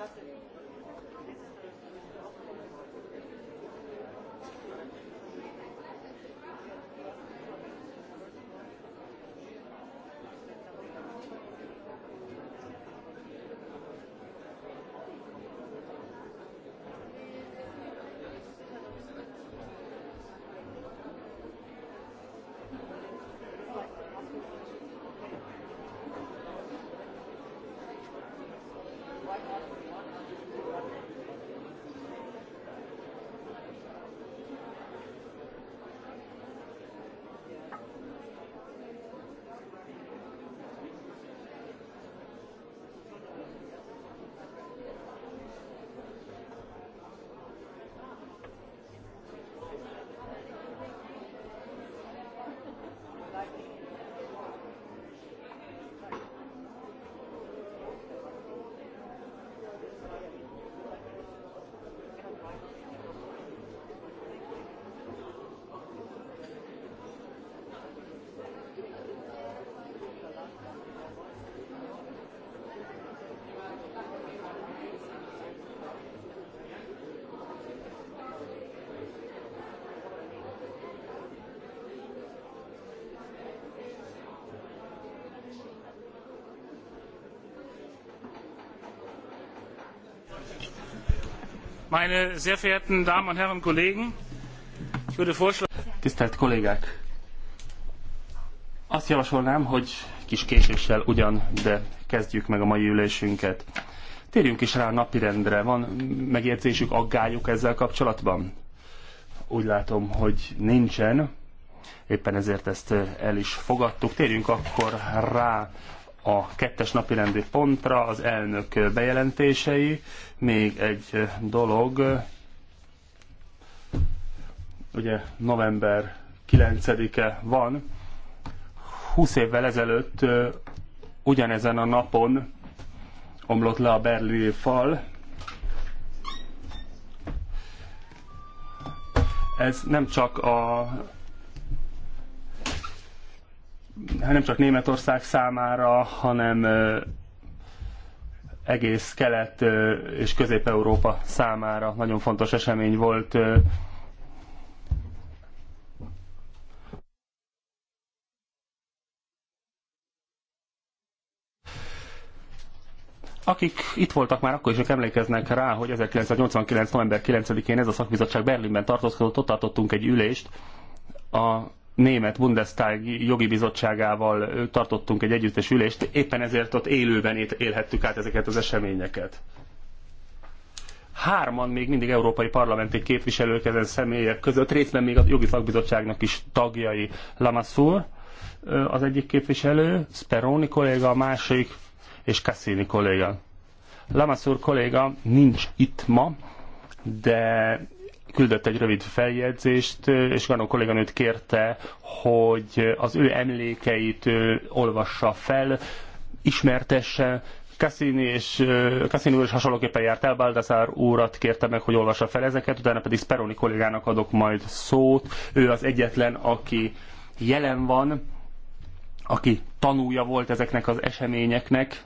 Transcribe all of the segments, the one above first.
ça c'est Meine sehr verehrten Damen und Herren Kollegen, ich würde vorschlagen... Tisztelt kollégák! Azt javasolnám, hogy kis késéssel ugyan, de kezdjük meg a mai ülésünket. Térjünk is rá a napirendre. Van megértésük, aggályuk ezzel kapcsolatban? Úgy látom, hogy nincsen. Éppen ezért ezt el is fogadtuk. Térjünk akkor rá a kettes napirendi pontra az elnök bejelentései. Még egy dolog, ugye november 9-e van, 20 évvel ezelőtt ugyanezen a napon omlott le a berlini fal. Ez nem csak a Hát nem csak Németország számára, hanem egész Kelet és Közép-Európa számára nagyon fontos esemény volt. akik itt voltak már akkor is, hogy emlékeznek rá, hogy 1989. november 9-én ez a szakbizottság Berlinben tartózkodott, ott tartottunk egy ülést a német Bundestag jogi bizottságával tartottunk egy együttes ülést, éppen ezért ott élőben élhettük át ezeket az eseményeket. Hárman még mindig európai parlamenti képviselők ezen személyek között, részben még a jogi szakbizottságnak is tagjai Lamassur, az egyik képviselő, Speroni kolléga a másik, és Cassini kolléga. Lamassur kolléga nincs itt ma, de küldött egy rövid feljegyzést, és Ganó kolléganőt kérte, hogy az ő emlékeit olvassa fel, ismertesse, Cassini és Cassini úr is hasonlóképpen járt el, Baldassar úrat kérte meg, hogy olvassa fel ezeket, utána pedig Speroni kollégának adok majd szót. Ő az egyetlen, aki jelen van, aki tanúja volt ezeknek az eseményeknek,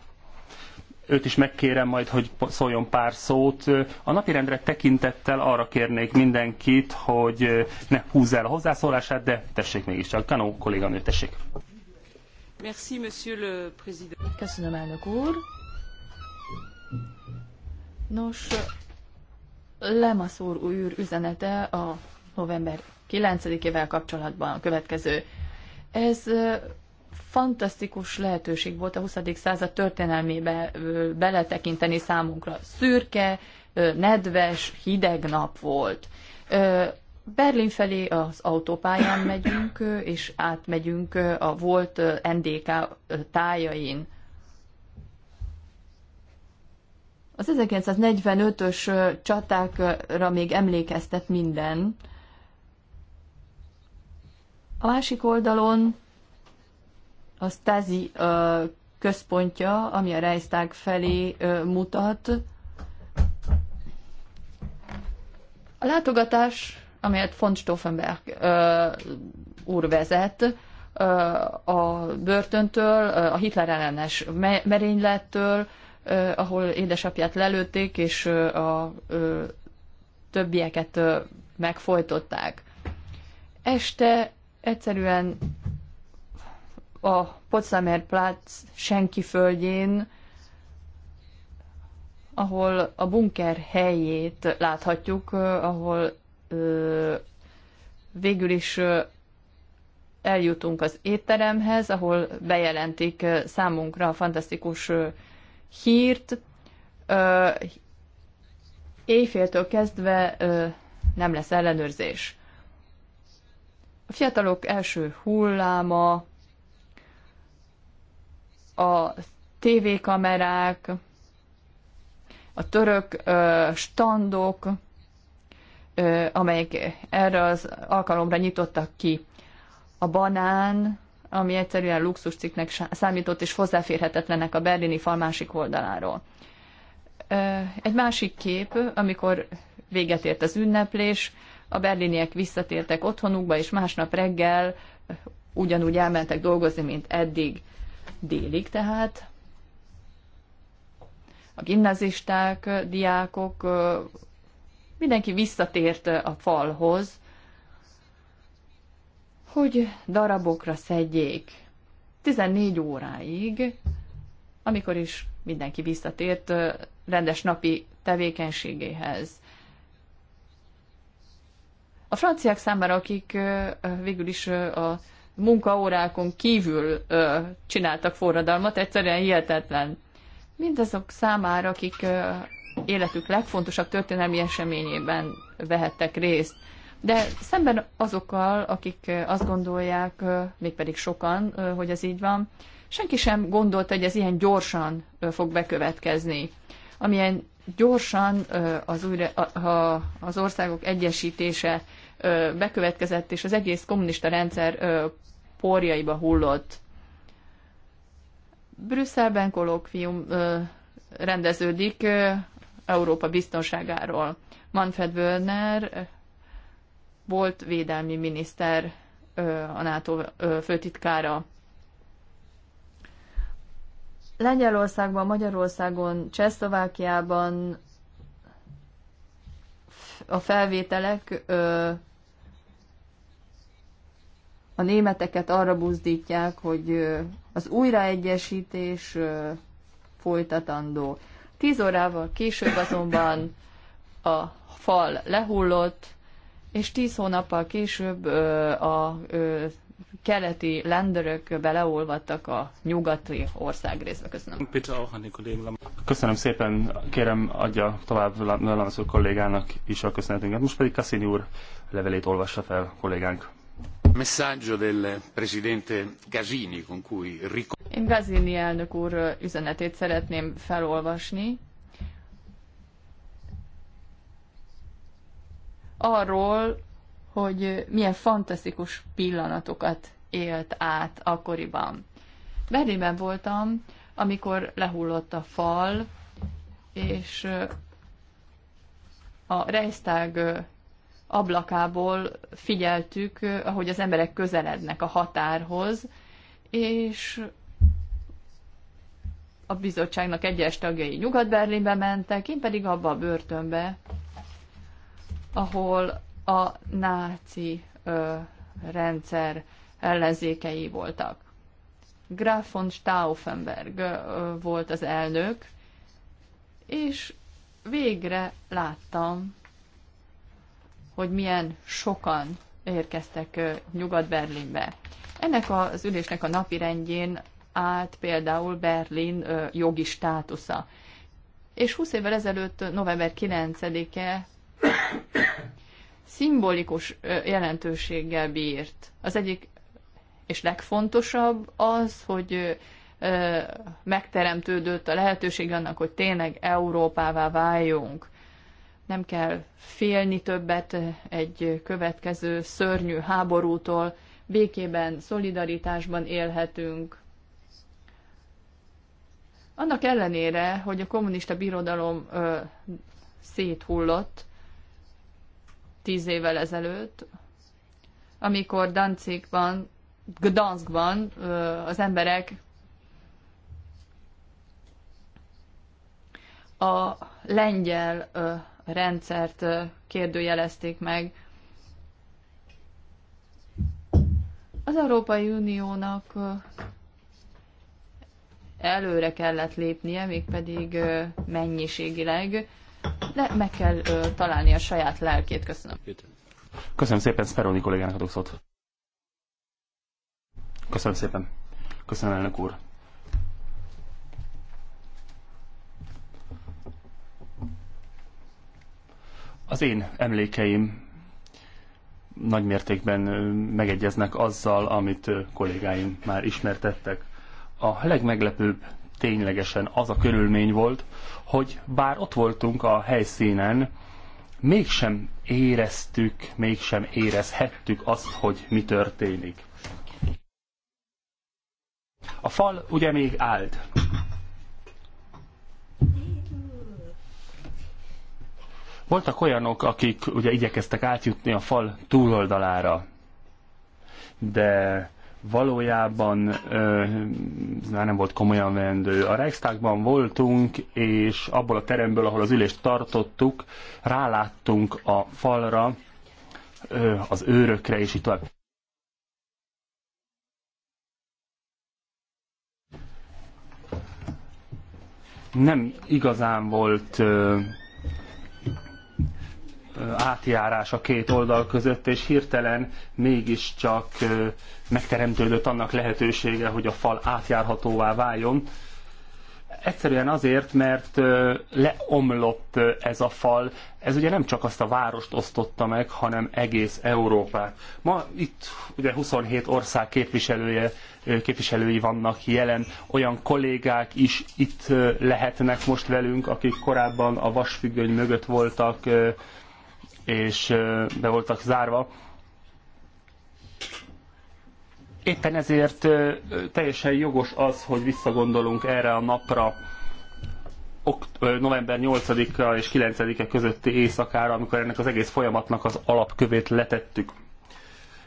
őt is megkérem majd, hogy szóljon pár szót. A napirendre tekintettel arra kérnék mindenkit, hogy ne húzz el a hozzászólását, de tessék mégiscsak. Kanó kolléganő, tessék. Merci, monsieur le président. Köszönöm, elnök úr. Nos, Lemaszúr úr üzenete a november 9-ével kapcsolatban a következő. Ez fantasztikus lehetőség volt a 20. század történelmébe beletekinteni számunkra. Szürke, nedves, hideg nap volt. Berlin felé az autópályán megyünk, és átmegyünk a volt NDK tájain. Az 1945-ös csatákra még emlékeztet minden. A másik oldalon a Stasi központja, ami a Reichstag felé mutat. A látogatás, amelyet von Stauffenberg úr vezet, a börtöntől, a Hitler ellenes merénylettől, ahol édesapját lelőtték, és a többieket megfojtották. Este egyszerűen a Potsdamer Platz senki földjén, ahol a bunker helyét láthatjuk, ahol végül is eljutunk az étteremhez, ahol bejelentik számunkra a fantasztikus hírt. éjféltől kezdve nem lesz ellenőrzés. A fiatalok első hulláma a tévékamerák, a török standok, amelyek erre az alkalomra nyitottak ki. A banán, ami egyszerűen luxusciknek számított és hozzáférhetetlenek a berlini fal másik oldaláról. Egy másik kép, amikor véget ért az ünneplés, a berliniek visszatértek otthonukba, és másnap reggel ugyanúgy elmentek dolgozni, mint eddig délig tehát. A gimnazisták, diákok, mindenki visszatért a falhoz, hogy darabokra szedjék. 14 óráig, amikor is mindenki visszatért rendes napi tevékenységéhez. A franciák számára, akik végül is a munkaórákon kívül ö, csináltak forradalmat, egyszerűen hihetetlen. Mindazok számára, akik ö, életük legfontosabb történelmi eseményében vehettek részt. De szemben azokkal, akik azt gondolják, mégpedig sokan, hogy ez így van, senki sem gondolta, hogy ez ilyen gyorsan fog bekövetkezni. Amilyen gyorsan az, újra, az országok egyesítése bekövetkezett, és az egész kommunista rendszer porjaiba hullott. Brüsszelben kolokvium rendeződik Európa biztonságáról. Manfred Wörner volt védelmi miniszter, a NATO főtitkára. Lengyelországban, Magyarországon, Csehszlovákiában a felvételek a németeket arra buzdítják, hogy az újraegyesítés folytatandó. Tíz órával később azonban a fal lehullott, és tíz hónappal később a keleti lenderök beleolvadtak a nyugati ország részbe. Köszönöm. Köszönöm szépen. Kérem, adja tovább a kollégának is a köszönetünket. Most pedig Cassini úr levelét olvassa fel kollégánk. Én Gazini elnök úr üzenetét szeretném felolvasni. Arról, hogy milyen fantasztikus pillanatokat élt át akkoriban. Berlinben voltam, amikor lehullott a fal, és a Reichstag ablakából figyeltük, ahogy az emberek közelednek a határhoz, és a bizottságnak egyes tagjai Nyugat-Berlinbe mentek, én pedig abba a börtönbe, ahol a náci ö, rendszer ellenzékei voltak. Graf von Stauffenberg ö, volt az elnök, és végre láttam hogy milyen sokan érkeztek Nyugat-Berlinbe. Ennek az ülésnek a napi rendjén állt például Berlin jogi státusza. És 20 évvel ezelőtt, november 9-e szimbolikus jelentőséggel bírt. Az egyik és legfontosabb az, hogy megteremtődött a lehetőség annak, hogy tényleg Európává váljunk nem kell félni többet egy következő szörnyű háborútól, békében, szolidaritásban élhetünk. Annak ellenére, hogy a kommunista birodalom ö, széthullott tíz évvel ezelőtt, amikor Danzigban, Gdanskban ö, az emberek a lengyel ö, rendszert kérdőjelezték meg. Az Európai Uniónak előre kellett lépnie, mégpedig mennyiségileg, de meg kell találni a saját lelkét. Köszönöm. Köszönöm szépen, Speroni kollégának adok szót. Köszönöm szépen. Köszönöm, elnök úr. Az én emlékeim nagy mértékben megegyeznek azzal, amit kollégáim már ismertettek. A legmeglepőbb ténylegesen az a körülmény volt, hogy bár ott voltunk a helyszínen, mégsem éreztük, mégsem érezhettük azt, hogy mi történik. A fal ugye még állt, Voltak olyanok, akik ugye igyekeztek átjutni a fal túloldalára, de valójában ez már nem volt komolyan vendő. A Reichstagban voltunk, és abból a teremből, ahol az ülést tartottuk, ráláttunk a falra, az őrökre, és így tovább. Nem igazán volt átjárás a két oldal között, és hirtelen mégiscsak megteremtődött annak lehetősége, hogy a fal átjárhatóvá váljon. Egyszerűen azért, mert leomlott ez a fal. Ez ugye nem csak azt a várost osztotta meg, hanem egész Európát. Ma itt ugye 27 ország képviselője, képviselői vannak jelen. Olyan kollégák is itt lehetnek most velünk, akik korábban a vasfüggöny mögött voltak és be voltak zárva. Éppen ezért teljesen jogos az, hogy visszagondolunk erre a napra, november 8-a és 9-e közötti éjszakára, amikor ennek az egész folyamatnak az alapkövét letettük.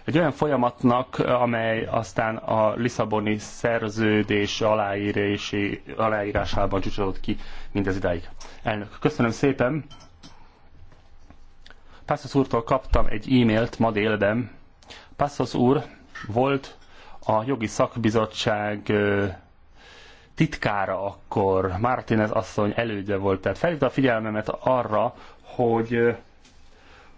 Egy olyan folyamatnak, amely aztán a Lisszaboni szerződés aláírási, aláírásában csúcsolódott ki mindez idáig. Elnök, köszönöm szépen! Passos úrtól kaptam egy e-mailt ma délben. Passos úr volt a jogi szakbizottság titkára akkor Martinez asszony elődje volt. Tehát felhívta a figyelmemet arra, hogy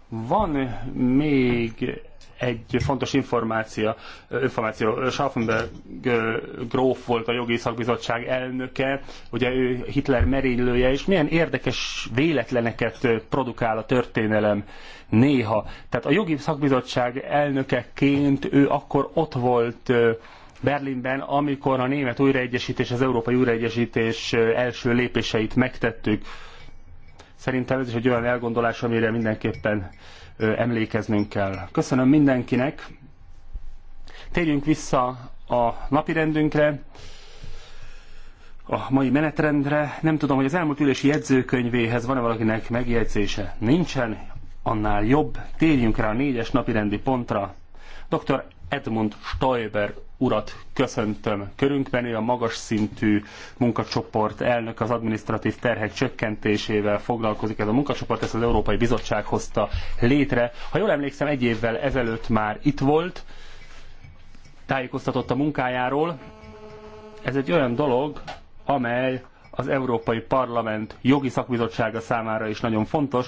van még egy fontos információ, információ. Schaffenberg gróf volt a jogi szakbizottság elnöke, ugye ő Hitler merénylője, és milyen érdekes véletleneket produkál a történelem néha. Tehát a jogi szakbizottság elnökeként ő akkor ott volt Berlinben, amikor a német újraegyesítés, az európai újraegyesítés első lépéseit megtettük. Szerintem ez is egy olyan elgondolás, amire mindenképpen emlékeznünk kell. Köszönöm mindenkinek. Térjünk vissza a napirendünkre, a mai menetrendre. Nem tudom, hogy az elmúlt ülési jegyzőkönyvéhez van-e valakinek megjegyzése. Nincsen, annál jobb. Térjünk rá a négyes napirendi pontra. Dr. Edmund Stoiber urat köszöntöm körünkben, ő a magas szintű munkacsoport elnök az administratív terhek csökkentésével foglalkozik. Ez a munkacsoport ezt az Európai Bizottság hozta létre. Ha jól emlékszem, egy évvel ezelőtt már itt volt, tájékoztatott a munkájáról. Ez egy olyan dolog, amely az Európai Parlament jogi szakbizottsága számára is nagyon fontos.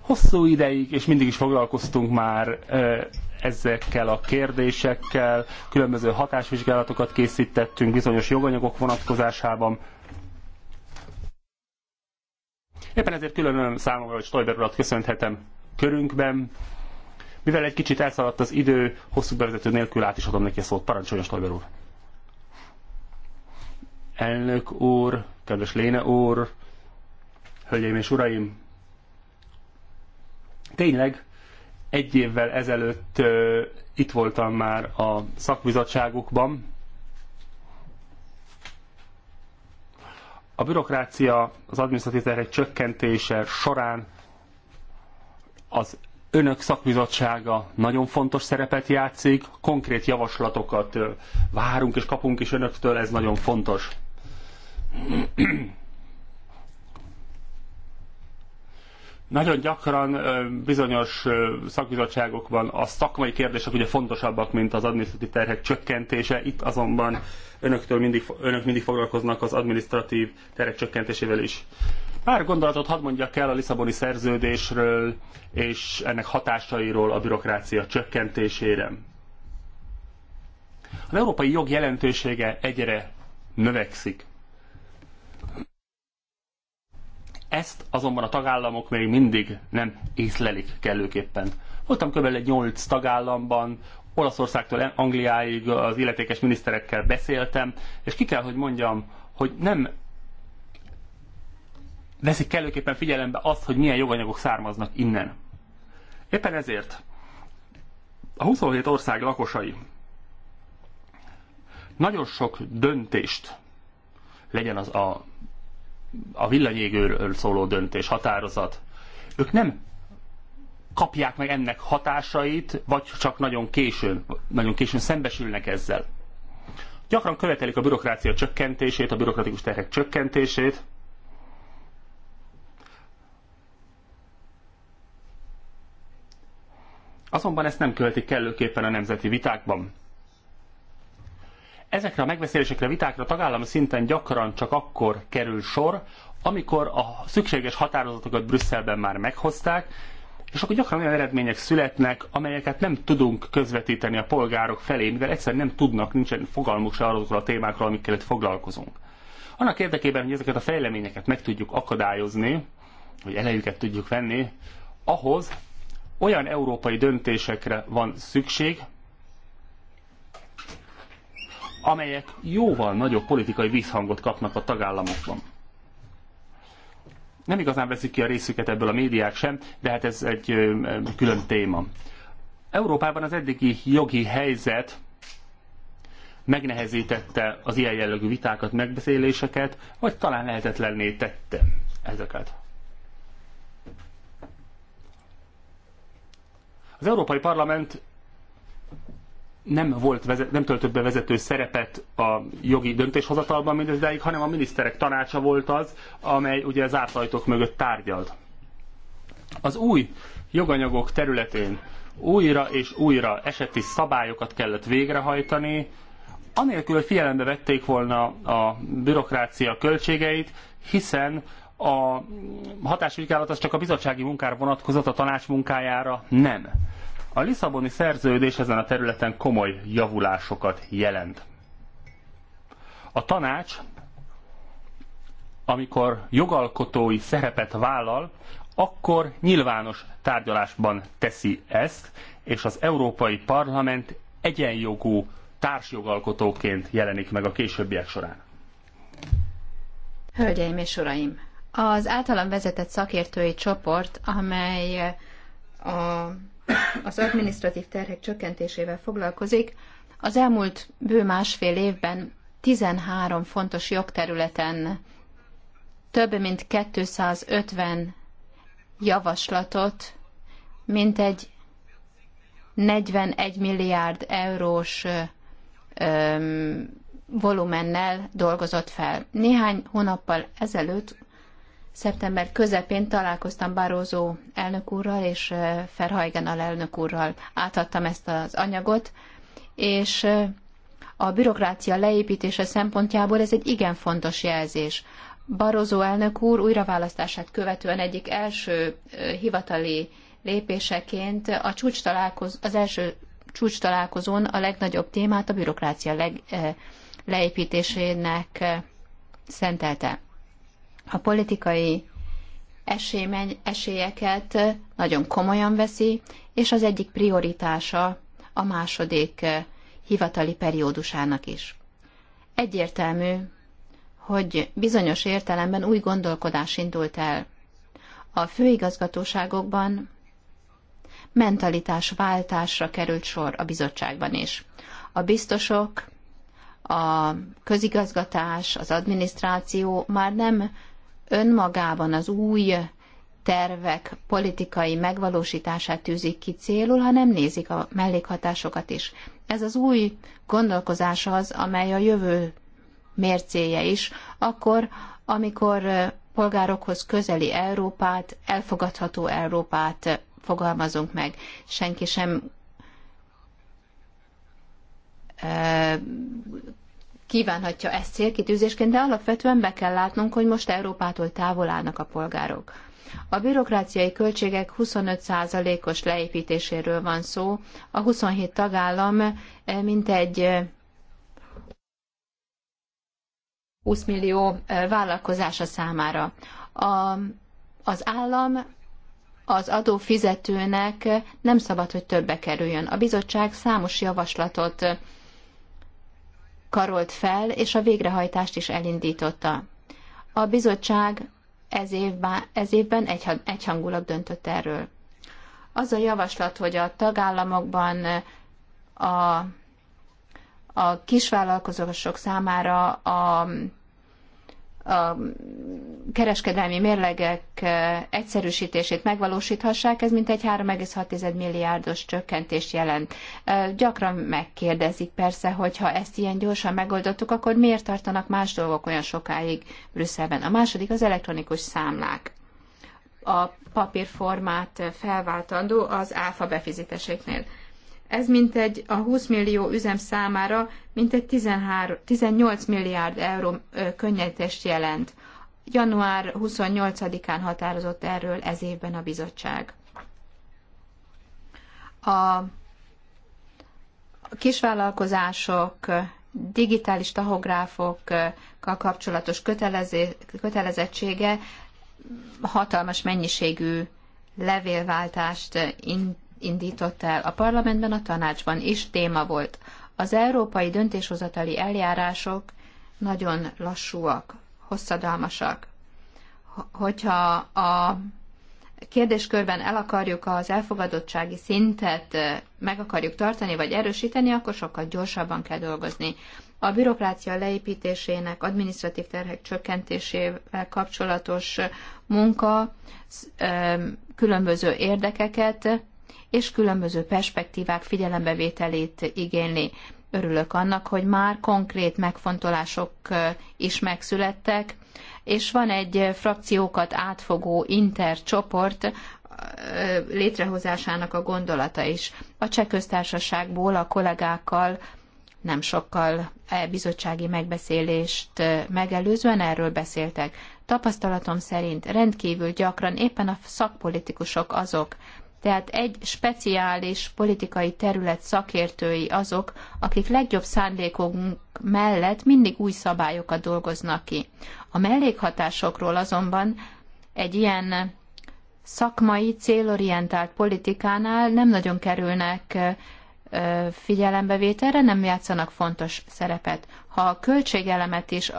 Hosszú ideig, és mindig is foglalkoztunk már ezekkel a kérdésekkel, különböző hatásvizsgálatokat készítettünk bizonyos joganyagok vonatkozásában. Éppen ezért külön öröm számomra, hogy Stoiber urat köszönhetem körünkben. Mivel egy kicsit elszaladt az idő, hosszú bevezető nélkül át is adom neki a szót. Parancsoljon, Stoiber úr! Elnök úr, kedves Léne úr, hölgyeim és uraim! Tényleg, egy évvel ezelőtt itt voltam már a szakbizottságukban. A bürokrácia, az adminisztratív terhek csökkentése során az önök szakbizottsága nagyon fontos szerepet játszik, konkrét javaslatokat várunk és kapunk is önöktől, ez nagyon fontos. Nagyon gyakran bizonyos szakbizottságokban a szakmai kérdések ugye fontosabbak, mint az adminisztratív terhek csökkentése. Itt azonban önöktől mindig, önök mindig foglalkoznak az adminisztratív terhek csökkentésével is. Pár gondolatot hadd mondjak el a Lisszaboni szerződésről és ennek hatásairól a bürokrácia csökkentésére. Az európai jog jelentősége egyre növekszik. Ezt azonban a tagállamok még mindig nem észlelik kellőképpen. Voltam kb. egy 8 tagállamban, Olaszországtól Angliáig az illetékes miniszterekkel beszéltem, és ki kell, hogy mondjam, hogy nem veszik kellőképpen figyelembe azt, hogy milyen joganyagok származnak innen. Éppen ezért a 27 ország lakosai nagyon sok döntést legyen az a a villanyégőről szóló döntés, határozat, ők nem kapják meg ennek hatásait, vagy csak nagyon későn, nagyon későn szembesülnek ezzel. Gyakran követelik a bürokrácia csökkentését, a bürokratikus terhek csökkentését, Azonban ezt nem követik kellőképpen a nemzeti vitákban. Ezekre a megbeszélésekre, vitákra tagállami szinten gyakran csak akkor kerül sor, amikor a szükséges határozatokat Brüsszelben már meghozták, és akkor gyakran olyan eredmények születnek, amelyeket nem tudunk közvetíteni a polgárok felé, mivel egyszerűen nem tudnak, nincsen fogalmuk se arról a témákról, amikkel itt foglalkozunk. Annak érdekében, hogy ezeket a fejleményeket meg tudjuk akadályozni, hogy elejüket tudjuk venni, ahhoz olyan európai döntésekre van szükség, amelyek jóval nagyobb politikai visszhangot kapnak a tagállamokban. Nem igazán veszik ki a részüket ebből a médiák sem, de hát ez egy külön téma. Európában az eddigi jogi helyzet megnehezítette az ilyen jellegű vitákat, megbeszéléseket, vagy talán lehetetlenné tette ezeket. Az Európai Parlament nem, volt vezet, nem töltött be vezető szerepet a jogi döntéshozatalban mindezdáig, hanem a miniszterek tanácsa volt az, amely ugye az ajtók mögött tárgyalt. Az új joganyagok területén újra és újra eseti szabályokat kellett végrehajtani, anélkül, hogy figyelembe vették volna a bürokrácia költségeit, hiszen a hatásvizsgálat az csak a bizottsági munkára vonatkozott, a tanács munkájára nem. A Lisszaboni szerződés ezen a területen komoly javulásokat jelent. A tanács, amikor jogalkotói szerepet vállal, akkor nyilvános tárgyalásban teszi ezt, és az Európai Parlament egyenjogú társjogalkotóként jelenik meg a későbbiek során. Hölgyeim és uraim! Az általam vezetett szakértői csoport, amely a az administratív terhek csökkentésével foglalkozik, az elmúlt bő másfél évben 13 fontos jogterületen több mint 250 javaslatot, mint egy 41 milliárd eurós volumennel dolgozott fel. Néhány hónappal ezelőtt Szeptember közepén találkoztam Barózó elnök úrral és Ferhajgen elnök úrral. Átadtam ezt az anyagot, és a bürokrácia leépítése szempontjából ez egy igen fontos jelzés. Barózó elnök úr újraválasztását követően egyik első hivatali lépéseként a csúcs az első csúcs találkozón a legnagyobb témát a bürokrácia leg, leépítésének szentelte a politikai esély, esélyeket nagyon komolyan veszi, és az egyik prioritása a második eh, hivatali periódusának is. Egyértelmű, hogy bizonyos értelemben új gondolkodás indult el. A főigazgatóságokban mentalitás váltásra került sor a bizottságban is. A biztosok, a közigazgatás, az adminisztráció már nem önmagában az új tervek politikai megvalósítását tűzik ki célul, hanem nézik a mellékhatásokat is. Ez az új gondolkozás az, amely a jövő mércéje is, akkor, amikor polgárokhoz közeli Európát, elfogadható Európát fogalmazunk meg. Senki sem kívánhatja ezt célkitűzésként, de alapvetően be kell látnunk, hogy most Európától távol állnak a polgárok. A bürokráciai költségek 25%-os leépítéséről van szó. A 27 tagállam eh, mintegy 20 eh, millió eh, vállalkozása számára. A, az állam az adófizetőnek nem szabad, hogy többe kerüljön. A bizottság számos javaslatot karolt fel, és a végrehajtást is elindította. A bizottság ez évben, ez évben egyhangulag döntött erről. Az a javaslat, hogy a tagállamokban a, a kisvállalkozások számára a a kereskedelmi mérlegek e, egyszerűsítését megvalósíthassák, ez mintegy 3,6 milliárdos csökkentést jelent. E, gyakran megkérdezik persze, hogy ha ezt ilyen gyorsan megoldottuk, akkor miért tartanak más dolgok olyan sokáig Brüsszelben. A második az elektronikus számlák a papírformát felváltandó az áfa befizetéseknél. Ez mintegy a 20 millió üzem számára mintegy 13, 18 milliárd euró könnyítést jelent. Január 28-án határozott erről ez évben a bizottság. A kisvállalkozások, digitális tahográfokkal kapcsolatos kötelezettsége hatalmas mennyiségű levélváltást in, indított el. A parlamentben, a tanácsban is téma volt. Az európai döntéshozatali eljárások nagyon lassúak, hosszadalmasak. Hogyha a kérdéskörben el akarjuk az elfogadottsági szintet meg akarjuk tartani, vagy erősíteni, akkor sokkal gyorsabban kell dolgozni. A bürokrácia leépítésének, administratív terhek csökkentésével kapcsolatos munka különböző érdekeket és különböző perspektívák figyelembevételét igényli. Örülök annak, hogy már konkrét megfontolások is megszülettek, és van egy frakciókat átfogó intercsoport, létrehozásának a gondolata is. A cseh köztársaságból a kollégákkal nem sokkal e bizottsági megbeszélést megelőzően erről beszéltek. Tapasztalatom szerint rendkívül gyakran éppen a szakpolitikusok azok, tehát egy speciális politikai terület szakértői azok, akik legjobb szándékunk mellett mindig új szabályokat dolgoznak ki. A mellékhatásokról azonban egy ilyen szakmai, célorientált politikánál nem nagyon kerülnek figyelembevételre, nem játszanak fontos szerepet. Ha a költségelemet is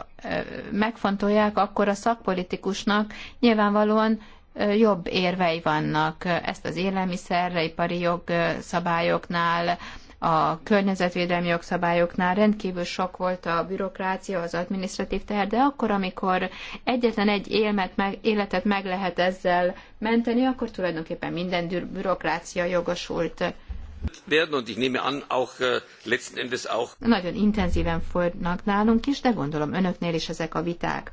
megfontolják, akkor a szakpolitikusnak nyilvánvalóan jobb érvei vannak ezt az élelmiszerre, ipari jogszabályoknál, a környezetvédelmi jogszabályoknál rendkívül sok volt a bürokrácia, az administratív teher, de akkor, amikor egyetlen egy élmet meg, életet meg lehet ezzel menteni, akkor tulajdonképpen minden bürokrácia jogosult. Äh, Nagyon intenzíven folynak nálunk is, de gondolom önöknél is ezek a viták.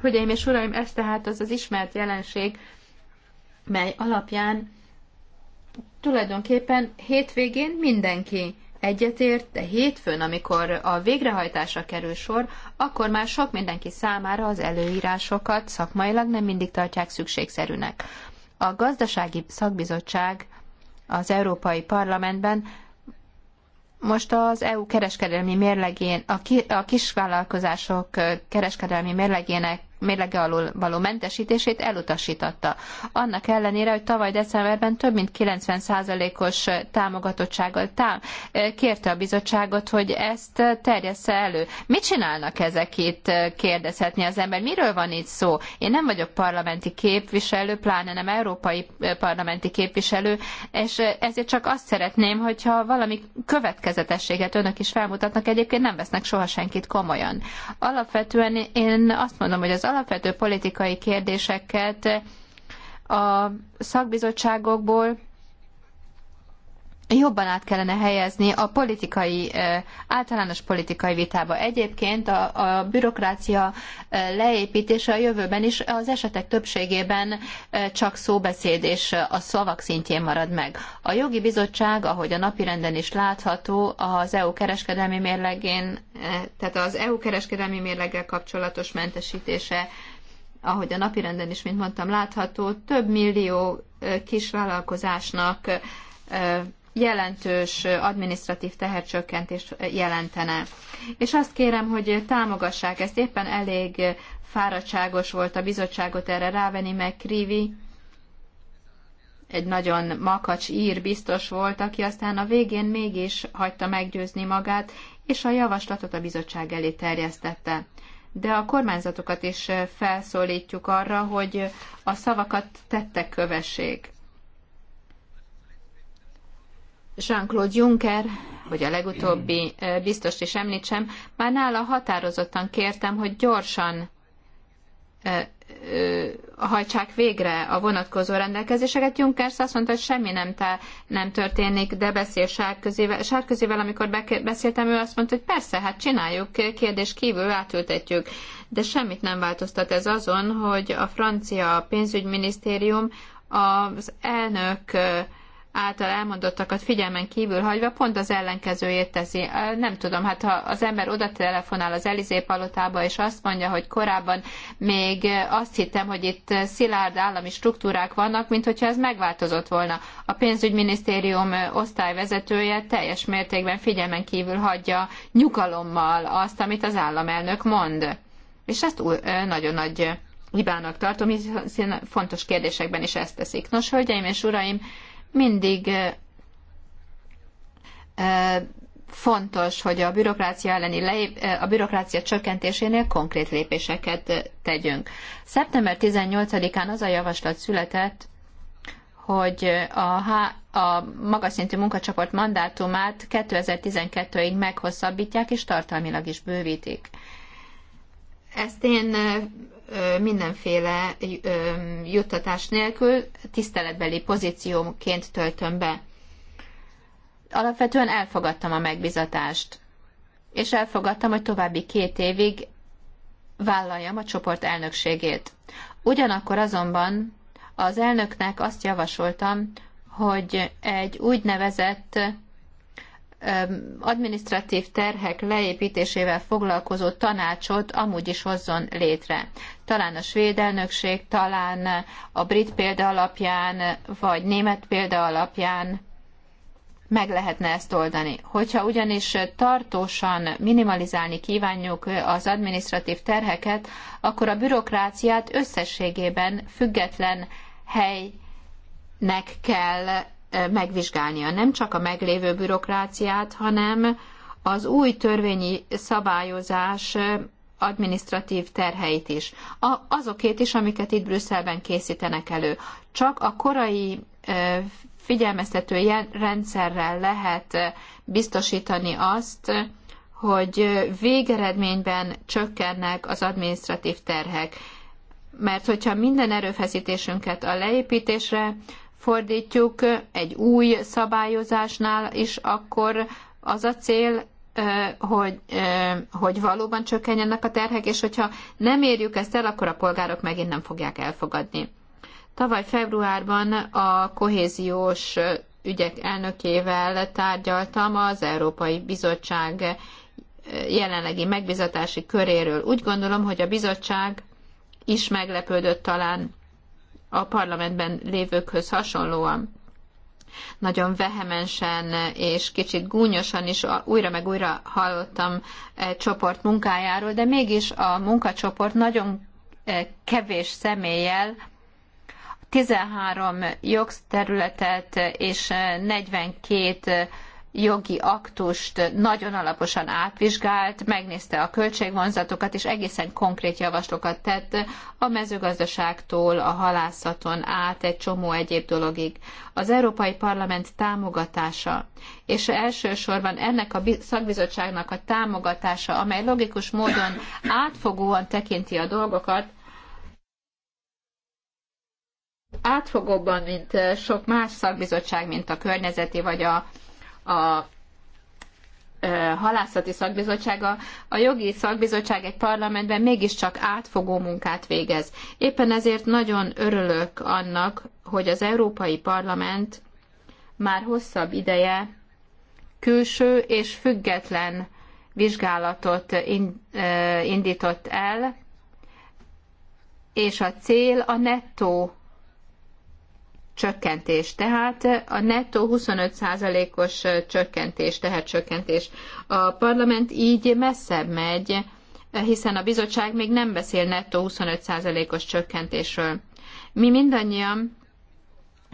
Hölgyeim és uraim, ez tehát az az ismert jelenség, mely alapján tulajdonképpen hétvégén mindenki egyetért, de hétfőn, amikor a végrehajtásra kerül sor, akkor már sok mindenki számára az előírásokat szakmailag nem mindig tartják szükségszerűnek. A gazdasági szakbizottság az Európai Parlamentben most az EU kereskedelmi mérlegén, a, ki, a kisvállalkozások kereskedelmi mérlegének mérlege alul való mentesítését elutasította. Annak ellenére, hogy tavaly decemberben több mint 90%-os támogatottsággal tám, kérte a bizottságot, hogy ezt terjessze elő. Mit csinálnak ezek itt, kérdezhetni az ember. Miről van itt szó? Én nem vagyok parlamenti képviselő, pláne nem európai parlamenti képviselő, és ezért csak azt szeretném, hogyha valami következetességet önök is felmutatnak, egyébként nem vesznek soha senkit komolyan. Alapvetően én azt mondom, hogy az alapvető politikai kérdéseket a szakbizottságokból jobban át kellene helyezni a politikai, általános politikai vitába. Egyébként a, a bürokrácia leépítése a jövőben is az esetek többségében csak szóbeszéd és a szavak szintjén marad meg. A jogi bizottság, ahogy a napirenden is látható, az EU kereskedelmi mérlegén, tehát az EU kereskedelmi mérleggel kapcsolatos mentesítése ahogy a napirenden is, mint mondtam, látható, több millió kisvállalkozásnak jelentős administratív tehercsökkentést jelentene. És azt kérem, hogy támogassák ezt. Éppen elég fáradtságos volt a bizottságot erre rávenni, meg Krivi egy nagyon makacs ír biztos volt, aki aztán a végén mégis hagyta meggyőzni magát, és a javaslatot a bizottság elé terjesztette. De a kormányzatokat is felszólítjuk arra, hogy a szavakat tettek kövessék. Jean-Claude Juncker, hogy a legutóbbi biztos is említsem, már nála határozottan kértem, hogy gyorsan hajtsák végre a vonatkozó rendelkezéseket. Juncker azt mondta, hogy semmi nem, tá, nem történik, de beszél Sárközével. Sárközével, amikor beszéltem, ő azt mondta, hogy persze, hát csináljuk, kérdés kívül átültetjük. De semmit nem változtat ez azon, hogy a francia pénzügyminisztérium az elnök által elmondottakat figyelmen kívül hagyva pont az ellenkezőjét teszi. Nem tudom, hát ha az ember oda telefonál az Elizé palotába, és azt mondja, hogy korábban még azt hittem, hogy itt szilárd állami struktúrák vannak, mint hogyha ez megváltozott volna. A pénzügyminisztérium osztályvezetője teljes mértékben figyelmen kívül hagyja nyugalommal azt, amit az államelnök mond. És ezt nagyon nagy hibának tartom, hiszen fontos kérdésekben is ezt teszik. Nos, hölgyeim és uraim, mindig fontos, hogy a bürokrácia elleni le, a bürokrácia csökkentésénél konkrét lépéseket tegyünk. Szeptember 18-án az a javaslat született, hogy a, a magas szintű munkacsoport mandátumát 2012-ig meghosszabbítják és tartalmilag is bővítik. Ezt én mindenféle juttatás nélkül tiszteletbeli pozíciómként töltöm be. Alapvetően elfogadtam a megbizatást, és elfogadtam, hogy további két évig vállaljam a csoport elnökségét. Ugyanakkor azonban az elnöknek azt javasoltam, hogy egy úgynevezett administratív terhek leépítésével foglalkozó tanácsot amúgy is hozzon létre. Talán a svéd elnökség, talán a brit példa alapján, vagy német példa alapján meg lehetne ezt oldani. Hogyha ugyanis tartósan minimalizálni kívánjuk az administratív terheket, akkor a bürokráciát összességében független helynek kell megvizsgálnia nem csak a meglévő bürokráciát, hanem az új törvényi szabályozás administratív terheit is. A, azokét is, amiket itt Brüsszelben készítenek elő. Csak a korai figyelmeztető rendszerrel lehet biztosítani azt, hogy végeredményben csökkennek az administratív terhek. Mert hogyha minden erőfeszítésünket a leépítésre, fordítjuk egy új szabályozásnál, is, akkor az a cél, hogy, hogy valóban csökkenjenek a terhek, és hogyha nem érjük ezt el, akkor a polgárok megint nem fogják elfogadni. Tavaly februárban a kohéziós ügyek elnökével tárgyaltam az Európai Bizottság jelenlegi megbizatási köréről. Úgy gondolom, hogy a bizottság is meglepődött talán a parlamentben lévőkhöz hasonlóan nagyon vehemensen és kicsit gúnyosan is újra meg újra hallottam e csoport munkájáról, de mégis a munkacsoport nagyon e, kevés személlyel 13 jogterületet és 42 e, jogi aktust nagyon alaposan átvizsgált, megnézte a költségvonzatokat, és egészen konkrét javaslókat tett a mezőgazdaságtól, a halászaton át egy csomó egyéb dologig. Az Európai Parlament támogatása, és elsősorban ennek a szakbizottságnak a támogatása, amely logikus módon átfogóan tekinti a dolgokat, átfogóbban, mint eh, sok más szakbizottság, mint a környezeti vagy a a halászati szakbizottsága, a jogi szakbizottság egy parlamentben mégiscsak átfogó munkát végez. Éppen ezért nagyon örülök annak, hogy az Európai Parlament már hosszabb ideje külső és független vizsgálatot indított el, és a cél a nettó csökkentés. Tehát a nettó 25%-os csökkentés, tehát csökkentés. A parlament így messzebb megy, hiszen a bizottság még nem beszél nettó 25%-os csökkentésről. Mi mindannyian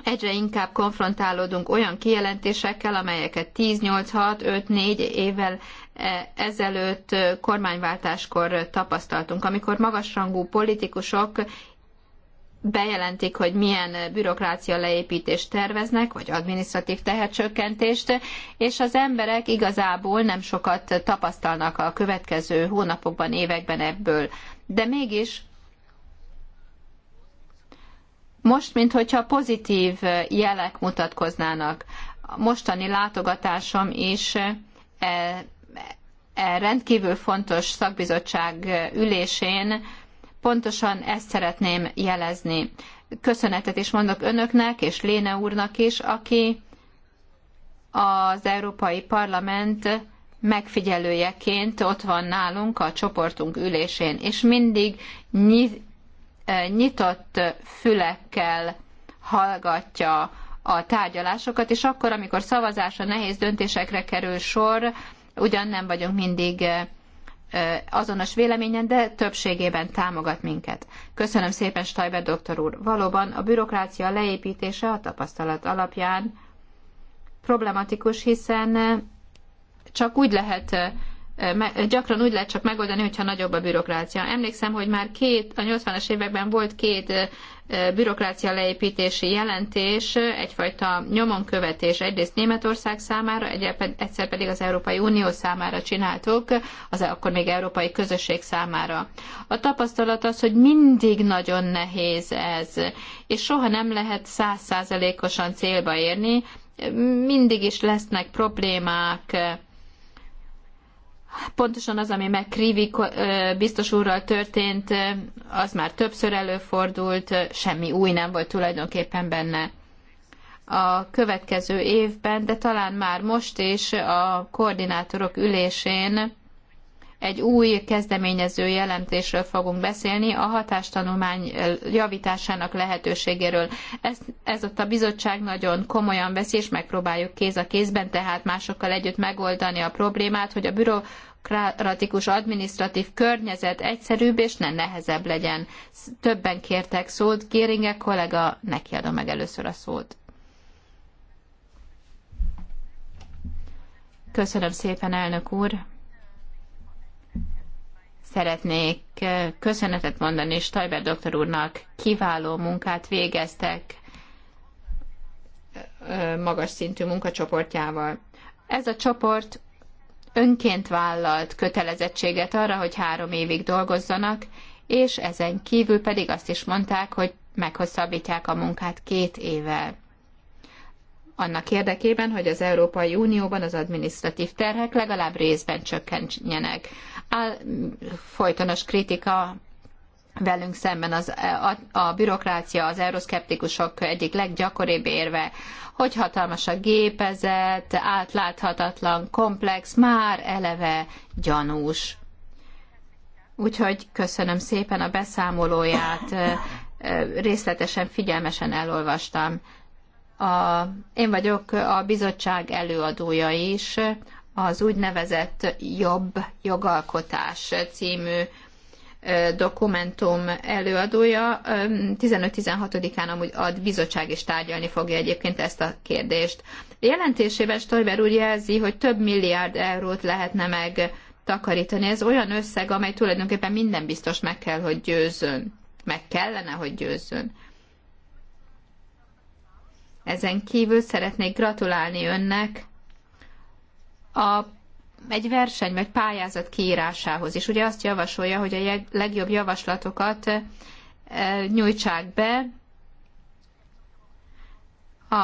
egyre inkább konfrontálódunk olyan kijelentésekkel, amelyeket 10, 8, 6, 5, 4 évvel e, ezelőtt kormányváltáskor tapasztaltunk, amikor magasrangú politikusok bejelentik, hogy milyen bürokrácia leépítést terveznek, vagy adminisztratív tehercsökkentést, és az emberek igazából nem sokat tapasztalnak a következő hónapokban, években ebből. De mégis most, minthogyha pozitív jelek mutatkoznának. A mostani látogatásom is e, e, e rendkívül fontos szakbizottság ülésén Pontosan ezt szeretném jelezni. Köszönetet is mondok önöknek és Léne úrnak is, aki az Európai Parlament megfigyelőjeként ott van nálunk a csoportunk ülésén, és mindig nyitott fülekkel hallgatja a tárgyalásokat, és akkor, amikor szavazásra nehéz döntésekre kerül sor, ugyan nem vagyunk mindig azonos véleményen, de többségében támogat minket. Köszönöm szépen, Stajber doktor úr. Valóban a bürokrácia leépítése a tapasztalat alapján problematikus, hiszen csak úgy lehet gyakran úgy lehet csak megoldani, hogyha nagyobb a bürokrácia. Emlékszem, hogy már két, a 80-as években volt két bürokrácia leépítési jelentés, egyfajta nyomonkövetés egyrészt Németország számára, egyszer pedig az Európai Unió számára csináltuk, az e-, akkor még Európai Közösség számára. A tapasztalat az, hogy mindig nagyon nehéz ez, és soha nem lehet százszázalékosan célba érni, mindig is lesznek problémák, Pontosan az, ami meg Krivi biztos úrral történt, az már többször előfordult, semmi új nem volt tulajdonképpen benne a következő évben, de talán már most is a koordinátorok ülésén egy új kezdeményező jelentésről fogunk beszélni, a hatástanulmány javításának lehetőségéről. ez ott a bizottság nagyon komolyan veszi, és megpróbáljuk kéz a kézben, tehát másokkal együtt megoldani a problémát, hogy a bürokratikus adminisztratív környezet egyszerűbb és ne nehezebb legyen. Többen kértek szót, Géringe kollega, neki adom meg először a szót. Köszönöm szépen, elnök úr! Szeretnék eh, köszönetet mondani Stajber doktor úrnak, kiváló munkát végeztek eh, magas szintű munkacsoportjával. Ez a csoport önként vállalt kötelezettséget arra, hogy három évig dolgozzanak, és ezen kívül pedig azt is mondták, hogy meghosszabbítják a munkát két évvel. Annak érdekében, hogy az Európai Unióban az adminisztratív terhek legalább részben csökkenjenek áll, folytonos kritika velünk szemben az, e, a, a bürokrácia, az euroszkeptikusok egyik leggyakoribb érve, hogy hatalmas a gépezet, átláthatatlan, komplex, már eleve gyanús. Úgyhogy köszönöm szépen a beszámolóját, e, e, részletesen, figyelmesen elolvastam. A, én vagyok a bizottság előadója is az úgynevezett jobb jogalkotás című dokumentum előadója. 15-16-án amúgy a bizottság is tárgyalni fogja egyébként ezt a kérdést. A jelentésében Stoiber úgy jelzi, hogy több milliárd eurót lehetne meg takarítani. Ez olyan összeg, amely tulajdonképpen minden biztos meg kell, hogy győzön. Meg kellene, hogy győzön. Ezen kívül szeretnék gratulálni önnek a egy verseny vagy pályázat kiírásához is. Ugye azt javasolja, hogy a legjobb javaslatokat eh, nyújtsák be a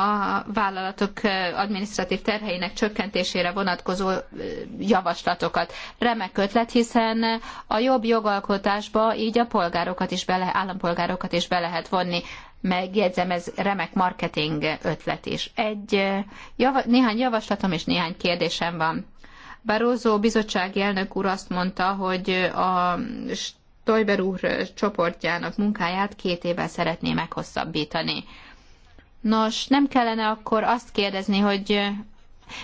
vállalatok eh, adminisztratív terheinek csökkentésére vonatkozó eh, javaslatokat. Remek ötlet, hiszen a jobb jogalkotásba így a polgárokat is bele, állampolgárokat is be lehet vonni megjegyzem, ez remek marketing ötlet is. Egy, eh, jav- néhány javaslatom és néhány kérdésem van. Barózó bizottsági elnök úr azt mondta, hogy a Stoiber úr csoportjának munkáját két évvel szeretné meghosszabbítani. Nos, nem kellene akkor azt kérdezni, hogy eh,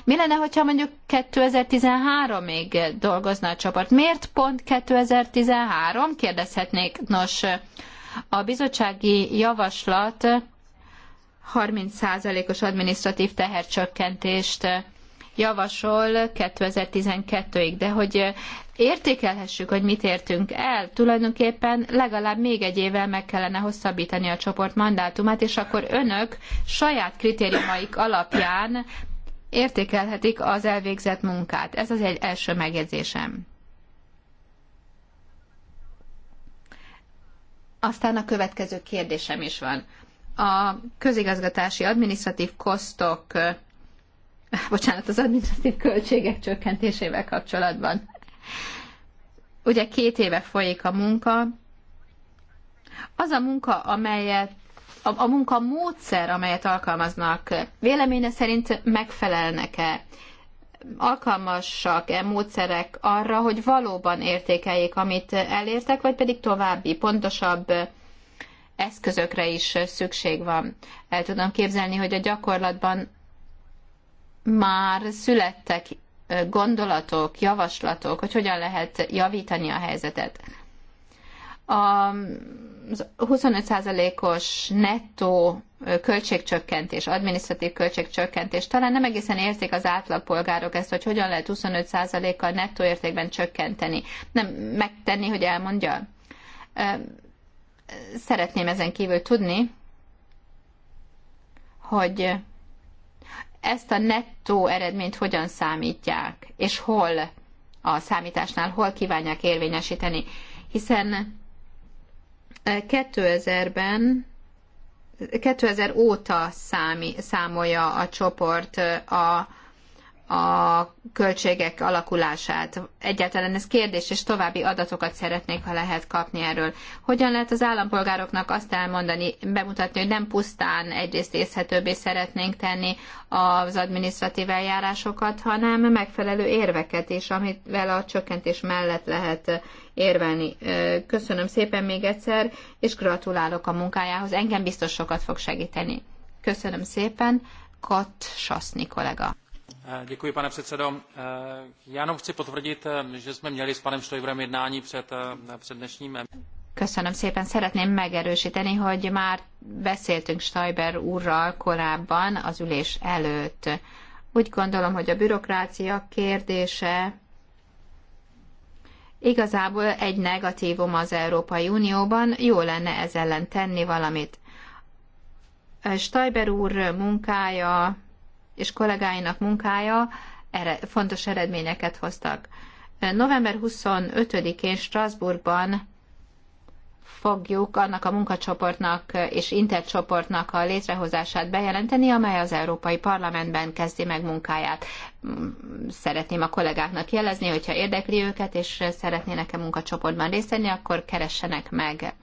mi lenne, hogyha mondjuk 2013-ig dolgozna a csoport? Miért pont 2013? Kérdezhetnék. Nos, eh, a bizottsági javaslat 30%-os adminisztratív tehercsökkentést javasol 2012-ig, de hogy értékelhessük, hogy mit értünk el, tulajdonképpen legalább még egy évvel meg kellene hosszabbítani a csoport mandátumát, és akkor önök saját kritériumaik alapján értékelhetik az elvégzett munkát. Ez az egy első megjegyzésem. Aztán a következő kérdésem is van. A közigazgatási adminisztratív kosztok, bocsánat, az adminisztratív költségek csökkentésével kapcsolatban. Ugye két éve folyik a munka. Az a munka, amelyet a, a módszer, amelyet alkalmaznak, véleménye szerint megfelelnek-e alkalmasak-e módszerek arra, hogy valóban értékeljék, amit elértek, vagy pedig további, pontosabb eszközökre is szükség van. El tudom képzelni, hogy a gyakorlatban már születtek gondolatok, javaslatok, hogy hogyan lehet javítani a helyzetet. A 25%-os nettó költségcsökkentés, adminisztratív költségcsökkentés. Talán nem egészen értik az átlagpolgárok ezt, hogy hogyan lehet 25%-kal nettó értékben csökkenteni. Nem megtenni, hogy elmondja. Szeretném ezen kívül tudni, hogy ezt a nettó eredményt hogyan számítják, és hol a számításnál, hol kívánják érvényesíteni. Hiszen 2000-ben 2000 óta számi, számolja a csoport a, a költségek alakulását. Egyáltalán ez kérdés, és további adatokat szeretnék, ha lehet kapni erről. Hogyan lehet az állampolgároknak azt elmondani, bemutatni, hogy nem pusztán egyrészt észhetőbbé szeretnénk tenni az administratív eljárásokat, hanem megfelelő érveket is, amivel a csökkentés mellett lehet érvelni. Köszönöm szépen még egyszer, és gratulálok a munkájához. Engem biztos sokat fog segíteni. Köszönöm szépen, Kat Saszni kollega. Děkuji, pane předsedo. Já jenom chci potvrdit, že jsme měli s panem Štojvrem jednání před, před dnešním... Köszönöm szépen. Szeretném megerősíteni, hogy már beszéltünk Steiber úrral korábban az ülés előtt. Úgy gondolom, hogy a bürokrácia kérdése Igazából egy negatívum az Európai Unióban, jó lenne ez ellen tenni valamit. Stajber úr munkája és kollégáinak munkája fontos eredményeket hoztak. November 25-én Strasbourgban fogjuk annak a munkacsoportnak és intercsoportnak a létrehozását bejelenteni, amely az Európai Parlamentben kezdi meg munkáját. Mm, szeretném a kollégáknak jelezni, hogyha érdekli őket, és szeretnének-e munkacsoportban részt venni, akkor keressenek meg.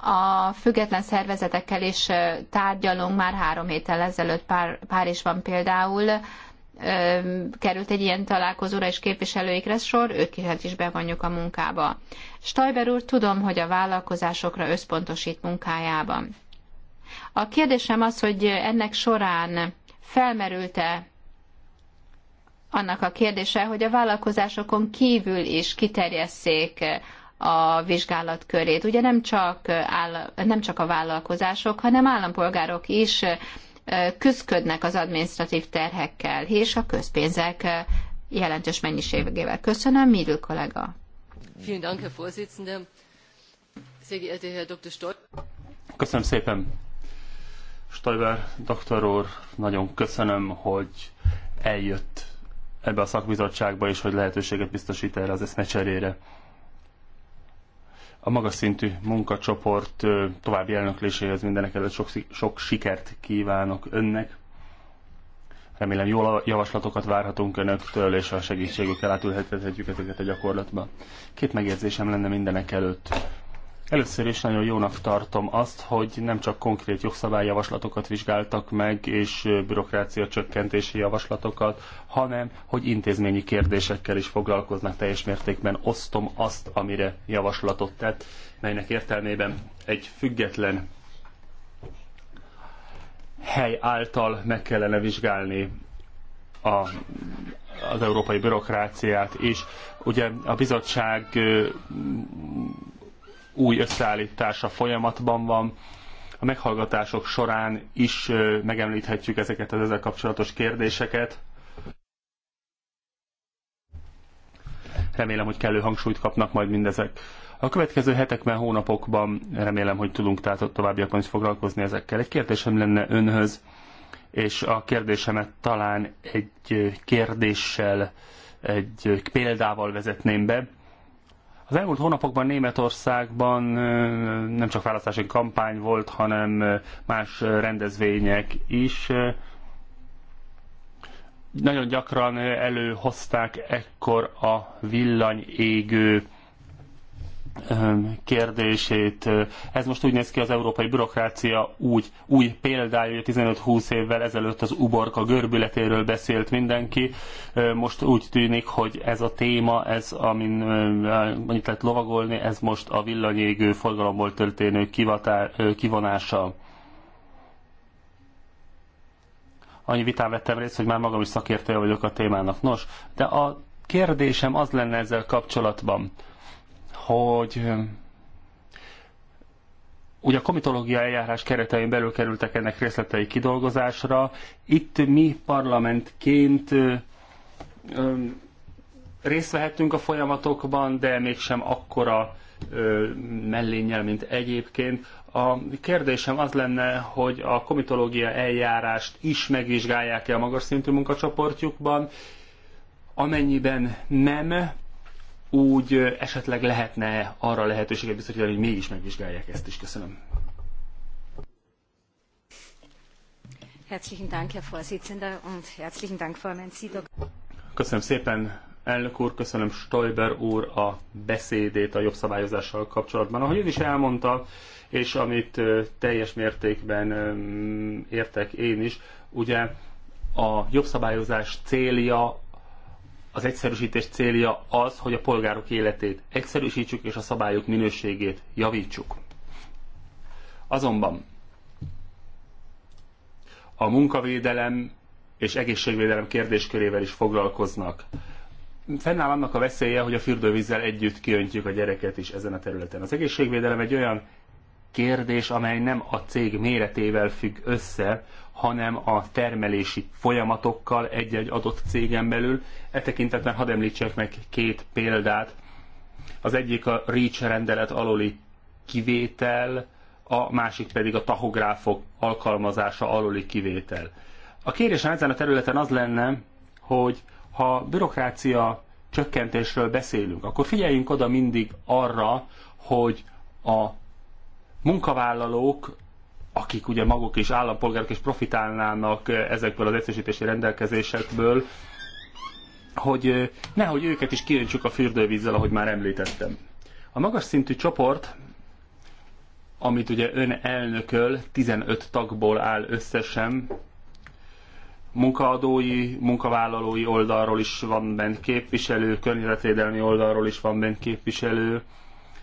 A független szervezetekkel is tárgyalunk már három héttel ezelőtt Pár, Párizsban például, került egy ilyen találkozóra és képviselőikre sor, ők is hát bevonjuk a munkába. Stajber úr, tudom, hogy a vállalkozásokra összpontosít munkájában. A kérdésem az, hogy ennek során felmerült-e annak a kérdése, hogy a vállalkozásokon kívül is kiterjesszék a vizsgálat körét. Ugye nem csak, áll, nem csak a vállalkozások, hanem állampolgárok is küzdködnek az administratív terhekkel és a közpénzek jelentős mennyiségével. Köszönöm, Mirő kollega. Köszönöm szépen. Stoiber doktor úr, nagyon köszönöm, hogy eljött ebbe a szakbizottságba, és hogy lehetőséget biztosít erre az eszmecserére. A magas szintű munkacsoport további elnökléséhez mindenek előtt sok, sok sikert kívánok önnek. Remélem jó javaslatokat várhatunk önöktől, és a segítségükkel átülhetethetjük ezeket a gyakorlatba. Két megjegyzésem lenne mindenek előtt Először is nagyon jónak tartom azt, hogy nem csak konkrét jogszabályjavaslatokat vizsgáltak meg, és bürokrácia csökkentési javaslatokat, hanem hogy intézményi kérdésekkel is foglalkoznak teljes mértékben. Osztom azt, amire javaslatot tett, melynek értelmében egy független hely által meg kellene vizsgálni a, az európai bürokráciát, és ugye a bizottság új összeállítása folyamatban van. A meghallgatások során is megemlíthetjük ezeket az ezzel kapcsolatos kérdéseket. Remélem, hogy kellő hangsúlyt kapnak majd mindezek. A következő hetekben, hónapokban remélem, hogy tudunk tehát ott továbbiakban is foglalkozni ezekkel. Egy kérdésem lenne önhöz, és a kérdésemet talán egy kérdéssel, egy példával vezetném be. Az elmúlt hónapokban Németországban nem csak választási kampány volt, hanem más rendezvények is. Nagyon gyakran előhozták ekkor a villanyégő kérdését. Ez most úgy néz ki az európai bürokrácia úgy, új példája, hogy 15-20 évvel ezelőtt az uborka görbületéről beszélt mindenki. Most úgy tűnik, hogy ez a téma, ez amin annyit lehet lovagolni, ez most a villanyégő forgalomból történő kivonása. Annyi vitán vettem részt, hogy már magam is szakértője vagyok a témának. Nos, de a kérdésem az lenne ezzel kapcsolatban, hogy Ugye a komitológia eljárás keretein belül kerültek ennek részletei kidolgozásra. Itt mi parlamentként részt vehettünk a folyamatokban, de mégsem akkora mellénnyel, mint egyébként. A kérdésem az lenne, hogy a komitológia eljárást is megvizsgálják-e a magas szintű munkacsoportjukban, amennyiben nem, úgy esetleg lehetne arra lehetőséget biztosítani, hogy mégis megvizsgálják ezt is. Köszönöm. Herzlichen Dank, Herr Vorsitzender, und herzlichen Dank, Köszönöm szépen, elnök úr, köszönöm Stoiber úr a beszédét a jobb szabályozással kapcsolatban. Ahogy ön is elmondta, és amit teljes mértékben értek én is, ugye a jobb szabályozás célja az egyszerűsítés célja az, hogy a polgárok életét egyszerűsítsük és a szabályok minőségét javítsuk. Azonban a munkavédelem és egészségvédelem kérdéskörével is foglalkoznak. Fennáll annak a veszélye, hogy a fürdővízzel együtt kiöntjük a gyereket is ezen a területen. Az egészségvédelem egy olyan kérdés, amely nem a cég méretével függ össze, hanem a termelési folyamatokkal egy-egy adott cégen belül. E tekintetben hadd említsek meg két példát. Az egyik a REACH rendelet aluli kivétel, a másik pedig a tahográfok alkalmazása aluli kivétel. A kérésem ezen a területen az lenne, hogy ha bürokrácia csökkentésről beszélünk, akkor figyeljünk oda mindig arra, hogy a munkavállalók akik ugye maguk is állampolgárok és profitálnának eh, ezekből az egyszerűsítési rendelkezésekből, hogy eh, nehogy őket is kiöntsük a fürdővízzel, ahogy már említettem. A magas szintű csoport, amit ugye ön elnököl, 15 tagból áll összesen, munkaadói, munkavállalói oldalról is van bent képviselő, környezetvédelmi oldalról is van bent képviselő,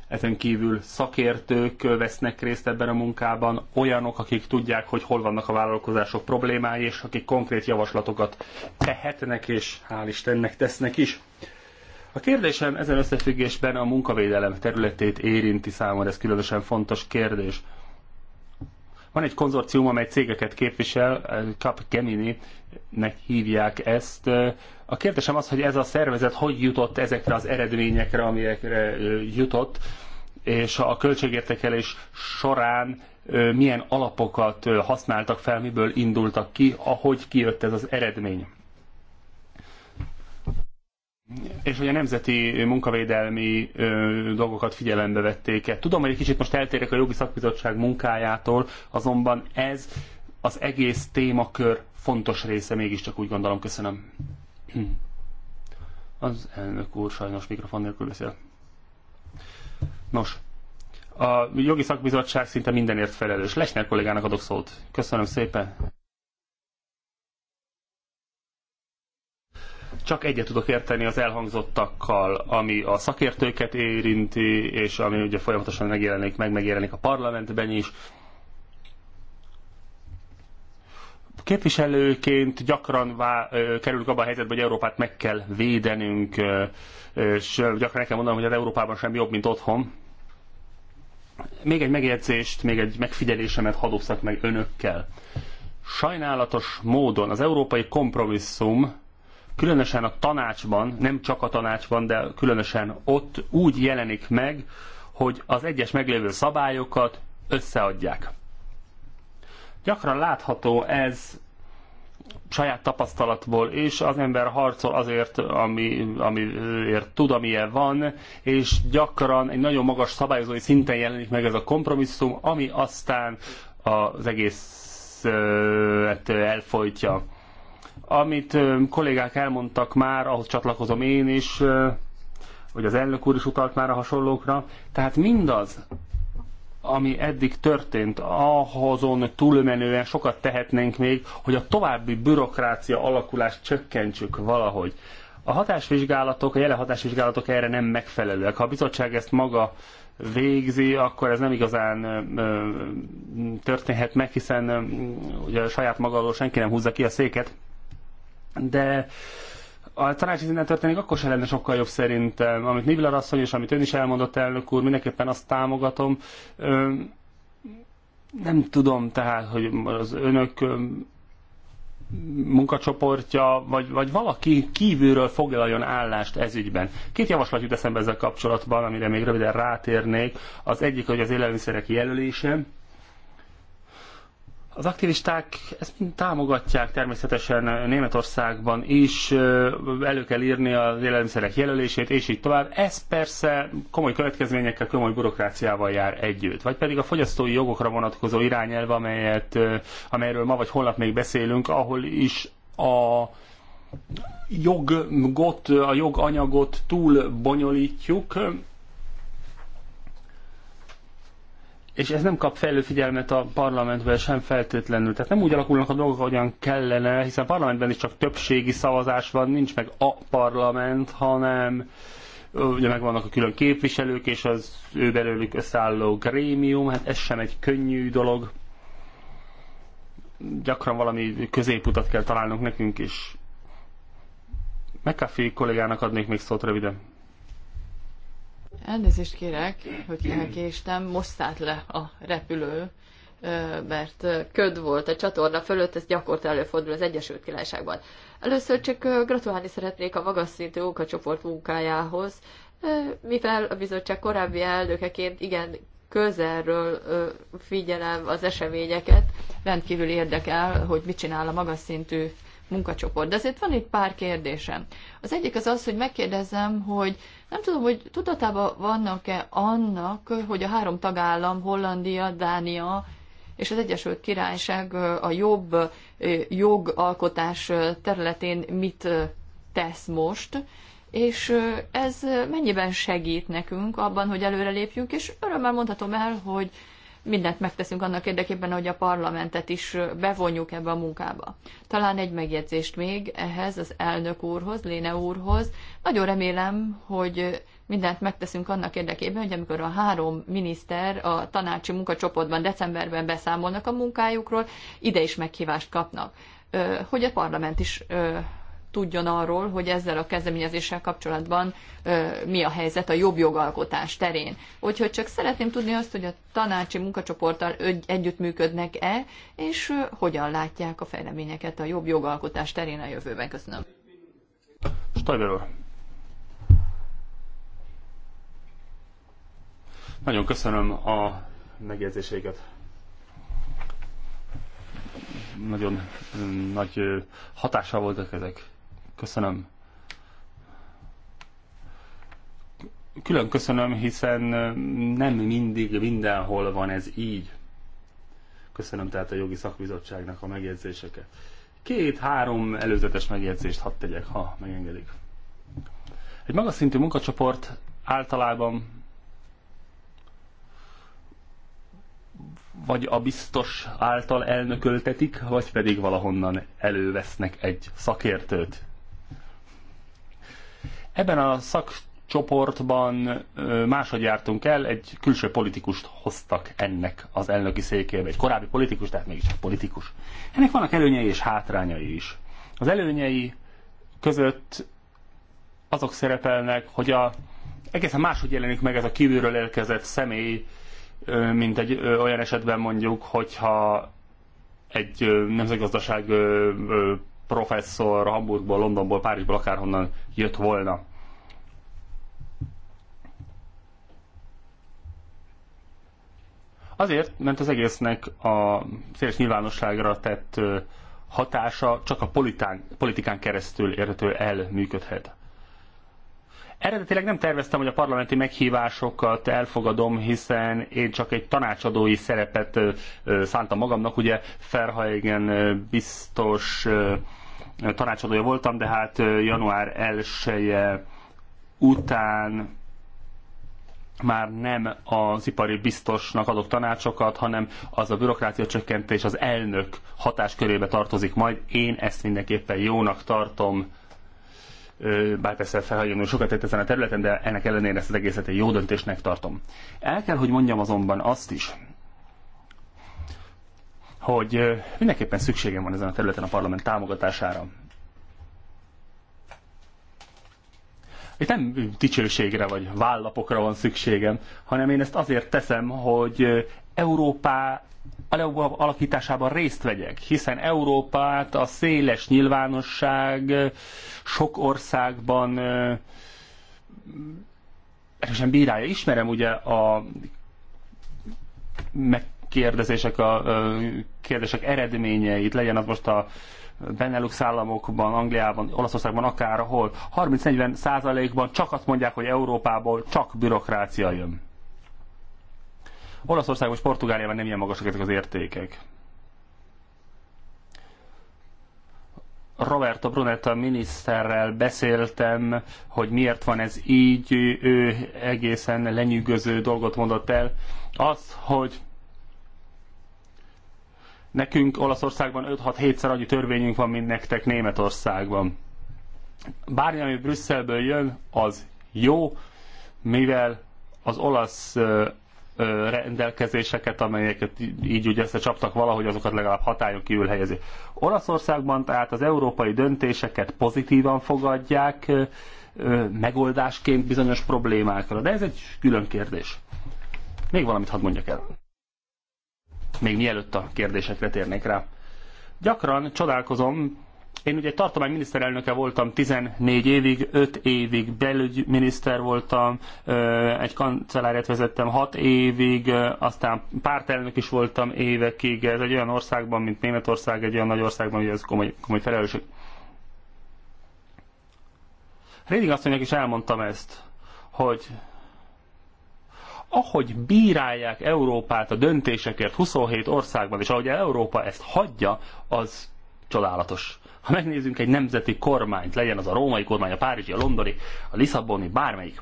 ezen kívül szakértők vesznek részt ebben a munkában, olyanok, akik tudják, hogy hol vannak a vállalkozások problémái, és akik konkrét javaslatokat tehetnek, és hál' Istennek tesznek is. A kérdésem ezen összefüggésben a munkavédelem területét érinti számomra, ez különösen fontos kérdés. Van egy konzorcium, amely cégeket képvisel, Kap Gemini-nek hívják ezt. A kérdésem az, hogy ez a szervezet hogy jutott ezekre az eredményekre, amelyekre jutott, és a költségértékelés során milyen alapokat használtak fel, miből indultak ki, ahogy kijött ez az eredmény és hogy a nemzeti munkavédelmi ö, dolgokat figyelembe vették -e. Tudom, hogy egy kicsit most eltérek a jogi szakbizottság munkájától, azonban ez az egész témakör fontos része, mégiscsak úgy gondolom. Köszönöm. Az elnök úr sajnos mikrofon nélkül beszél. Nos, a jogi szakbizottság szinte mindenért felelős. Lesner kollégának adok szót. Köszönöm szépen. Csak egyet tudok érteni az elhangzottakkal, ami a szakértőket érinti, és ami ugye folyamatosan megjelenik, meg megjelenik a parlamentben is. Képviselőként gyakran vá- kerülünk abba a helyzetbe, hogy Európát meg kell védenünk, és gyakran nekem mondanom, hogy az Európában sem jobb, mint otthon. Még egy megjegyzést, még egy megfigyelésemet hadd meg önökkel. Sajnálatos módon az európai kompromisszum különösen a tanácsban, nem csak a tanácsban, de különösen ott úgy jelenik meg, hogy az egyes meglévő szabályokat összeadják. Gyakran látható ez saját tapasztalatból, és az ember harcol azért, ami, amiért tud, amilyen van, és gyakran egy nagyon magas szabályozói szinten jelenik meg ez a kompromisszum, ami aztán az egész hát, elfolytja. Amit kollégák elmondtak már, ahhoz csatlakozom én is, hogy az elnök úr is utalt már a hasonlókra. Tehát mindaz, ami eddig történt, ahhozon túlmenően sokat tehetnénk még, hogy a további bürokrácia alakulást csökkentsük valahogy. A hatásvizsgálatok, a jelen hatásvizsgálatok erre nem megfelelőek. Ha a bizottság ezt maga végzi, akkor ez nem igazán ö, történhet meg, hiszen ö, ugye saját maga alól senki nem húzza ki a széket de a tanácsi szinten történik, akkor se lenne sokkal jobb szerintem. Amit Nibler asszony és amit ön is elmondott, elnök úr, mindenképpen azt támogatom. Nem tudom tehát, hogy az önök munkacsoportja, vagy, vagy valaki kívülről foglaljon állást ezügyben. Két javaslat jut eszembe ezzel kapcsolatban, amire még röviden rátérnék. Az egyik, hogy az élelmiszerek jelölése, az aktivisták ezt támogatják természetesen Németországban is, elő kell írni az élelmiszerek jelölését, és így tovább. Ez persze komoly következményekkel, komoly bürokráciával jár együtt. Vagy pedig a fogyasztói jogokra vonatkozó irányelv, amelyet, amelyről ma vagy holnap még beszélünk, ahol is a jogot, a joganyagot túl bonyolítjuk, és ez nem kap fejlő figyelmet a parlamentben sem feltétlenül. Tehát nem úgy alakulnak a dolgok, ahogyan kellene, hiszen a parlamentben is csak többségi szavazás van, nincs meg a parlament, hanem ugye megvannak a külön képviselők, és az ő belőlük összeálló grémium, hát ez sem egy könnyű dolog. Gyakran valami középutat kell találnunk nekünk is. McAfee kollégának adnék még szót röviden. Elnézést kérek, hogy késtem, most szállt le a repülő, mert köd volt a csatorna fölött, ez gyakorta előfordul az Egyesült Királyságban. Először csak gratulálni szeretnék a magas szintű munkacsoport munkájához, mivel a bizottság korábbi elnökeként igen közelről figyelem az eseményeket, rendkívül érdekel, hogy mit csinál a magas szintű munkacsoport. De azért van itt pár kérdésem. Az egyik az az, hogy megkérdezem, hogy nem tudom, hogy tudatában vannak-e annak, hogy a három tagállam, Hollandia, Dánia és az Egyesült Királyság a jobb jogalkotás területén mit tesz most, és ez mennyiben segít nekünk abban, hogy előrelépjünk, és örömmel mondhatom el, hogy mindent megteszünk annak érdekében, hogy a parlamentet is bevonjuk ebbe a munkába. Talán egy megjegyzést még ehhez az elnök úrhoz, Léne úrhoz. Nagyon remélem, hogy mindent megteszünk annak érdekében, hogy amikor a három miniszter a tanácsi munkacsoportban decemberben beszámolnak a munkájukról, ide is meghívást kapnak, hogy a parlament is tudjon arról, hogy ezzel a kezdeményezéssel kapcsolatban ö, mi a helyzet a jobb jogalkotás terén. Úgyhogy csak szeretném tudni azt, hogy a tanácsi munkacsoporttal együttműködnek-e, és ö, hogyan látják a fejleményeket a jobb jogalkotás terén a jövőben. Köszönöm. Steiner Nagyon köszönöm a megjegyzéseiket nagyon mm, nagy hatással voltak ezek Köszönöm. Külön köszönöm, hiszen nem mindig mindenhol van ez így. Köszönöm tehát a jogi szakbizottságnak a megjegyzéseket. Két-három előzetes megjegyzést hadd tegyek, ha megengedik. Egy magas szintű munkacsoport általában vagy a biztos által elnököltetik, vagy pedig valahonnan elővesznek egy szakértőt. Ebben a szakcsoportban máshogy jártunk el, egy külső politikust hoztak ennek az elnöki székébe, egy korábbi politikus, tehát egy politikus. Ennek vannak előnyei és hátrányai is. Az előnyei között azok szerepelnek, hogy a, egészen máshogy jelenik meg ez a kívülről érkezett személy, mint egy olyan esetben mondjuk, hogyha egy nemzetgazdaság professzor Hamburgból, Londonból, Párizsból, akárhonnan jött volna. Azért, mert az egésznek a széles nyilvánosságra tett hatása csak a politán, politikán keresztül érhető el működhet. Eredetileg nem terveztem, hogy a parlamenti meghívásokat elfogadom, hiszen én csak egy tanácsadói szerepet szántam magamnak. Ugye Ferhajgen biztos tanácsadója voltam, de hát január 1 -e után már nem az ipari biztosnak adok tanácsokat, hanem az a bürokrácia csökkentés az elnök hatáskörébe tartozik majd. Én ezt mindenképpen jónak tartom, bár persze felhagyom, sokat tett ezen a területen, de ennek ellenére ezt az egészet egy jó döntésnek tartom. El kell, hogy mondjam azonban azt is, hogy mindenképpen szükségem van ezen a területen a parlament támogatására. Itt nem dicsőségre vagy vállapokra van szükségem, hanem én ezt azért teszem, hogy Európá alakításában részt vegyek, hiszen Európát a széles nyilvánosság sok országban erősen bírálja. Ismerem ugye a megkérdezések, a kérdések eredményeit, legyen az most a Benelux államokban, Angliában, Olaszországban, akárhol, 30-40 százalékban csak azt mondják, hogy Európából csak bürokrácia jön. Olaszországban és Portugáliában nem ilyen magasak ezek az értékek. Roberto Brunetta miniszterrel beszéltem, hogy miért van ez így, ő egészen lenyűgöző dolgot mondott el. Az, hogy Nekünk Olaszországban 5-6-7-szer annyi törvényünk van, mint nektek Németországban. Bármi, ami Brüsszelből jön, az jó, mivel az olasz rendelkezéseket, amelyeket így ugye összecsaptak valahogy, azokat legalább hatályon kívül helyezi. Olaszországban tehát az európai döntéseket pozitívan fogadják, megoldásként bizonyos problémákra. De ez egy külön kérdés. Még valamit hadd mondjak el még mielőtt a kérdésekre térnék rá. Gyakran csodálkozom, én ugye tartomány miniszterelnöke voltam 14 évig, 5 évig belügyminiszter voltam, egy kancelláriát vezettem 6 évig, aztán pártelnök is voltam évekig, ez egy olyan országban, mint Németország, egy olyan nagy országban, hogy ez komoly, komoly felelősség. Rédig asszonynak is elmondtam ezt, hogy ahogy bírálják Európát a döntésekért 27 országban, és ahogy Európa ezt hagyja, az csodálatos. Ha megnézzünk egy nemzeti kormányt, legyen az a római kormány, a párizsi, a londoni, a lisszaboni, bármelyik,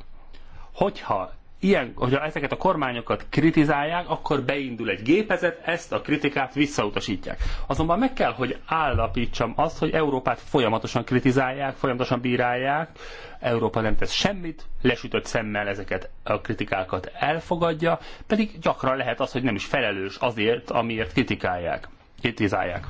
hogyha ilyen, hogyha ezeket a kormányokat kritizálják, akkor beindul egy gépezet, ezt a kritikát visszautasítják. Azonban meg kell, hogy állapítsam azt, hogy Európát folyamatosan kritizálják, folyamatosan bírálják, Európa nem tesz semmit, lesütött szemmel ezeket a kritikákat elfogadja, pedig gyakran lehet az, hogy nem is felelős azért, amiért kritikálják, kritizálják.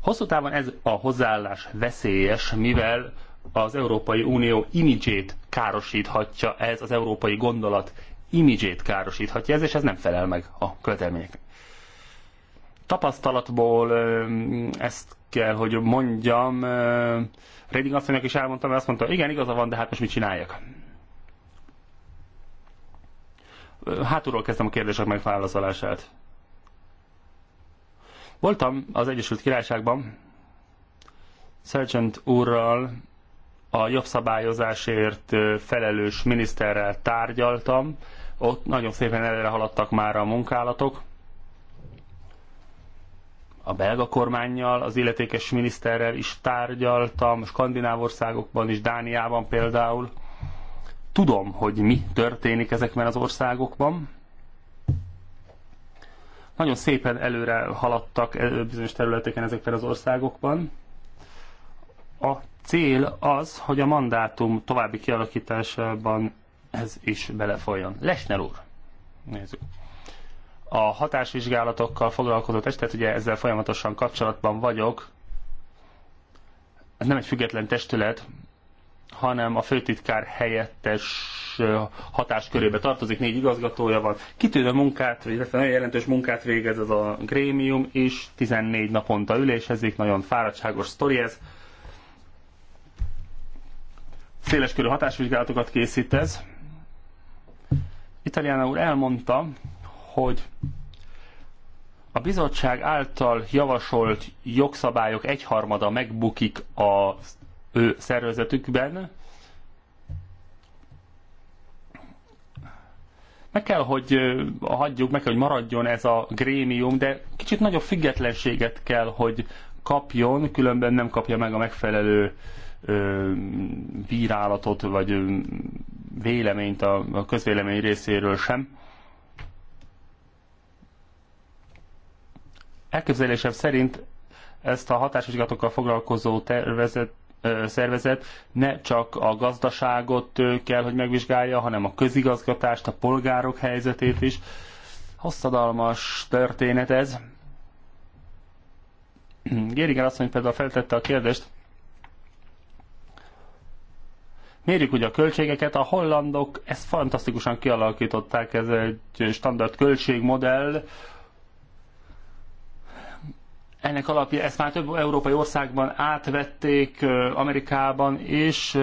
Hosszú távon ez a hozzáállás veszélyes, mivel az Európai Unió imidzsét károsíthatja ez, az európai gondolat imidzsét károsíthatja ez, és ez nem felel meg a követelményeknek. Tapasztalatból ezt kell, hogy mondjam, Reding asszonynak is elmondtam, mert azt mondta, igen, igaza van, de hát most mit csináljak? Hátulról kezdtem a kérdések megválaszolását. Voltam az Egyesült Királyságban, Sergeant úrral a jogszabályozásért felelős miniszterrel tárgyaltam, ott nagyon szépen előre haladtak már a munkálatok, a belga kormányjal, az illetékes miniszterrel is tárgyaltam, skandináv országokban is, Dániában például. Tudom, hogy mi történik ezekben az országokban. Nagyon szépen előre haladtak bizonyos területeken ezekben az országokban. A cél az, hogy a mandátum további kialakításában ez is belefolyjon. Lesner úr, nézzük. A hatásvizsgálatokkal foglalkozó testet, ugye ezzel folyamatosan kapcsolatban vagyok, ez nem egy független testület, hanem a főtitkár helyettes hatáskörébe tartozik, négy igazgatója van. Kitűnő munkát, illetve nagyon jelentős munkát végez ez a grémium, és 14 naponta ülésezik, nagyon fáradtságos sztori ez széleskörű hatásvizsgálatokat készít ez. Italiana úr elmondta, hogy a bizottság által javasolt jogszabályok egyharmada megbukik a ő szervezetükben. Meg kell, hogy hagyjuk, meg kell, hogy maradjon ez a grémium, de kicsit nagyobb függetlenséget kell, hogy kapjon, különben nem kapja meg a megfelelő bírálatot vagy véleményt a, a közvélemény részéről sem. Elképzelésem szerint ezt a hatásvizsgálatokkal foglalkozó tervezet, szervezet ne csak a gazdaságot kell, hogy megvizsgálja, hanem a közigazgatást, a polgárok helyzetét is. Hosszadalmas történet ez. Géringer asszony például feltette a kérdést, Mérjük ugye a költségeket, a hollandok ezt fantasztikusan kialakították, ez egy standard költségmodell, ennek alapja, ezt már több európai országban átvették, Amerikában is.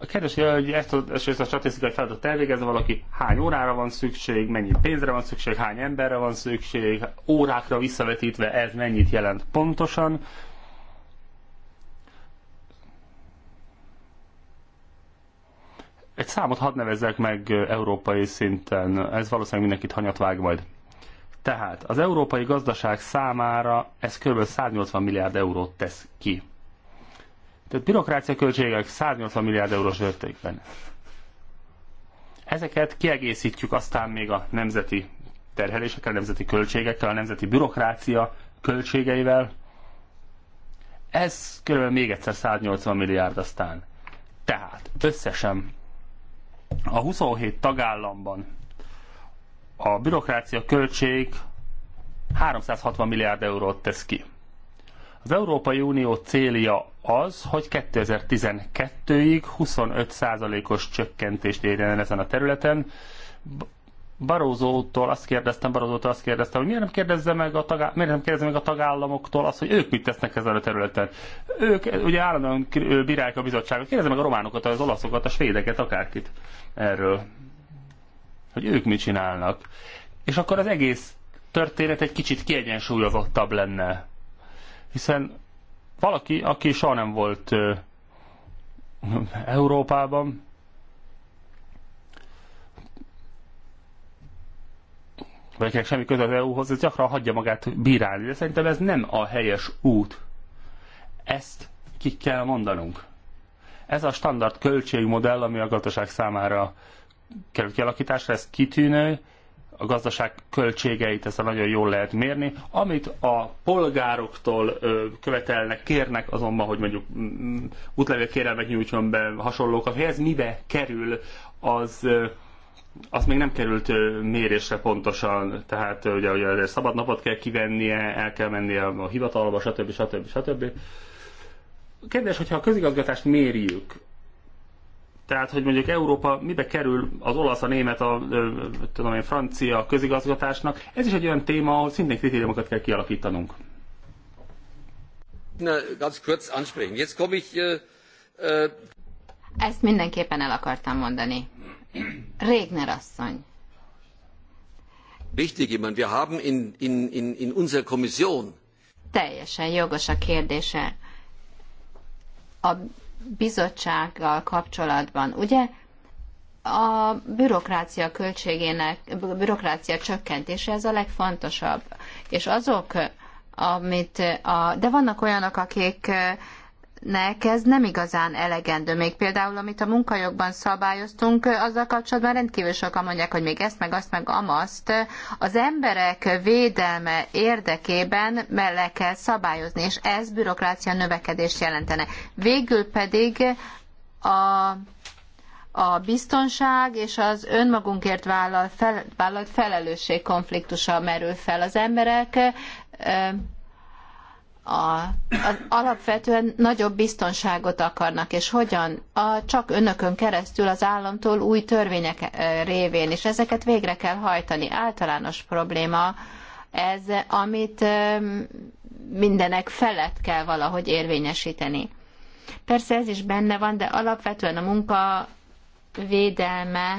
A kérdés, hogy ezt a, ezt a statisztikai feladatot elvégezze valaki, hány órára van szükség, mennyi pénzre van szükség, hány emberre van szükség, órákra visszavetítve ez mennyit jelent pontosan. Egy számot hadd nevezzek meg európai szinten, ez valószínűleg mindenkit hanyat vág majd. Tehát az európai gazdaság számára ez kb. 180 milliárd eurót tesz ki. Tehát bürokrácia költségek 180 milliárd eurós értékben. Ezeket kiegészítjük aztán még a nemzeti terhelésekkel, a nemzeti költségekkel, a nemzeti bürokrácia költségeivel. Ez körülbelül még egyszer 180 milliárd aztán. Tehát összesen a 27 tagállamban a bürokrácia költség 360 milliárd eurót tesz ki. Az Európai Unió célja az, hogy 2012-ig 25%-os csökkentést érjen ezen a területen, Barózótól azt kérdeztem, Barózótól azt kérdeztem, hogy miért nem kérdezze meg a, tagá- miért nem kérdezze meg a tagállamoktól azt, hogy ők mit tesznek ezen a területen. Ők ugye állandóan bírálják a bizottságot. Kérdezze meg a románokat, az olaszokat, a svédeket, akárkit erről. Hogy ők mit csinálnak. És akkor az egész történet egy kicsit kiegyensúlyozottabb lenne. Hiszen valaki, aki soha nem volt Európában, vagy semmi köze az EU-hoz, ez gyakran hagyja magát bírálni. De szerintem ez nem a helyes út. Ezt ki kell mondanunk. Ez a standard költségmodell, ami a gazdaság számára került kialakításra, ez kitűnő, a gazdaság költségeit ezt nagyon jól lehet mérni. Amit a polgároktól ö, követelnek, kérnek azonban, hogy mondjuk útlevél kérelmet nyújtson be hasonlókat, hogy ez mibe kerül, az ö, az még nem került mérésre pontosan, tehát ugye, ugye szabad napot kell kivennie, el kell mennie a hivatalba, stb. stb. stb. Kedves, hogyha a közigazgatást mérjük, tehát, hogy mondjuk Európa mibe kerül az olasz, a német, a tudom én, francia közigazgatásnak, ez is egy olyan téma, ahol szintén kritériumokat kell kialakítanunk. Na, ganz kurz ansprechen. Jetzt komme ich... Äh, äh, Ezt mindenképpen el akartam mondani. Régner asszony. Richtig, ich meine, wir haben in, in, in, in unserer Kommission. Teljesen jogos a kérdése. A bizottsággal kapcsolatban, ugye a bürokrácia költségének, bürokrácia csökkentése ez a legfontosabb. És azok, amit a, de vannak olyanok, akik ennek ez nem igazán elegendő. Még például, amit a munkajogban szabályoztunk, azzal kapcsolatban rendkívül sokan mondják, hogy még ezt, meg azt, meg amazt. Az emberek védelme érdekében le kell szabályozni, és ez bürokrácia növekedést jelentene. Végül pedig a a biztonság és az önmagunkért fel, vállalt felelősség konfliktusa merül fel. Az emberek a, alapvetően nagyobb biztonságot akarnak, és hogyan? A, csak önökön keresztül az államtól új törvények révén, és ezeket végre kell hajtani. Általános probléma ez, amit mindenek felett kell valahogy érvényesíteni. Persze ez is benne van, de alapvetően a munka védelme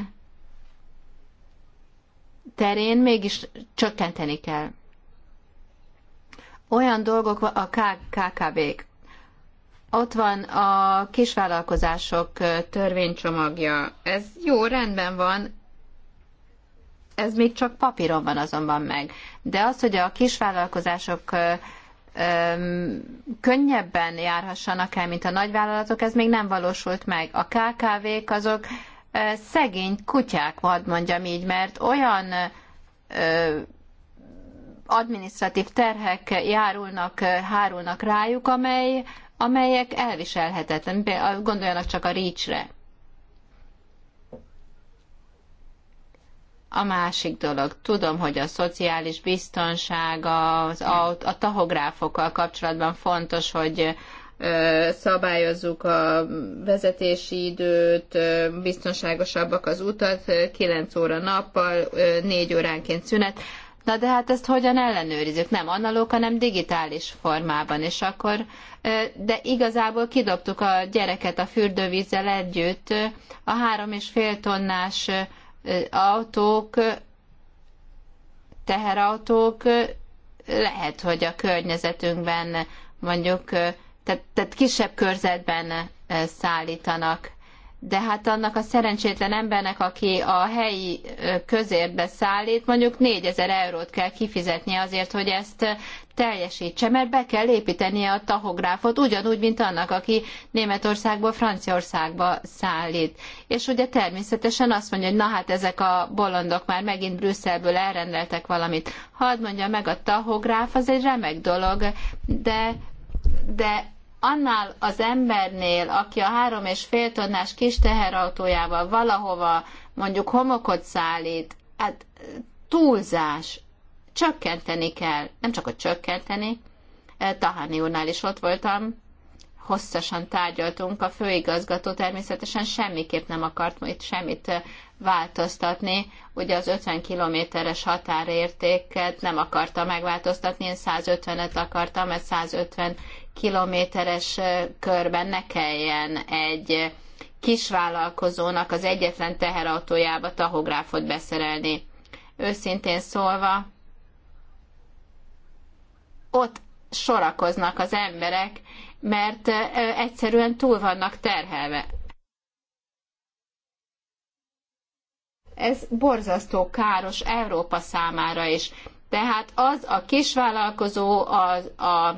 terén mégis csökkenteni kell olyan dolgok, a KKV-k. Ott van a kisvállalkozások törvénycsomagja. Ez jó, rendben van, ez még csak papíron van azonban meg. De az, hogy a kisvállalkozások könnyebben járhassanak el, mint a nagyvállalatok, ez még nem valósult meg. A KKV-k azok szegény kutyák, hadd mondjam így, mert olyan administratív terhek járulnak, hárulnak rájuk, amely, amelyek elviselhetetlen. Gondoljanak csak a reach A másik dolog, tudom, hogy a szociális biztonság, az, a, a tahográfokkal kapcsolatban fontos, hogy ö, szabályozzuk a vezetési időt, ö, biztonságosabbak az utat, 9 óra nappal, ö, 4 óránként szünet Na de hát ezt hogyan ellenőrizzük? Nem analóg, hanem digitális formában, és akkor, de igazából kidobtuk a gyereket a fürdővízzel együtt, a három és fél tonnás autók, teherautók lehet, hogy a környezetünkben mondjuk, tehát, tehát kisebb körzetben szállítanak de hát annak a szerencsétlen embernek, aki a helyi közértbe szállít, mondjuk 4000 eurót kell kifizetnie azért, hogy ezt teljesítse, mert be kell építenie a tahográfot, ugyanúgy, mint annak, aki Németországból Franciaországba szállít. És ugye természetesen azt mondja, hogy na hát ezek a bolondok már megint Brüsszelből elrendeltek valamit. Hadd mondja meg, a tahográf az egy remek dolog, de, de annál az embernél, aki a három és fél tonnás kis teherautójával valahova mondjuk homokot szállít, hát túlzás, csökkenteni kell. Nem csak, hogy csökkenteni, e, Tahani úrnál is ott voltam, hosszasan tárgyaltunk, a főigazgató természetesen semmiképp nem akart itt semmit e, változtatni. Ugye az 50 kilométeres határértéket nem akarta megváltoztatni, én 150-et akartam, mert 150 kilométeres körben ne kelljen egy kisvállalkozónak az egyetlen teherautójába tahográfot beszerelni. Őszintén szólva, ott sorakoznak az emberek, mert egyszerűen túl vannak terhelve. Ez borzasztó káros Európa számára is. Tehát az a kisvállalkozó, az a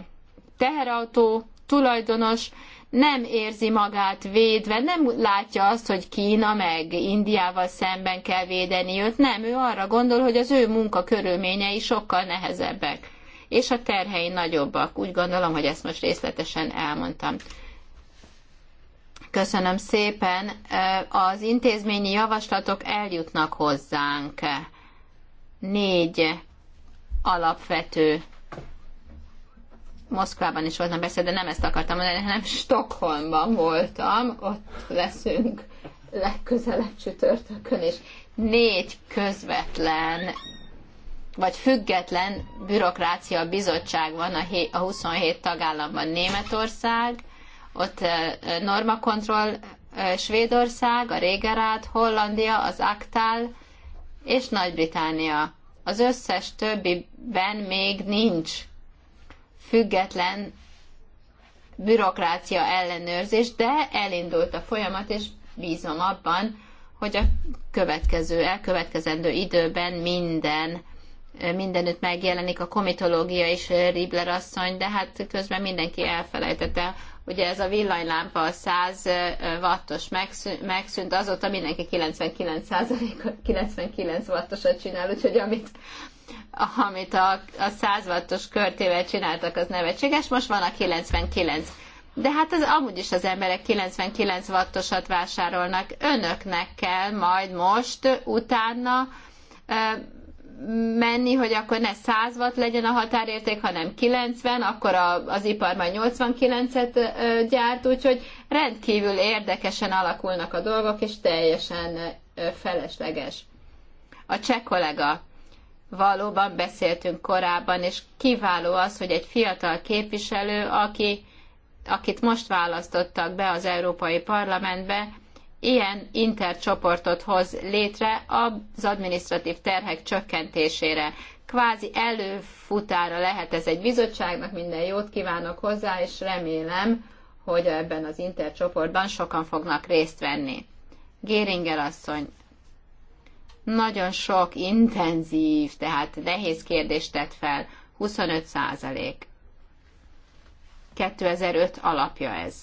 teherautó tulajdonos nem érzi magát védve, nem látja azt, hogy Kína meg Indiával szemben kell védeni őt, nem, ő arra gondol, hogy az ő munka körülményei sokkal nehezebbek, és a terhei nagyobbak. Úgy gondolom, hogy ezt most részletesen elmondtam. Köszönöm szépen. Az intézményi javaslatok eljutnak hozzánk. Négy alapvető Moszkvában is voltam persze, de nem ezt akartam mondani, hanem Stockholmban voltam, ott leszünk legközelebb csütörtökön, és négy közvetlen vagy független bürokrácia bizottság van a 27 tagállamban Németország, ott normakontroll Svédország, a Régerát, Hollandia, az Aktál és Nagy-Británia. Az összes többiben még nincs független bürokrácia ellenőrzés, de elindult a folyamat, és bízom abban, hogy a következő, elkövetkezendő időben minden mindenütt megjelenik a komitológia és Ribler asszony, de hát közben mindenki elfelejtette. Ugye ez a villanylámpa a 100 wattos megszűnt, azóta mindenki 99 99 wattosat csinál, úgyhogy amit amit a, a 100 wattos körtével csináltak, az nevetséges, most van a 99. De hát az, amúgy is az emberek 99 wattosat vásárolnak. Önöknek kell majd most utána ö, menni, hogy akkor ne 100 watt legyen a határérték, hanem 90, akkor a, az ipar majd 89-et gyárt, úgyhogy rendkívül érdekesen alakulnak a dolgok, és teljesen ö, felesleges. A cseh kollega valóban beszéltünk korábban, és kiváló az, hogy egy fiatal képviselő, aki, akit most választottak be az Európai Parlamentbe, ilyen intercsoportot hoz létre az administratív terhek csökkentésére. Kvázi előfutára lehet ez egy bizottságnak, minden jót kívánok hozzá, és remélem, hogy ebben az intercsoportban sokan fognak részt venni. Géringer asszony, nagyon sok intenzív, tehát nehéz kérdést tett fel, 25 százalék. 2005 alapja ez.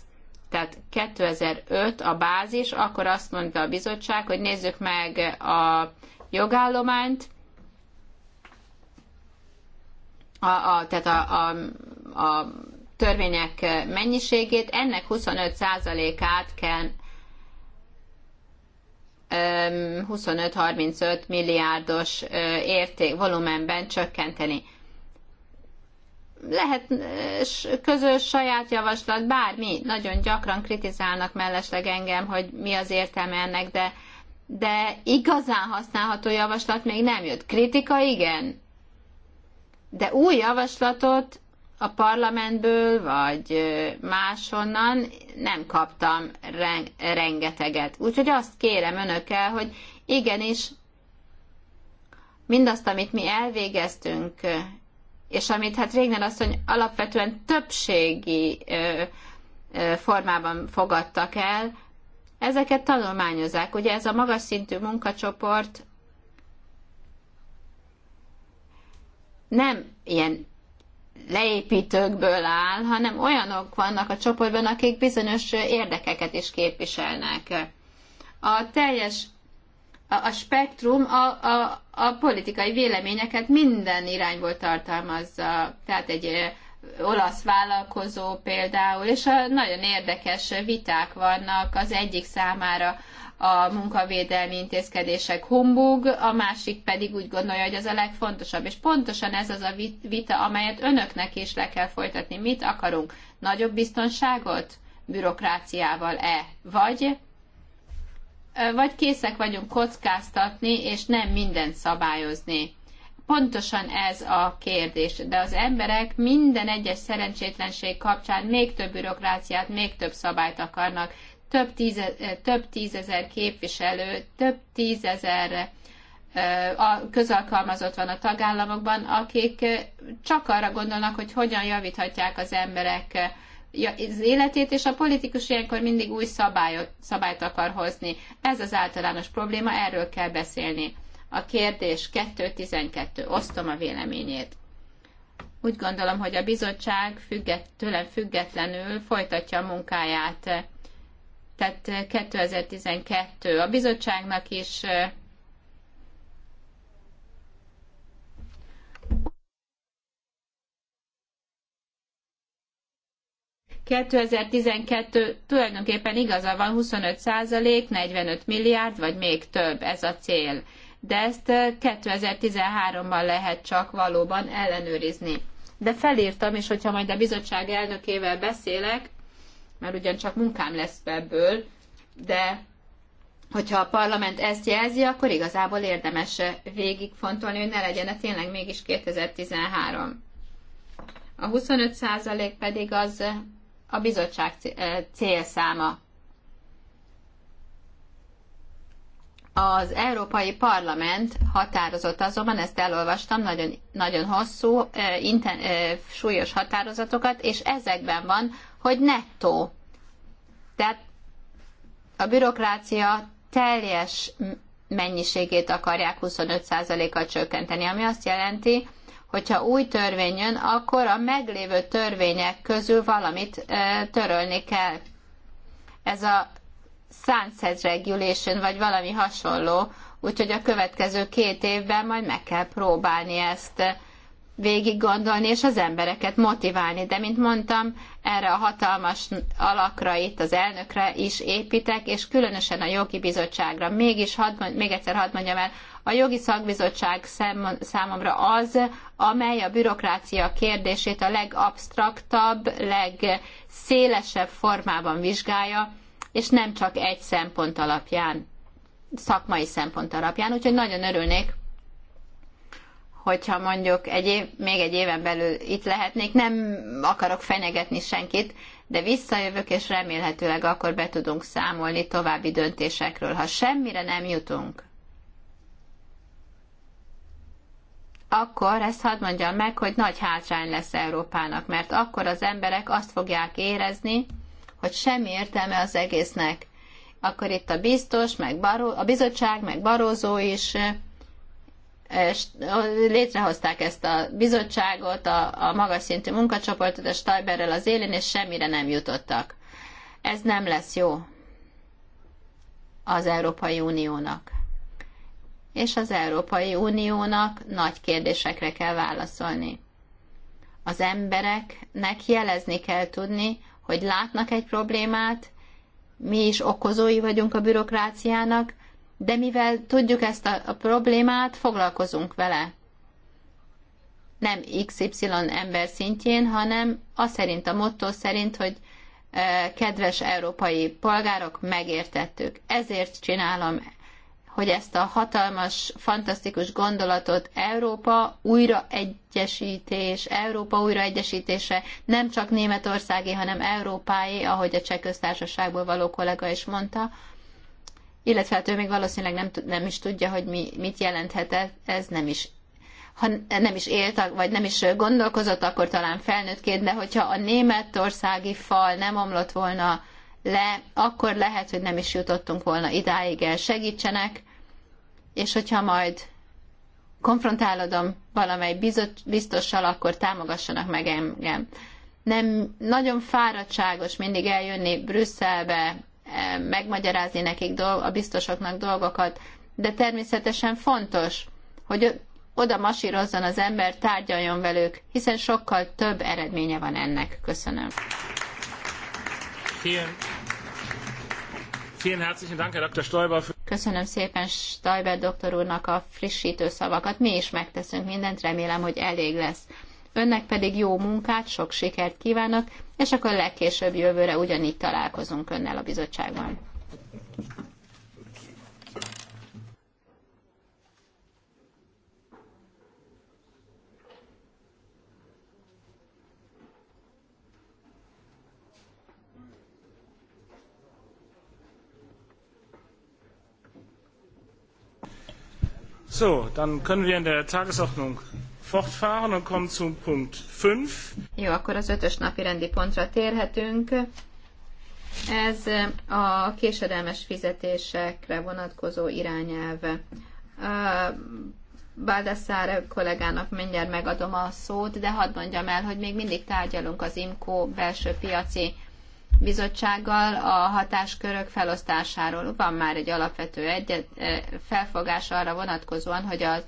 Tehát 2005 a bázis, akkor azt mondta a bizottság, hogy nézzük meg a jogállományt, a, a, tehát a, a, a törvények mennyiségét, ennek 25%-át kell 25-35 milliárdos érték volumenben csökkenteni. Lehet közös saját javaslat, bármi. Nagyon gyakran kritizálnak mellesleg engem, hogy mi az értelme ennek, de, de igazán használható javaslat még nem jött. Kritika igen, de új javaslatot a parlamentből, vagy máshonnan nem kaptam rengeteget. Úgyhogy azt kérem önökkel, hogy igenis mindazt, amit mi elvégeztünk, és amit hát azt hogy alapvetően többségi formában fogadtak el, ezeket tanulmányozzák. Ugye ez a magas szintű munkacsoport nem ilyen leépítőkből áll, hanem olyanok vannak a csoportban, akik bizonyos érdekeket is képviselnek. A teljes a, a spektrum a, a, a politikai véleményeket minden irányból tartalmazza. Tehát egy olasz vállalkozó például, és a nagyon érdekes viták vannak az egyik számára a munkavédelmi intézkedések humbug, a másik pedig úgy gondolja, hogy ez a legfontosabb. És pontosan ez az a vita, amelyet önöknek is le kell folytatni. Mit akarunk? Nagyobb biztonságot? Bürokráciával-e? Vagy vagy készek vagyunk kockáztatni, és nem mindent szabályozni. Pontosan ez a kérdés, de az emberek minden egyes szerencsétlenség kapcsán még több bürokráciát, még több szabályt akarnak több, tíze, eh, több tízezer képviselő, több tízezer eh, közalkalmazott van a tagállamokban, akik eh, csak arra gondolnak, hogy hogyan javíthatják az emberek az életét, és a politikus ilyenkor mindig új szabályot, szabályt akar hozni. Ez az általános probléma, erről kell beszélni. A kérdés 212. Osztom a véleményét. Úgy gondolom, hogy a bizottság függet, tőlem függetlenül folytatja a munkáját tehát 2012. Eh, a bizottságnak is ...2012 eh, tulajdonképpen igaza van, 25 százalék, 45 milliárd, vagy még több, ez a cél. De ezt 2013-ban eh, lehet csak valóban ellenőrizni. De felírtam, és hogyha majd a bizottság elnökével beszélek, mert ugyancsak munkám lesz ebből, de hogyha a parlament ezt jelzi, akkor igazából érdemes -e végigfontolni, hogy ne legyen -e tényleg mégis 2013. A 25% pedig az a bizottság eh, célszáma. Az Európai Parlament határozott azonban, ezt elolvastam, nagyon, nagyon hosszú, eh, inten, eh, súlyos határozatokat, és ezekben van hogy nettó. Tehát a bürokrácia teljes mennyiségét akarják 25%-kal csökkenteni, ami azt jelenti, hogyha új törvény jön, akkor a meglévő törvények közül valamit törölni kell. Ez a sunset regulation, vagy valami hasonló, úgyhogy a következő két évben majd meg kell próbálni ezt végig gondolni, és az embereket motiválni. De, mint mondtam, erre a hatalmas alakra itt az elnökre is építek, és különösen a jogi bizottságra. Mégis hadd, még egyszer hadd mondjam el, a jogi szakbizottság számomra az, amely a bürokrácia kérdését a legabsztraktabb, legszélesebb formában vizsgálja, és nem csak egy szempont alapján, szakmai szempont alapján. Úgyhogy nagyon örülnék, hogyha mondjuk egy év, még egy éven belül itt lehetnék, nem akarok fenyegetni senkit, de visszajövök, és remélhetőleg akkor be tudunk számolni további döntésekről, ha semmire nem jutunk. Akkor ezt hadd mondjam meg, hogy nagy hátrány lesz Európának, mert akkor az emberek azt fogják érezni, hogy semmi értelme az egésznek. Akkor itt a biztos, meg baró, a bizottság, meg Barózó is létrehozták ezt a bizottságot, a, a magas szintű munkacsoportot, a Stajberrel az élén, és semmire nem jutottak. Ez nem lesz jó az Európai Uniónak. És az Európai Uniónak nagy kérdésekre kell válaszolni. Az embereknek jelezni kell tudni, hogy látnak egy problémát, mi is okozói vagyunk a bürokráciának, de mivel tudjuk ezt a, a problémát, foglalkozunk vele. Nem XY ember szintjén, hanem a szerint, a motto szerint, hogy e, kedves európai polgárok, megértettük. Ezért csinálom, hogy ezt a hatalmas, fantasztikus gondolatot Európa újraegyesítés, Európa újraegyesítése nem csak németországi, hanem európái, ahogy a cseh köztársaságból való kollega is mondta, illetve hát ő még valószínűleg nem, nem is tudja, hogy mi, mit jelenthet e- ez, nem is ha nem is élt, vagy nem is gondolkozott, akkor talán felnőttként, de hogyha a németországi fal nem omlott volna le, akkor lehet, hogy nem is jutottunk volna idáig el. Segítsenek, és hogyha majd konfrontálodom valamely biztossal, akkor támogassanak meg engem. Nem nagyon fáradtságos mindig eljönni Brüsszelbe, megmagyarázni nekik a biztosoknak dolgokat. De természetesen fontos, hogy oda masírozzon az ember, tárgyaljon velük, hiszen sokkal több eredménye van ennek. Köszönöm. Köszönöm szépen Stoiber doktor úrnak a frissítő szavakat. Mi is megteszünk mindent, remélem, hogy elég lesz önnek pedig jó munkát, sok sikert kívánok, és akkor legkésőbb jövőre ugyanígy találkozunk önnel a bizottságban. So, dann können wir in der Tagesordnung fortfahren und kommen zum Punkt 5. Jó, akkor az ötös napi rendi pontra térhetünk. Ez a késedelmes fizetésekre vonatkozó irányelve. Baldassar kollégának mindjárt megadom a szót, de hadd mondjam el, hogy még mindig tárgyalunk az IMCO belső piaci bizottsággal a hatáskörök felosztásáról. Van már egy alapvető egyet, felfogás arra vonatkozóan, hogy az,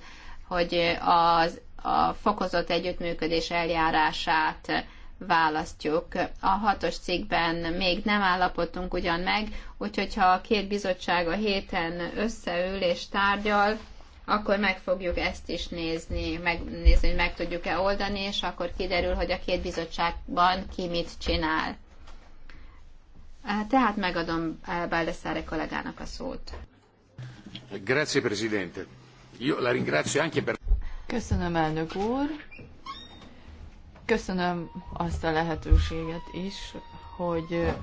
hogy az a fokozott együttműködés eljárását választjuk. A hatos cikkben még nem állapodtunk ugyan meg, úgyhogy ha a két bizottság a héten összeül és tárgyal, akkor meg fogjuk ezt is nézni, megnézni, hogy meg tudjuk-e oldani, és akkor kiderül, hogy a két bizottságban ki mit csinál. Tehát megadom Baldessare kollégának a szót. Grazie, Presidente. Io la ringrazio anche per... Köszönöm, elnök úr. Köszönöm azt a lehetőséget is, hogy eh,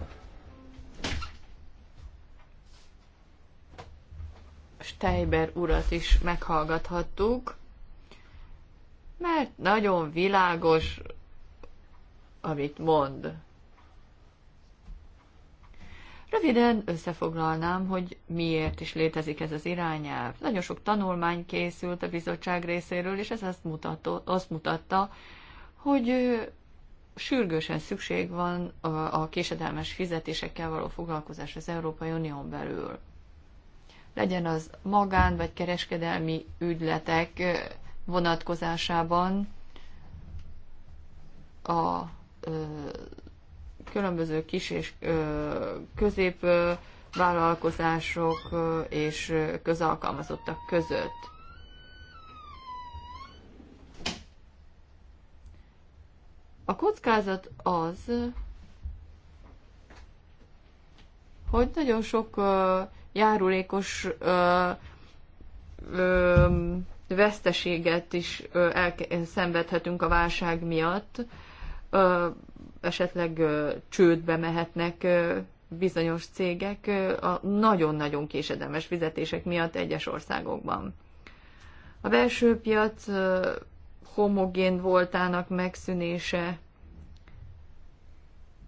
Steiber urat is meghallgathattuk, mert nagyon világos, amit mond. Röviden összefoglalnám, hogy miért is létezik ez az irányelv. Nagyon sok tanulmány készült a bizottság részéről, és ez azt, mutató, azt mutatta, hogy sürgősen szükség van a késedelmes fizetésekkel való foglalkozás az Európai Unión belül. Legyen az magán vagy kereskedelmi ügyletek vonatkozásában a különböző kis és közép vállalkozások és közalkalmazottak között. A kockázat az, hogy nagyon sok járulékos veszteséget is szenvedhetünk a válság miatt esetleg csődbe mehetnek bizonyos cégek a nagyon-nagyon késedelmes fizetések miatt egyes országokban. A belső piac homogén voltának megszűnése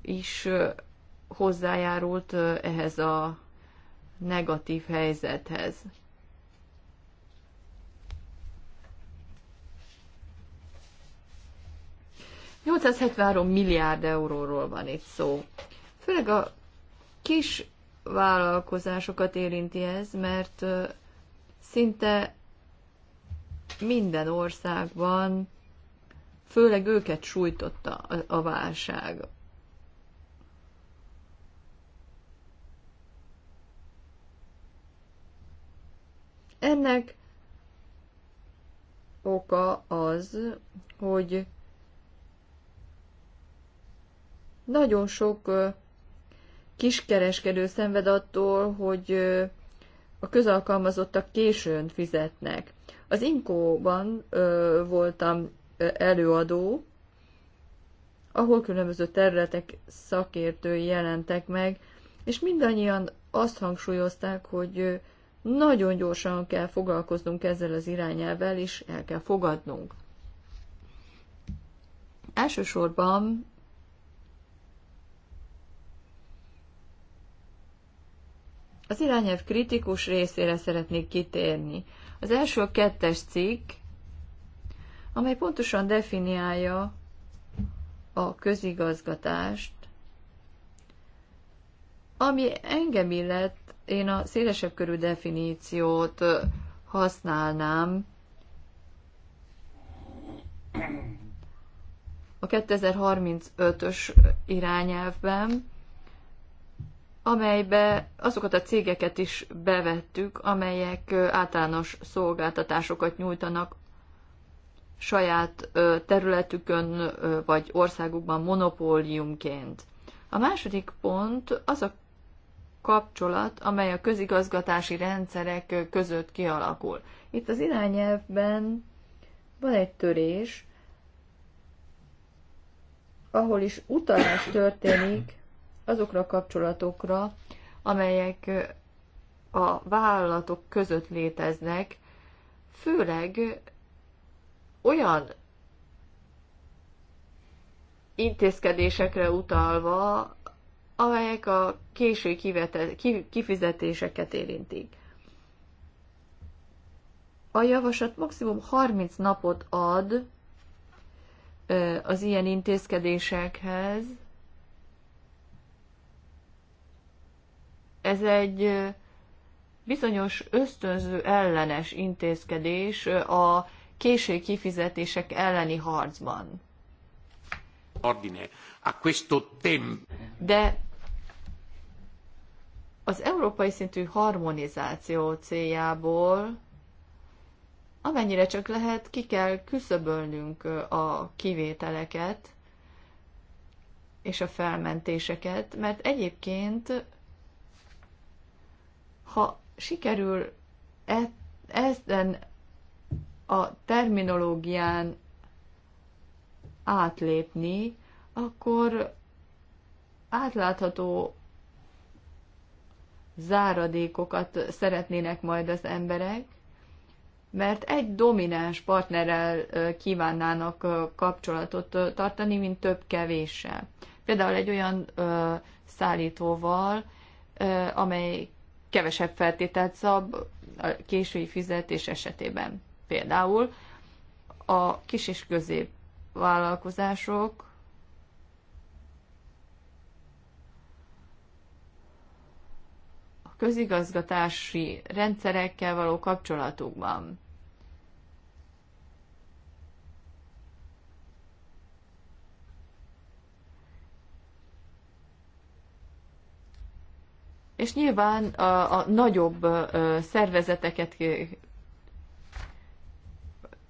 is hozzájárult ehhez a negatív helyzethez. 873 milliárd euróról van itt szó. Főleg a kis vállalkozásokat érinti ez, mert szinte minden országban főleg őket sújtotta a válság. Ennek oka az, hogy Nagyon sok kiskereskedő szenved attól, hogy a közalkalmazottak későn fizetnek. Az Inkóban voltam előadó, ahol különböző területek szakértői jelentek meg, és mindannyian azt hangsúlyozták, hogy nagyon gyorsan kell foglalkoznunk ezzel az irányelvel, és el kell fogadnunk. Elsősorban Az irányelv kritikus részére szeretnék kitérni. Az első a kettes cikk, amely pontosan definiálja a közigazgatást, ami engem illet, én a szélesebb körű definíciót használnám a 2035-ös irányelvben, amelybe azokat a cégeket is bevettük, amelyek általános szolgáltatásokat nyújtanak saját területükön vagy országukban monopóliumként. A második pont az a kapcsolat, amely a közigazgatási rendszerek között kialakul. Itt az irányelvben van egy törés, ahol is utalás történik azokra a kapcsolatokra, amelyek a vállalatok között léteznek, főleg olyan intézkedésekre utalva, amelyek a késői kifizetéseket érintik. A javaslat maximum 30 napot ad az ilyen intézkedésekhez, ez egy bizonyos ösztönző ellenes intézkedés a késői kifizetések elleni harcban. De az európai szintű harmonizáció céljából amennyire csak lehet, ki kell küszöbölnünk a kivételeket és a felmentéseket, mert egyébként ha sikerül e- ezen a terminológián átlépni, akkor átlátható záradékokat szeretnének majd az emberek, mert egy domináns partnerrel kívánnának kapcsolatot tartani, mint több kevéssel. Például egy olyan szállítóval, amely kevesebb feltételt szab a késői fizetés esetében. Például a kis és közép vállalkozások a közigazgatási rendszerekkel való kapcsolatukban. és nyilván a, a nagyobb szervezeteket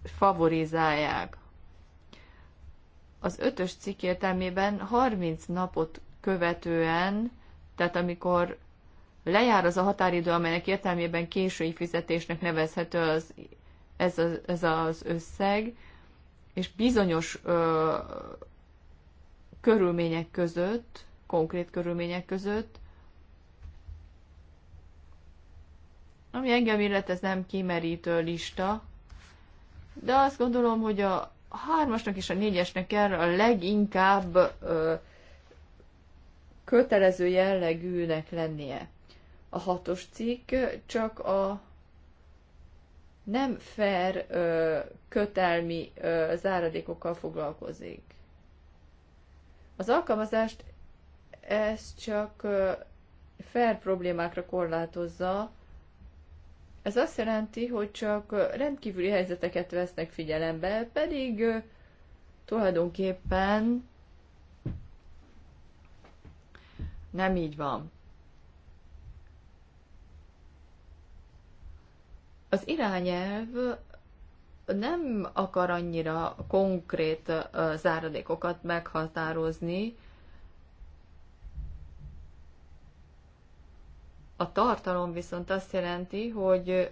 favorizálják. Az ötös cikk értelmében 30 napot követően, tehát amikor lejár az a határidő, amelynek értelmében késői fizetésnek nevezhető az, ez, az, ez az összeg, és bizonyos ö, körülmények között, konkrét körülmények között Ami engem illet, ez nem kimerítő lista, de azt gondolom, hogy a hármasnak és a négyesnek kell a leginkább ö, kötelező jellegűnek lennie. A hatos cikk csak a nem fair ö, kötelmi ö, záradékokkal foglalkozik. Az alkalmazást ez csak ö, fair problémákra korlátozza, ez azt jelenti, hogy csak rendkívüli helyzeteket vesznek figyelembe, pedig tulajdonképpen nem így van. Az irányelv nem akar annyira konkrét záradékokat meghatározni, A tartalom viszont azt jelenti, hogy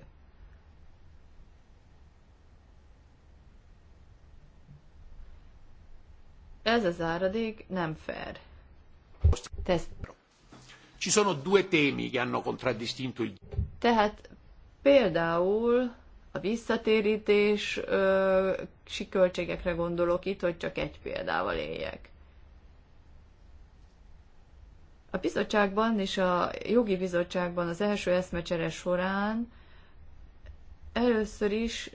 ez az áradék nem fair. Tesz. Ci sono due temi che hanno contraddistinto il... Tehát például a visszatérítés ö, költségekre gondolok itt, hogy csak egy példával éljek. A bizottságban és a jogi bizottságban az első eszmecsere során először is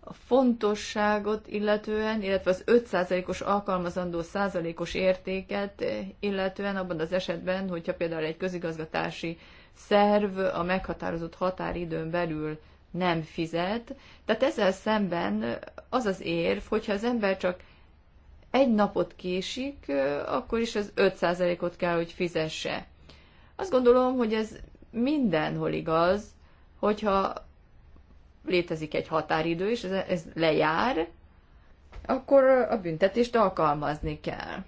a fontosságot illetően, illetve az 5%-os alkalmazandó százalékos értéket illetően abban az esetben, hogyha például egy közigazgatási szerv a meghatározott határidőn belül nem fizet. Tehát ezzel szemben az az érv, hogyha az ember csak egy napot késik, akkor is az 5%-ot kell, hogy fizesse. Azt gondolom, hogy ez mindenhol igaz, hogyha létezik egy határidő, és ez, ez lejár, akkor a büntetést alkalmazni kell.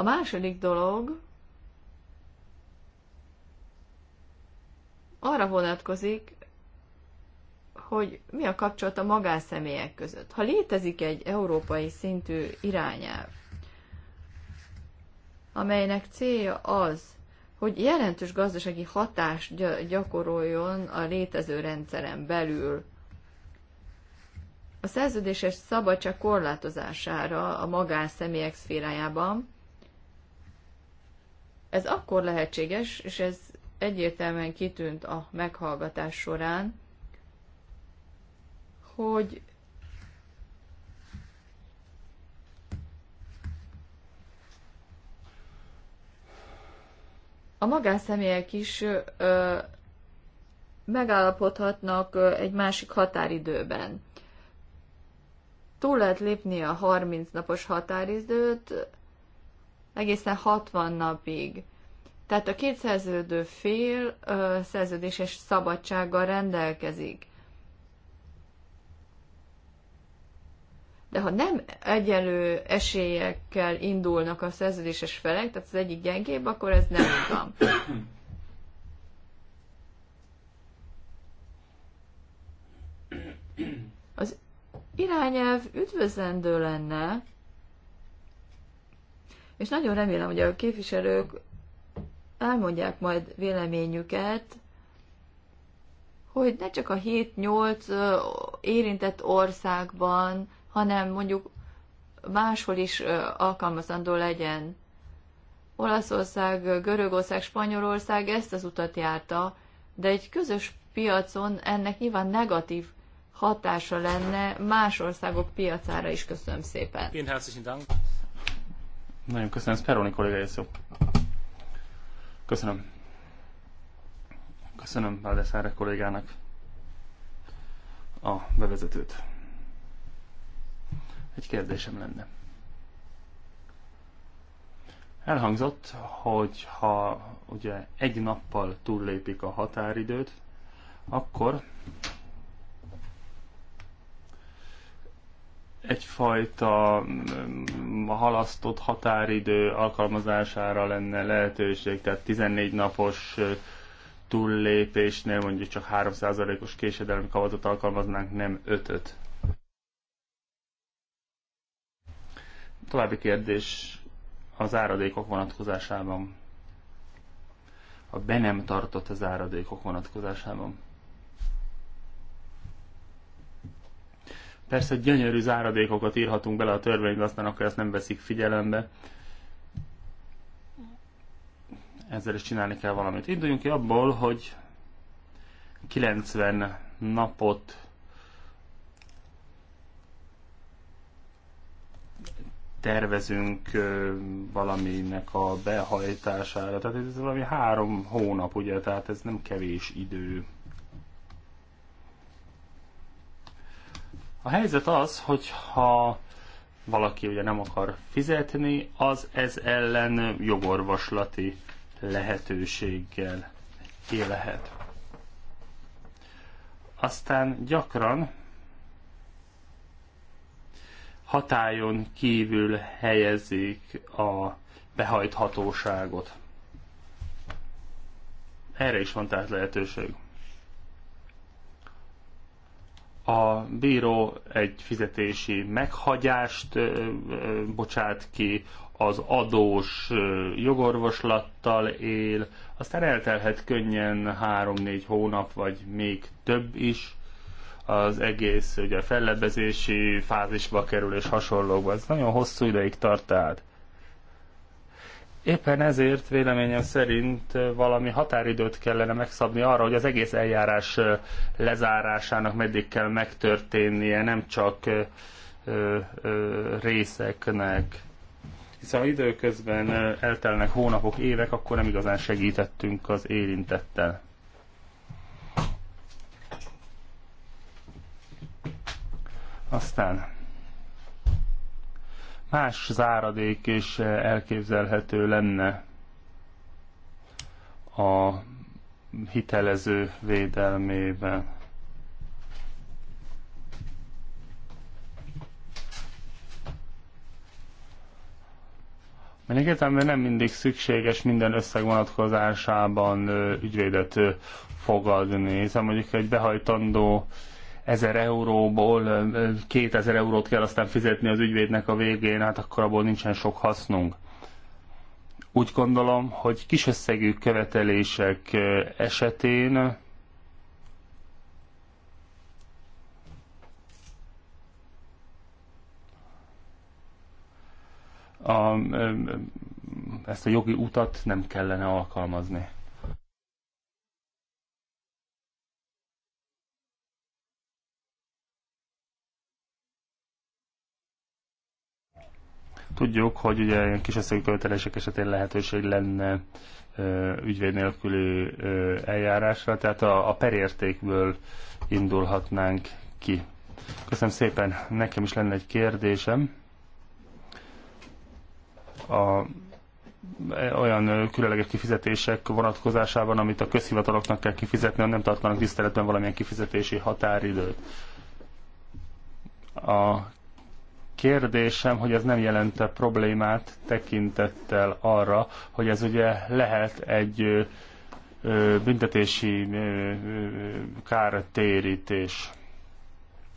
A második dolog arra vonatkozik, hogy mi a kapcsolat a magánszemélyek között. Ha létezik egy európai szintű irányelv, amelynek célja az, hogy jelentős gazdasági hatást gyakoroljon a létező rendszeren belül, a szerződéses szabadság korlátozására a magánszemélyek szférájában, ez akkor lehetséges, és ez egyértelműen kitűnt a meghallgatás során, hogy a magánszemélyek is ö, megállapodhatnak ö, egy másik határidőben. Túl lehet lépni a 30 napos határidőt, egészen 60 napig. Tehát a két szerződő fél ö, szerződéses szabadsággal rendelkezik. De ha nem egyenlő esélyekkel indulnak a szerződéses felek, tehát az egyik gyengébb, akkor ez nem van. Az irányelv üdvözlendő lenne, és nagyon remélem, hogy a képviselők elmondják majd véleményüket, hogy ne csak a 7-8 érintett országban, hanem mondjuk máshol is alkalmazandó legyen. Olaszország, Görögország, Spanyolország ezt az utat járta, de egy közös piacon ennek nyilván negatív hatása lenne más országok piacára is. Köszönöm szépen. Nagyon köszönöm, Speroni ez jó. Köszönöm. Köszönöm Valdeszárek kollégának a bevezetőt. Egy kérdésem lenne. Elhangzott, hogy ha ugye egy nappal túllépik a határidőt, akkor egyfajta mm, mm, halasztott határidő alkalmazására lenne lehetőség, tehát 14 napos túllépésnél mondjuk csak 3%-os késedelmi kavatot alkalmaznánk, nem 5-öt. További kérdés az áradékok vonatkozásában. A be nem tartott az áradékok vonatkozásában. Persze gyönyörű záradékokat írhatunk bele a törvénybe, aztán akkor ezt nem veszik figyelembe. Ezzel is csinálni kell valamit. Induljunk ki abból, hogy 90 napot tervezünk valaminek a behajtására. Tehát ez valami három hónap, ugye, tehát ez nem kevés idő. A helyzet az, hogy ha valaki ugye nem akar fizetni, az ez ellen jogorvoslati lehetőséggel élhet. Aztán gyakran hatájon kívül helyezik a behajthatóságot. Erre is van tehát lehetőség a bíró egy fizetési meghagyást bocsát ki, az adós jogorvoslattal él, aztán eltelhet könnyen három-négy hónap, vagy még több is, az egész ugye fellebezési fázisba kerül és hasonlókban. Ez nagyon hosszú ideig tart tehát. Éppen ezért véleményem szerint valami határidőt kellene megszabni arra, hogy az egész eljárás lezárásának meddig kell megtörténnie, nem csak ö, ö, részeknek. Hiszen ha időközben eltelnek hónapok, évek, akkor nem igazán segítettünk az érintettel. Aztán más záradék is elképzelhető lenne a hitelező védelmében. Mert egyetemben nem mindig szükséges minden összeg vonatkozásában ügyvédet fogadni, hiszen mondjuk egy behajtandó 1000 euróból 2000 eurót kell aztán fizetni az ügyvédnek a végén, hát akkor abból nincsen sok hasznunk. Úgy gondolom, hogy kis összegű követelések esetén a, ezt a jogi utat nem kellene alkalmazni. Tudjuk, hogy ugye ilyen kis összegkövetelések esetén lehetőség lenne ügyvéd nélküli eljárásra, tehát a, a perértékből indulhatnánk ki. Köszönöm szépen, nekem is lenne egy kérdésem. A, e, olyan különleges kifizetések vonatkozásában, amit a közhivataloknak kell kifizetni, nem tartanak tiszteletben valamilyen kifizetési határidőt. A kérdésem, hogy ez nem jelente problémát tekintettel arra, hogy ez ugye lehet egy büntetési kártérítés.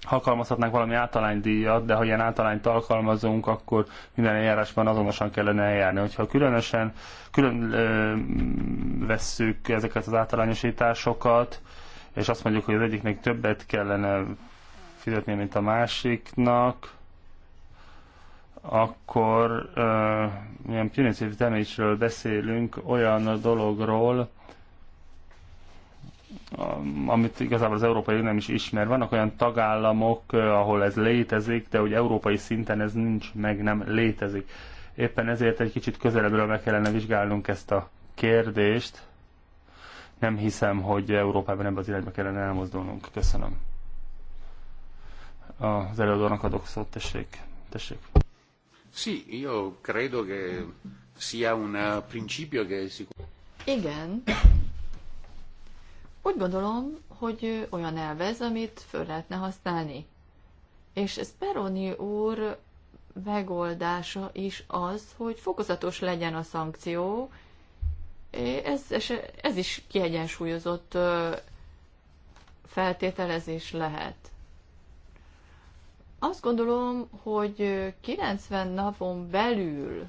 Alkalmazhatnánk valami általánydíjat, de ha ilyen általányt alkalmazunk, akkor minden eljárásban azonosan kellene eljárni. Hogyha különösen külön ö, vesszük ezeket az általányosításokat, és azt mondjuk, hogy az egyiknek többet kellene fizetni, mint a másiknak, akkor uh, ilyen primitív temésről beszélünk, olyan dologról, amit igazából az Európai Unió nem is ismer. Vannak olyan tagállamok, ahol ez létezik, de hogy európai szinten ez nincs meg, nem létezik. Éppen ezért egy kicsit közelebbről meg kellene vizsgálnunk ezt a kérdést. Nem hiszem, hogy Európában ebben az irányba kellene elmozdulnunk. Köszönöm. Az előadónak adok szót, tessék. tessék. Sì, io credo che sia un principio che Igen. Úgy gondolom, hogy olyan elvez, amit föl lehetne használni. És Peroni úr megoldása is az, hogy fokozatos legyen a szankció, ez, ez is kiegyensúlyozott feltételezés lehet. Azt gondolom, hogy 90 napon belül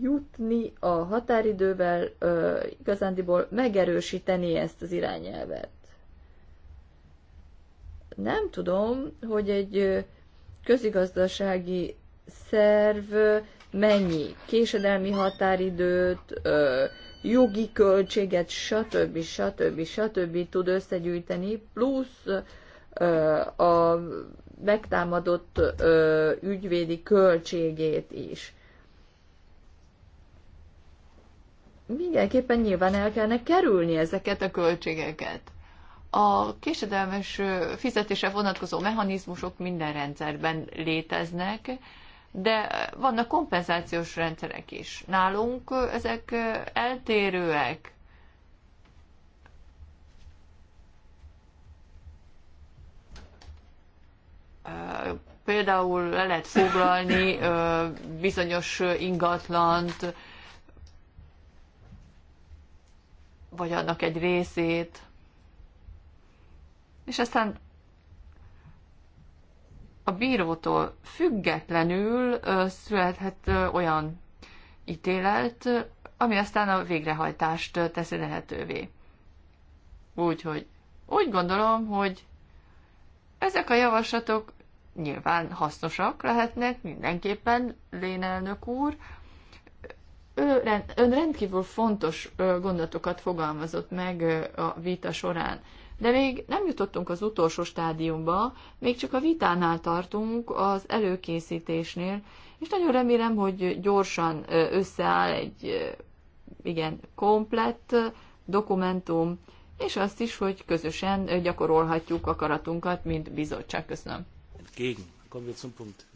jutni a határidővel, ö, igazándiból megerősíteni ezt az irányelvet. Nem tudom, hogy egy közigazdasági szerv mennyi késedelmi határidőt, ö, jogi költséget, stb. stb. stb. tud összegyűjteni, plusz a megtámadott ügyvédi költségét is. Mindenképpen nyilván el kellene kerülni ezeket a költségeket. A késedelmes fizetése vonatkozó mechanizmusok minden rendszerben léteznek, de vannak kompenzációs rendszerek is. Nálunk ezek eltérőek Például le lehet foglalni bizonyos ingatlant, vagy annak egy részét, és aztán a bírótól függetlenül születhet olyan ítélet, ami aztán a végrehajtást teszi lehetővé. Úgyhogy úgy gondolom, hogy ezek a javaslatok nyilván hasznosak lehetnek, mindenképpen elnök úr. Ő rend, ön rendkívül fontos gondolatokat fogalmazott meg a vita során. De még nem jutottunk az utolsó stádiumba, még csak a vitánál tartunk az előkészítésnél, és nagyon remélem, hogy gyorsan összeáll egy igen komplett dokumentum, és azt is, hogy közösen gyakorolhatjuk akaratunkat, mint bizottság. Köszönöm. Entgegen. Kommen wir zum Punkt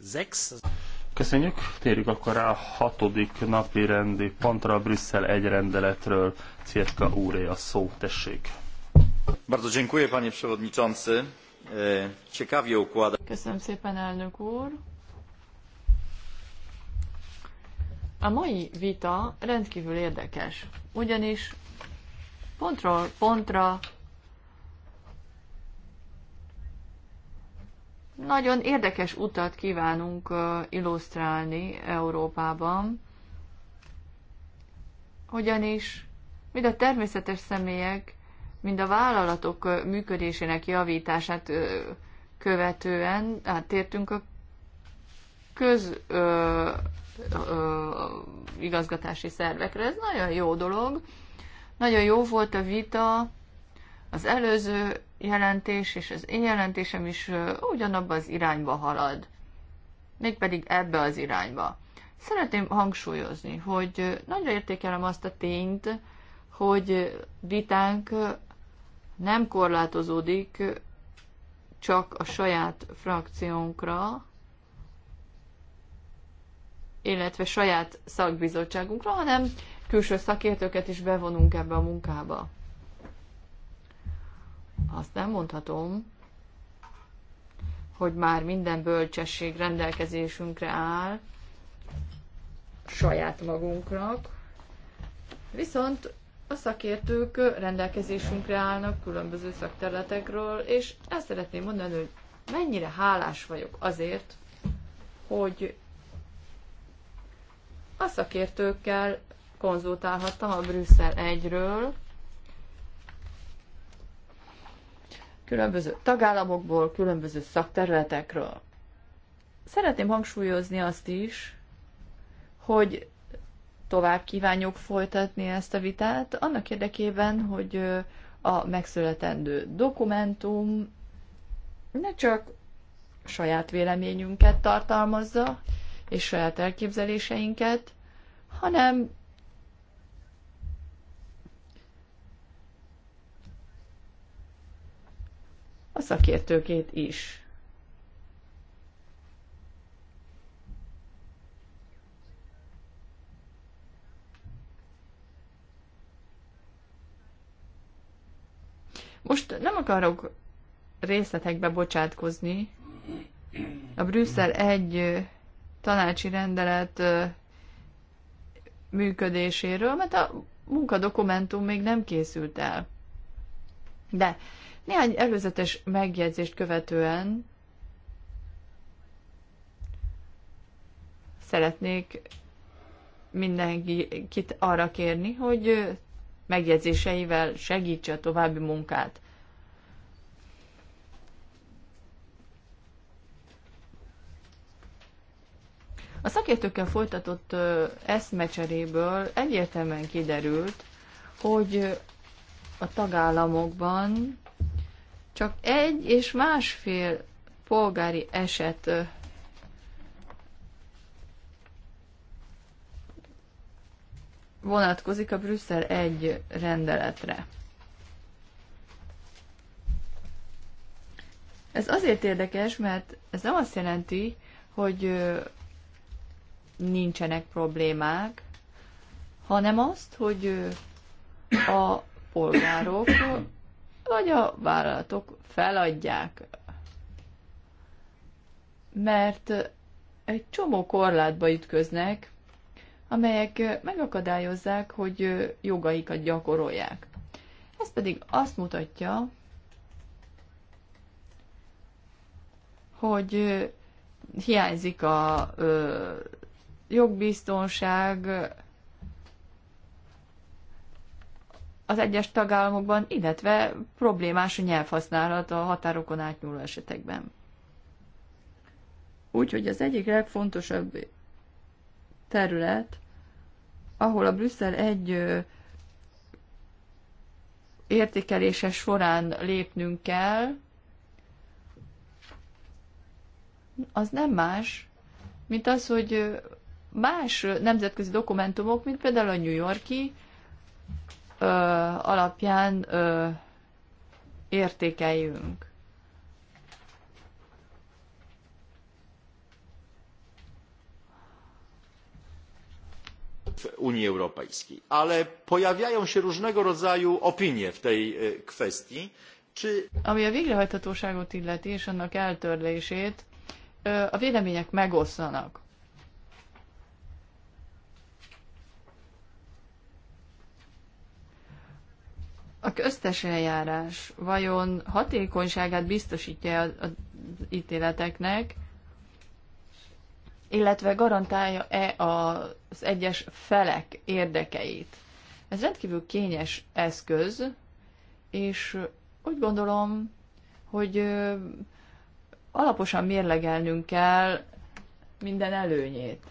Köszönjük. Térjük akkor a hatodik napi rendi pontra a Brüsszel egy rendeletről. Cietka úré a szó, tessék. Bardzo dziękuję, panie przewodniczący. E, ciekawie układa. Köszönöm szépen, elnök úr. A mai vita rendkívül érdekes, ugyanis pontról pontra nagyon érdekes utat kívánunk illusztrálni Európában, ugyanis mind a természetes személyek, mind a vállalatok működésének javítását követően áttértünk a közigazgatási szervekre. Ez nagyon jó dolog, nagyon jó volt a vita, az előző jelentés és az én jelentésem is ugyanabba az irányba halad. Mégpedig ebbe az irányba. Szeretném hangsúlyozni, hogy nagyon értékelem azt a tényt, hogy vitánk nem korlátozódik csak a saját frakciónkra, illetve saját szakbizottságunkra, hanem külső szakértőket is bevonunk ebbe a munkába. Azt nem mondhatom, hogy már minden bölcsesség rendelkezésünkre áll saját magunknak, viszont a szakértők rendelkezésünkre állnak különböző szakterületekről, és ezt szeretném mondani, hogy mennyire hálás vagyok azért, hogy a szakértőkkel konzultálhattam a Brüsszel 1-ről, különböző tagállamokból, különböző szakterületekről. Szeretném hangsúlyozni azt is, hogy tovább kívánjuk folytatni ezt a vitát, annak érdekében, hogy a megszületendő dokumentum ne csak saját véleményünket tartalmazza, és saját elképzeléseinket, hanem a szakértőkét is. Most nem akarok részletekbe bocsátkozni. A Brüsszel egy tanácsi rendelet működéséről, mert a munkadokumentum még nem készült el. De néhány előzetes megjegyzést követően szeretnék mindenkit arra kérni, hogy megjegyzéseivel segítse a további munkát. A szakértőkkel folytatott eszmecseréből egyértelműen kiderült, hogy a tagállamokban csak egy és másfél polgári eset vonatkozik a Brüsszel egy rendeletre. Ez azért érdekes, mert ez nem azt jelenti, hogy nincsenek problémák, hanem azt, hogy a polgárok vagy a vállalatok feladják. Mert egy csomó korlátba ütköznek, amelyek megakadályozzák, hogy jogaikat gyakorolják. Ez pedig azt mutatja, hogy hiányzik a jogbiztonság, az egyes tagállamokban, illetve problémás a nyelvhasználat a határokon átnyúló esetekben. Úgyhogy az egyik legfontosabb terület, ahol a Brüsszel egy értékelése során lépnünk kell, az nem más, mint az, hogy más nemzetközi dokumentumok, mint például a New Yorki, ö, alapján ö, értékeljünk. Unii Europejskiej, ale pojawiają się różnego rodzaju opinie w tej e, kwestii. Czy... Ami a végrehajthatóságot illeti és annak eltörlését, a vélemények megoszlanak. a köztes eljárás vajon hatékonyságát biztosítja az ítéleteknek, illetve garantálja-e az egyes felek érdekeit. Ez rendkívül kényes eszköz, és úgy gondolom, hogy alaposan mérlegelnünk kell minden előnyét.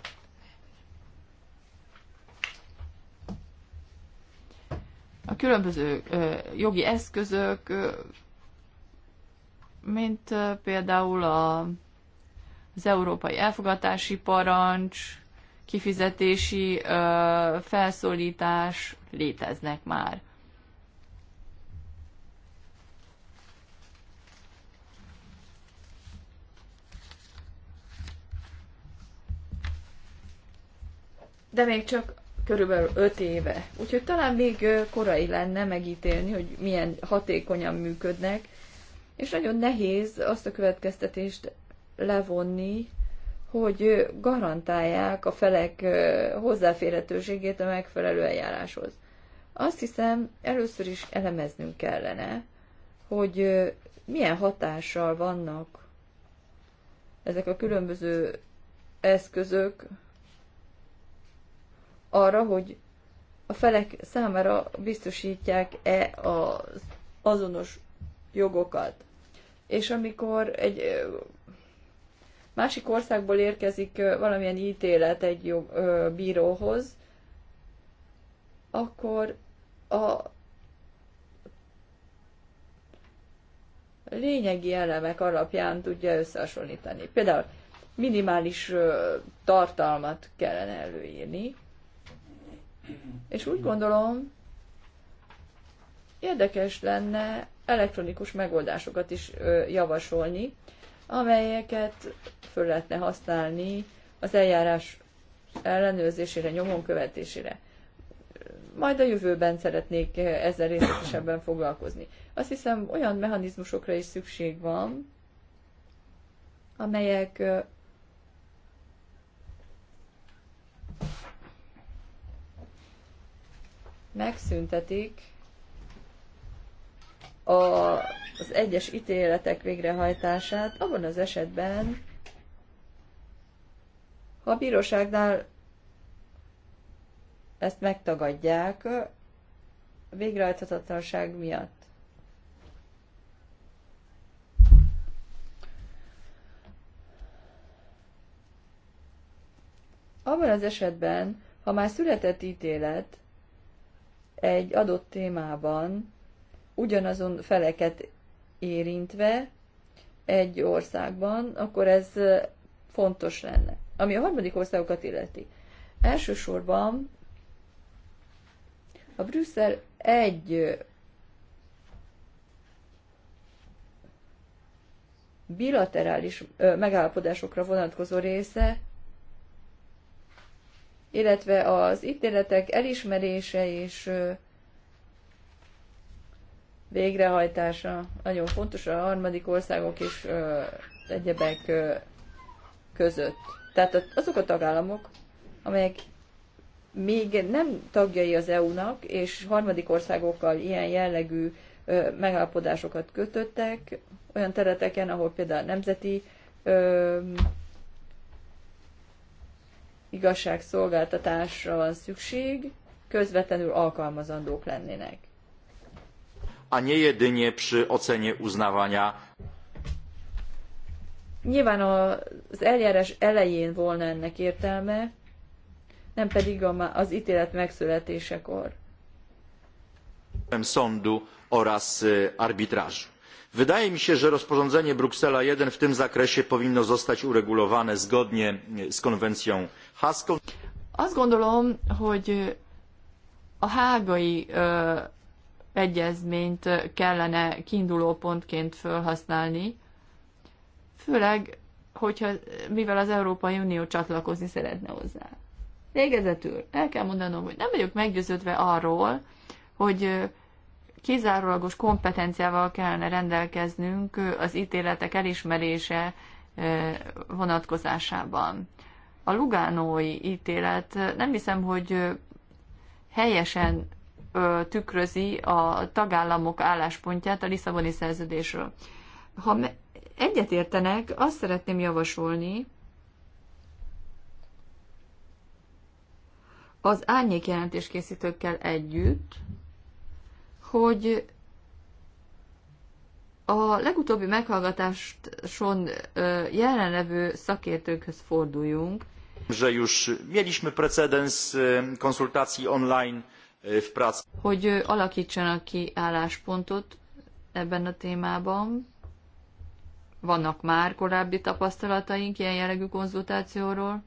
a különböző jogi eszközök, mint például a, az európai elfogadási parancs, kifizetési felszólítás léteznek már. de még csak körülbelül 5 éve. Úgyhogy talán még korai lenne megítélni, hogy milyen hatékonyan működnek, és nagyon nehéz azt a következtetést levonni, hogy garantálják a felek hozzáférhetőségét a megfelelő eljáráshoz. Azt hiszem, először is elemeznünk kellene, hogy milyen hatással vannak ezek a különböző eszközök arra, hogy a felek számára biztosítják-e az azonos jogokat. És amikor egy másik országból érkezik valamilyen ítélet egy jog, bíróhoz, akkor a lényegi elemek alapján tudja összehasonlítani. Például minimális tartalmat kellene előírni, és úgy gondolom, érdekes lenne elektronikus megoldásokat is javasolni, amelyeket föl lehetne használni az eljárás ellenőrzésére, nyomon követésére. Majd a jövőben szeretnék ezzel részletesebben foglalkozni. Azt hiszem, olyan mechanizmusokra is szükség van, amelyek megszüntetik a, az egyes ítéletek végrehajtását abban az esetben, ha a bíróságnál ezt megtagadják végrehajthatatlanság miatt. Abban az esetben, ha már született ítélet, egy adott témában ugyanazon feleket érintve egy országban, akkor ez fontos lenne. Ami a harmadik országokat illeti. Elsősorban a Brüsszel egy bilaterális megállapodásokra vonatkozó része illetve az ítéletek elismerése és végrehajtása nagyon fontos a harmadik országok és egyebek között. Tehát azok a tagállamok, amelyek még nem tagjai az EU-nak, és harmadik országokkal ilyen jellegű megállapodásokat kötöttek, olyan területeken, ahol például nemzeti igazságszolgáltatásra van szükség, közvetlenül alkalmazandók lennének. A nie jedynie przy ocenie uznawania. Nyilván az eljárás elején volna ennek értelme, nem pedig az ítélet megszületésekor. Sądu oraz e, arbitrażu. Wydaje mi się, że rozporządzenie Bruksela I w tym zakresie powinno zostać uregulowane zgodnie e, z konwencją azt gondolom, hogy a hágai ö, egyezményt kellene kiinduló pontként felhasználni, főleg, hogyha, mivel az Európai Unió csatlakozni szeretne hozzá. Végezetül el kell mondanom, hogy nem vagyok meggyőződve arról, hogy kizárólagos kompetenciával kellene rendelkeznünk az ítéletek elismerése vonatkozásában a Lugánói ítélet nem hiszem, hogy helyesen tükrözi a tagállamok álláspontját a Lisszaboni szerződésről. Ha egyetértenek, azt szeretném javasolni, az árnyék jelentéskészítőkkel együtt, hogy a legutóbbi meghallgatáson jelenlevő szakértőkhöz forduljunk, hogy alakítsanak ki álláspontot ebben a témában. Vannak már korábbi tapasztalataink ilyen jellegű konzultációról.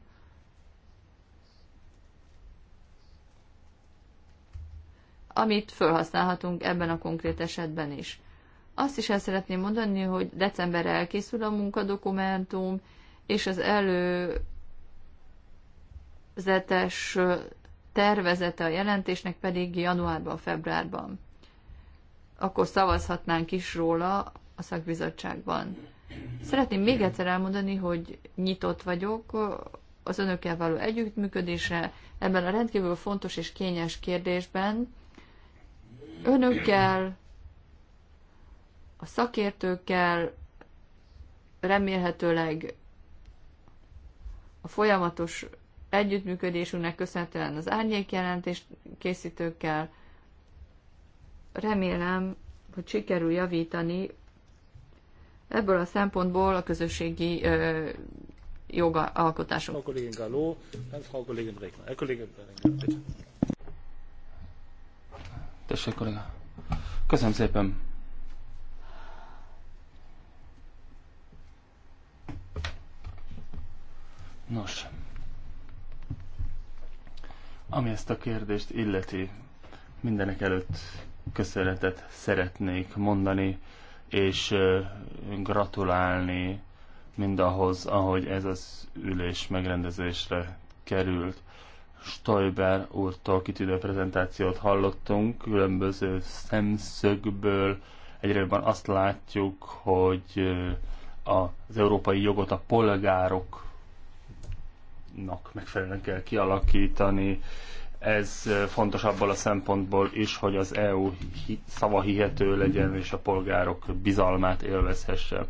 amit felhasználhatunk ebben a konkrét esetben is. Azt is el szeretném mondani, hogy decemberre elkészül a munkadokumentum, és az elő előzetes tervezete a jelentésnek pedig januárban, februárban. Akkor szavazhatnánk is róla a szakbizottságban. Szeretném még egyszer elmondani, hogy nyitott vagyok az önökkel való együttműködésre ebben a rendkívül fontos és kényes kérdésben. Önökkel, a szakértőkkel, remélhetőleg a folyamatos együttműködésünknek köszönhetően az árnyék jelentést készítőkkel. Remélem, hogy sikerül javítani ebből a szempontból a közösségi ö, jogalkotásunk. Frau Tessék, kollega. Köszönöm szépen. Nos, ami ezt a kérdést illeti, mindenek előtt köszönetet szeretnék mondani, és gratulálni mindahhoz, ahogy ez az ülés megrendezésre került. Stoiber úrtól kitűnő prezentációt hallottunk, különböző szemszögből egyre jobban azt látjuk, hogy az európai jogot a polgárok nak megfelelően kell kialakítani. Ez fontos abból a szempontból is, hogy az EU szava hihető legyen, és a polgárok bizalmát élvezhesse.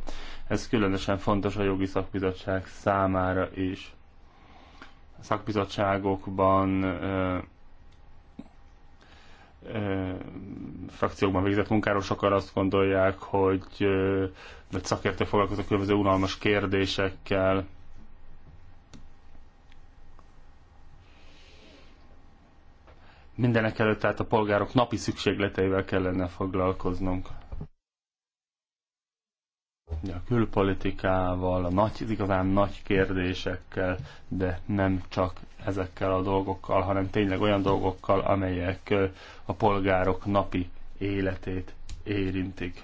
Ez különösen fontos a jogi szakbizottság számára is. A szakbizottságokban ö, ö, frakciókban végzett munkáról sokan azt gondolják, hogy ö, vagy szakértők foglalkoznak különböző unalmas kérdésekkel, Mindenek előtt tehát a polgárok napi szükségleteivel kellene foglalkoznunk. A külpolitikával, a nagy, igazán nagy kérdésekkel, de nem csak ezekkel a dolgokkal, hanem tényleg olyan dolgokkal, amelyek a polgárok napi életét érintik.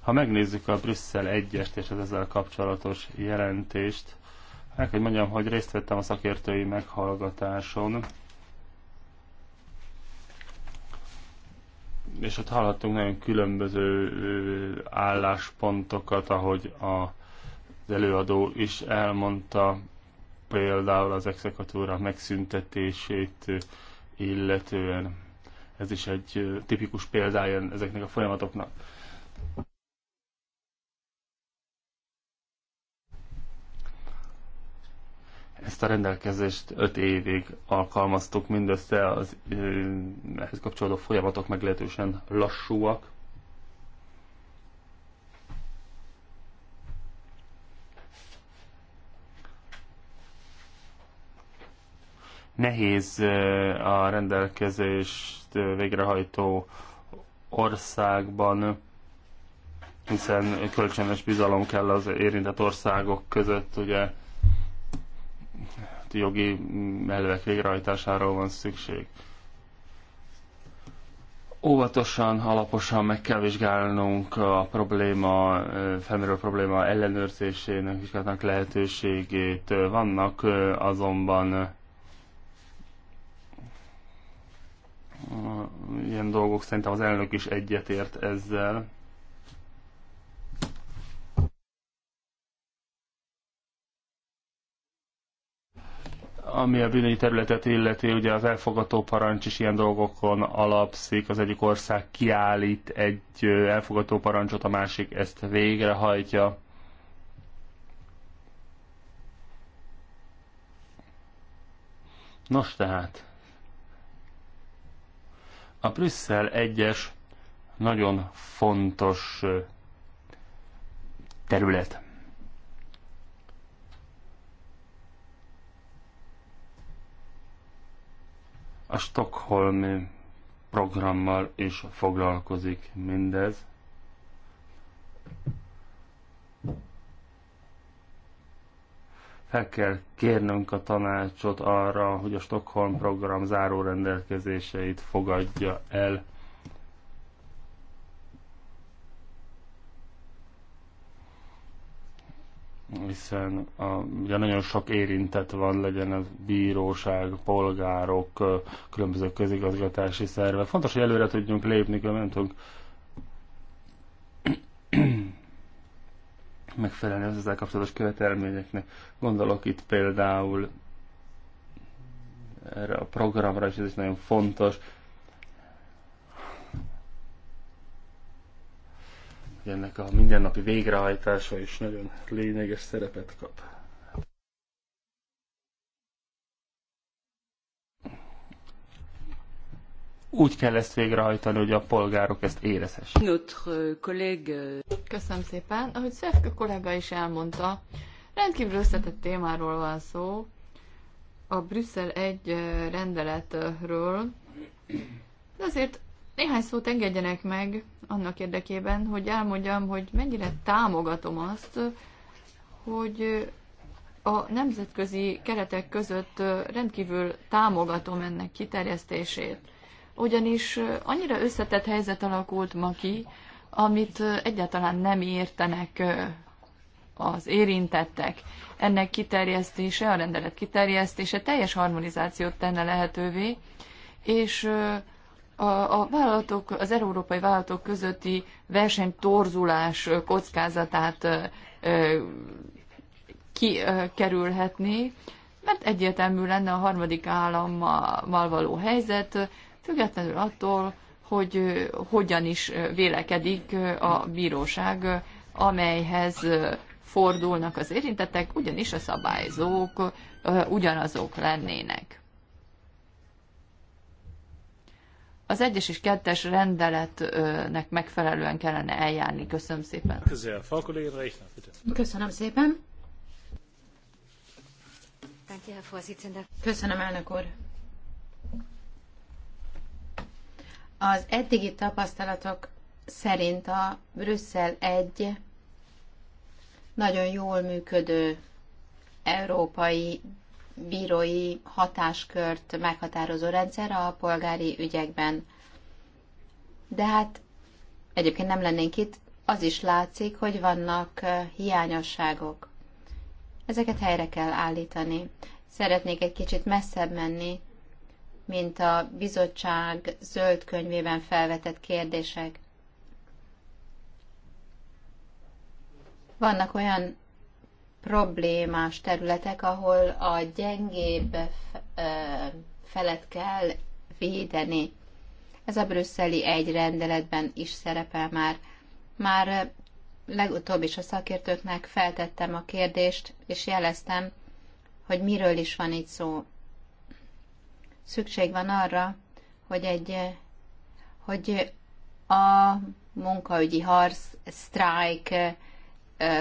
Ha megnézzük a Brüsszel egyest és az ezzel kapcsolatos jelentést, meg kell mondjam, hogy részt vettem a szakértői meghallgatáson, és ott hallhattunk nagyon különböző álláspontokat, ahogy a, az előadó is elmondta, például az exekatúra megszüntetését illetően. Ez is egy tipikus példája ezeknek a folyamatoknak. Ezt a rendelkezést öt évig alkalmaztuk, mindössze az ehhez kapcsolódó folyamatok meglehetősen lassúak. Nehéz a rendelkezést végrehajtó országban hiszen kölcsönös bizalom kell az érintett országok között, ugye jogi elvek végrehajtásáról van szükség. Óvatosan, alaposan meg kell vizsgálnunk a probléma, felmerülő probléma ellenőrzésének, vizsgálatnak lehetőségét. Vannak azonban ilyen dolgok, szerintem az elnök is egyetért ezzel. Ami a bűnügyi területet illeti, ugye az elfogató parancs is ilyen dolgokon alapszik, az egyik ország kiállít egy elfogató parancsot, a másik ezt végrehajtja. Nos tehát, a Brüsszel egyes nagyon fontos terület. A Stockholmi programmal is foglalkozik mindez. Fel kell kérnünk a tanácsot arra, hogy a Stockholm program záró rendelkezéseit fogadja el. hiszen a, ugye nagyon sok érintett van, legyen a bíróság, polgárok, különböző közigazgatási szerve. Fontos, hogy előre tudjunk lépni, nem tudunk megfelelni az ezzel kapcsolatos követelményeknek. Gondolok itt például erre a programra, és ez is nagyon fontos, ennek a mindennapi végrehajtása is nagyon lényeges szerepet kap. Úgy kell ezt végrehajtani, hogy a polgárok ezt érezhessék. Notre collègue... Köszönöm szépen. Ahogy Szefka kollega is elmondta, rendkívül összetett témáról van szó, a Brüsszel egy rendeletről, de azért néhány szót engedjenek meg annak érdekében, hogy elmondjam, hogy mennyire támogatom azt, hogy a nemzetközi keretek között rendkívül támogatom ennek kiterjesztését. Ugyanis annyira összetett helyzet alakult ma ki, amit egyáltalán nem értenek az érintettek. Ennek kiterjesztése, a rendelet kiterjesztése teljes harmonizációt tenne lehetővé, és a, a vállalatok, az európai vállalatok közötti versenytorzulás kockázatát kikerülhetné, mert egyértelmű lenne a harmadik állammal való helyzet, függetlenül attól, hogy hogyan is vélekedik a bíróság, amelyhez fordulnak az érintettek, ugyanis a szabályzók ugyanazok lennének. az egyes és kettes rendeletnek megfelelően kellene eljárni. Köszönöm szépen. Köszönöm szépen. Köszönöm, elnök úr. Az eddigi tapasztalatok szerint a Brüsszel egy nagyon jól működő európai bírói hatáskört meghatározó rendszer a polgári ügyekben. De hát egyébként nem lennénk itt, az is látszik, hogy vannak hiányosságok. Ezeket helyre kell állítani. Szeretnék egy kicsit messzebb menni, mint a bizottság zöld könyvében felvetett kérdések. Vannak olyan problémás területek, ahol a gyengébb felet kell védeni. Ez a brüsszeli egy rendeletben is szerepel már. Már legutóbb is a szakértőknek feltettem a kérdést, és jeleztem, hogy miről is van itt szó. Szükség van arra, hogy egy, hogy a munkaügyi harc, sztrájk,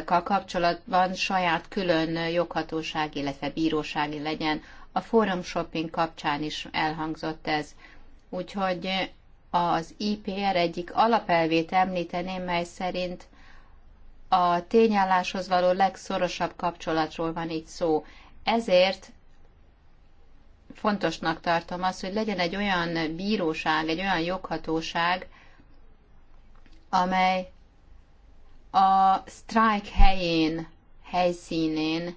kapcsolatban saját külön joghatóság, illetve bírósági legyen. A forum shopping kapcsán is elhangzott ez. Úgyhogy az IPR egyik alapelvét említeném, mely szerint a tényálláshoz való legszorosabb kapcsolatról van itt szó. Ezért fontosnak tartom azt, hogy legyen egy olyan bíróság, egy olyan joghatóság, amely a sztrájk helyén, helyszínén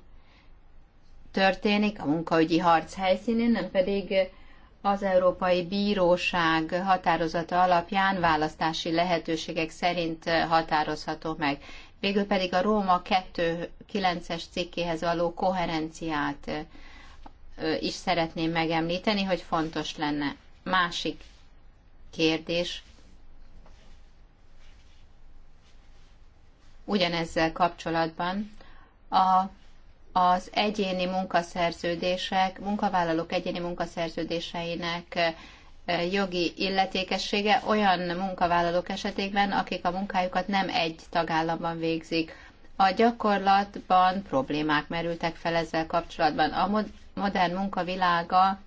történik, a munkaügyi harc helyszínén, nem pedig az Európai Bíróság határozata alapján választási lehetőségek szerint határozható meg. Végül pedig a Róma 2.9-es cikkéhez való koherenciát is szeretném megemlíteni, hogy fontos lenne. Másik kérdés ugyanezzel kapcsolatban a, az egyéni munkaszerződések, munkavállalók egyéni munkaszerződéseinek jogi illetékessége olyan munkavállalók esetében, akik a munkájukat nem egy tagállamban végzik. A gyakorlatban problémák merültek fel ezzel kapcsolatban. A modern munkavilága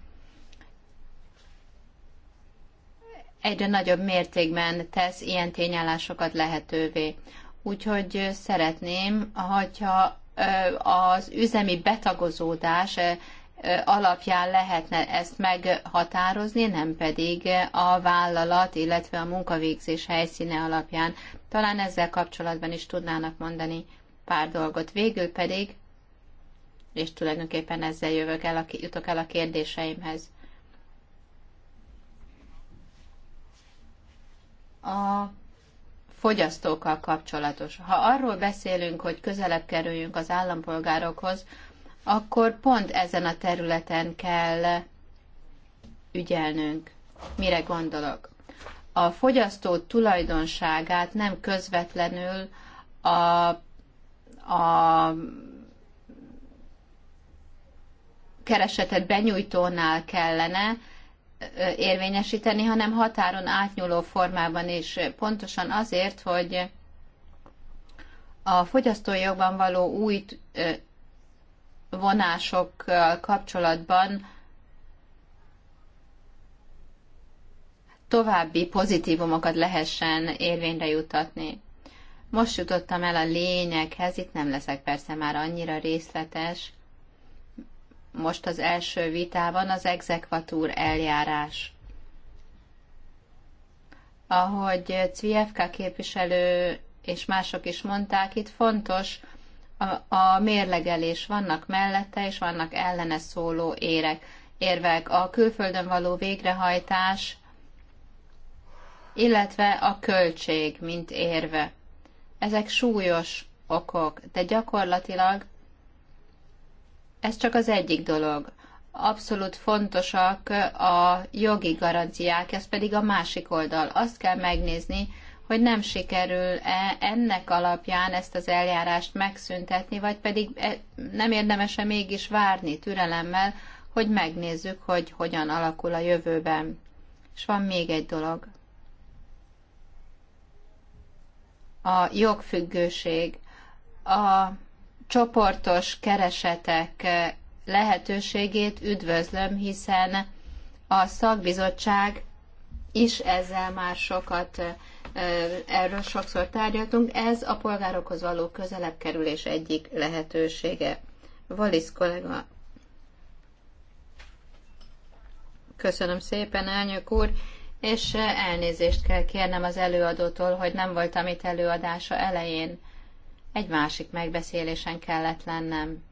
egyre nagyobb mértékben tesz ilyen tényállásokat lehetővé. Úgyhogy szeretném, hogyha az üzemi betagozódás alapján lehetne ezt meghatározni, nem pedig a vállalat, illetve a munkavégzés helyszíne alapján. Talán ezzel kapcsolatban is tudnának mondani pár dolgot. Végül pedig, és tulajdonképpen ezzel jövök el, jutok el a kérdéseimhez. A fogyasztókkal kapcsolatos. Ha arról beszélünk, hogy közelebb kerüljünk az állampolgárokhoz, akkor pont ezen a területen kell ügyelnünk. Mire gondolok? A fogyasztó tulajdonságát nem közvetlenül a, a keresetet benyújtónál kellene érvényesíteni, hanem határon átnyúló formában is. Pontosan azért, hogy a fogyasztói jogban való új vonásokkal kapcsolatban további pozitívumokat lehessen érvényre jutatni. Most jutottam el a lényeghez, itt nem leszek persze már annyira részletes, most az első vitában az exekvatúr eljárás. Ahogy Cvijevka képviselő és mások is mondták, itt fontos a, a mérlegelés. Vannak mellette és vannak ellene szóló érek, érvek. A külföldön való végrehajtás, illetve a költség, mint érve. Ezek súlyos okok, de gyakorlatilag ez csak az egyik dolog. Abszolút fontosak a jogi garanciák, ez pedig a másik oldal. Azt kell megnézni, hogy nem sikerül-e ennek alapján ezt az eljárást megszüntetni, vagy pedig e, nem érdemese mégis várni türelemmel, hogy megnézzük, hogy hogyan alakul a jövőben. És van még egy dolog. A jogfüggőség. A csoportos keresetek lehetőségét üdvözlöm, hiszen a szakbizottság is ezzel már sokat, erről sokszor tárgyaltunk. Ez a polgárokhoz való közelebb kerülés egyik lehetősége. Valisz kollega. Köszönöm szépen, elnök úr, és elnézést kell kérnem az előadótól, hogy nem voltam itt előadása elején egy másik megbeszélésen kellett lennem.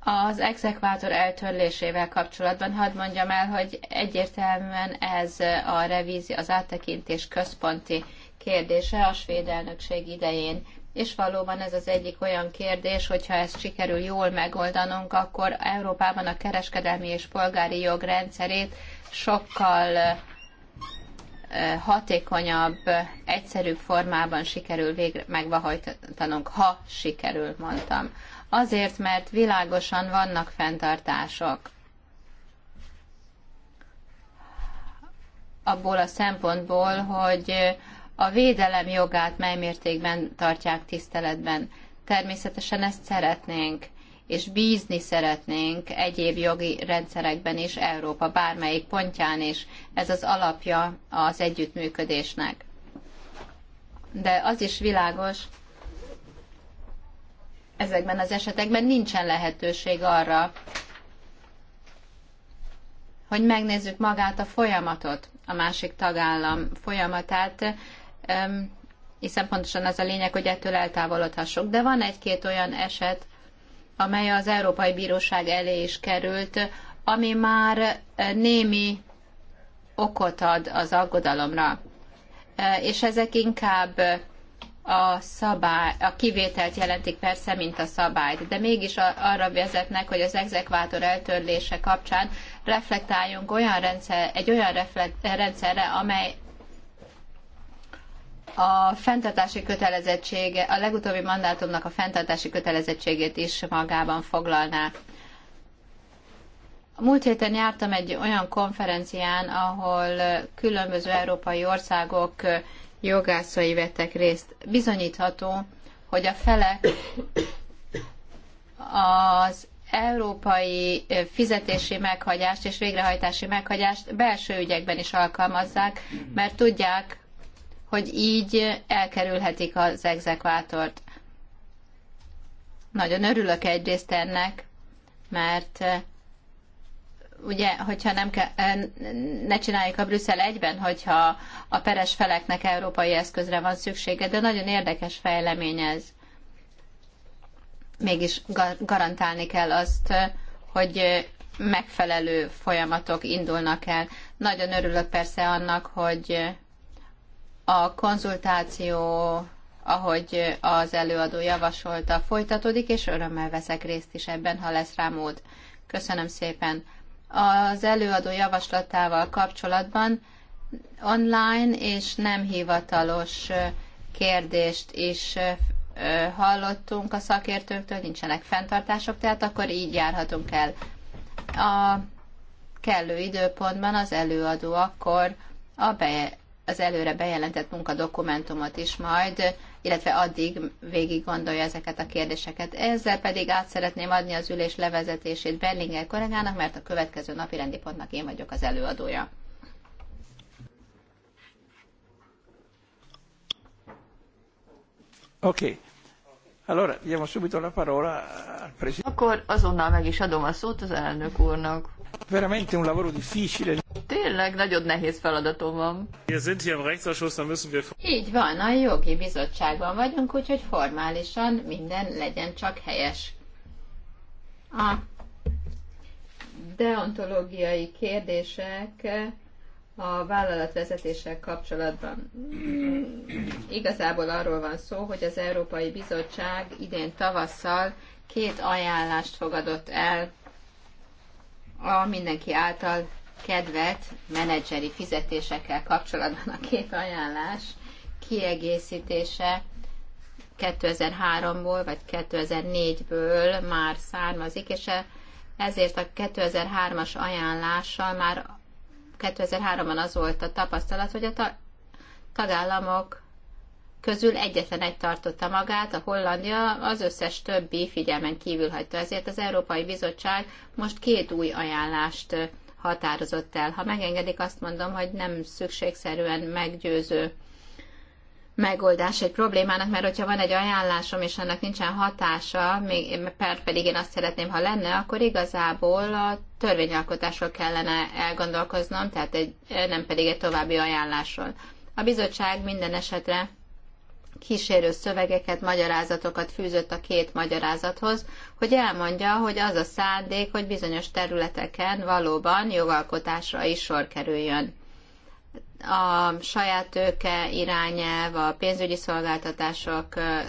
Az exekvátor eltörlésével kapcsolatban hadd mondjam el, hogy egyértelműen ez a revízi, az áttekintés központi kérdése a svéd elnökség idején. És valóban ez az egyik olyan kérdés, hogyha ezt sikerül jól megoldanunk, akkor Európában a kereskedelmi és polgári jog rendszerét sokkal hatékonyabb, egyszerűbb formában sikerül végre megvahajtanunk, ha sikerül, mondtam. Azért, mert világosan vannak fenntartások. Abból a szempontból, hogy a védelem jogát mely mértékben tartják tiszteletben. Természetesen ezt szeretnénk, és bízni szeretnénk egyéb jogi rendszerekben is, Európa bármelyik pontján is. Ez az alapja az együttműködésnek. De az is világos, ezekben az esetekben nincsen lehetőség arra, hogy megnézzük magát a folyamatot, a másik tagállam folyamatát, hiszen pontosan az a lényeg, hogy ettől eltávolodhassuk. De van egy-két olyan eset, amely az Európai Bíróság elé is került, ami már némi okot ad az aggodalomra. Eh, és ezek inkább a szabály, a kivételt jelentik persze, mint a szabályt, de mégis arra vezetnek, hogy az exekvátor eltörlése kapcsán reflektáljunk olyan rendszer, egy olyan reflekt, rendszerre, amely a fenntartási kötelezettsége, a legutóbbi mandátumnak a fenntartási kötelezettségét is magában foglalná. Múlt héten jártam egy olyan konferencián, ahol különböző európai országok jogászai vettek részt. Bizonyítható, hogy a felek az európai fizetési meghagyást és végrehajtási meghagyást belső ügyekben is alkalmazzák, mert tudják, hogy így elkerülhetik az exekvátort. Nagyon örülök egyrészt ennek, mert eh, ugye, hogyha nem ke, eh, ne csináljuk a Brüsszel egyben, hogyha a peres feleknek európai eszközre van szüksége, de nagyon érdekes fejlemény ez. Mégis garantálni kell azt, eh, hogy megfelelő folyamatok indulnak el. Nagyon örülök persze annak, hogy a konzultáció, ahogy az előadó javasolta, folytatódik, és örömmel veszek részt is ebben, ha lesz rá mód. Köszönöm szépen. Az előadó javaslatával kapcsolatban online és nem hivatalos kérdést is hallottunk a szakértőktől, nincsenek fenntartások, tehát akkor így járhatunk el. A kellő időpontban az előadó akkor a be, az előre bejelentett munkadokumentumot is majd, illetve addig végig gondolja ezeket a kérdéseket. Ezzel pedig át szeretném adni az ülés levezetését Berlinger kollégának, mert a következő napi rendi pontnak én vagyok az előadója. Oké. Okay. Allora, subito la parola al Akkor azonnal meg is adom a szót az elnök úrnak. Veramente un lavoro difficile. Tényleg nagyon nehéz feladatom van. Így van, a jogi bizottságban vagyunk, úgyhogy formálisan minden legyen csak helyes. A deontológiai kérdések a vállalatvezetéssel kapcsolatban. Igazából arról van szó, hogy az Európai Bizottság idén tavasszal két ajánlást fogadott el a mindenki által kedvelt menedzseri fizetésekkel kapcsolatban a két ajánlás kiegészítése 2003-ból vagy 2004-ből már származik, és e- ezért a 2003-as ajánlással már 2003-ban az volt a tapasztalat, hogy a tagállamok közül egyetlen egy tartotta magát, a Hollandia az összes többi figyelmen kívül hagyta. Ezért az Európai Bizottság most két új ajánlást határozott el. Ha megengedik, azt mondom, hogy nem szükségszerűen meggyőző megoldás egy problémának, mert hogyha van egy ajánlásom, és annak nincsen hatása, per pedig én azt szeretném, ha lenne, akkor igazából a törvényalkotásról kellene elgondolkoznom, tehát egy, nem pedig egy további ajánlásról. A bizottság minden esetre kísérő szövegeket, magyarázatokat fűzött a két magyarázathoz, hogy elmondja, hogy az a szándék, hogy bizonyos területeken valóban jogalkotásra is sor kerüljön. A saját tőke irányelv, a pénzügyi szolgáltatások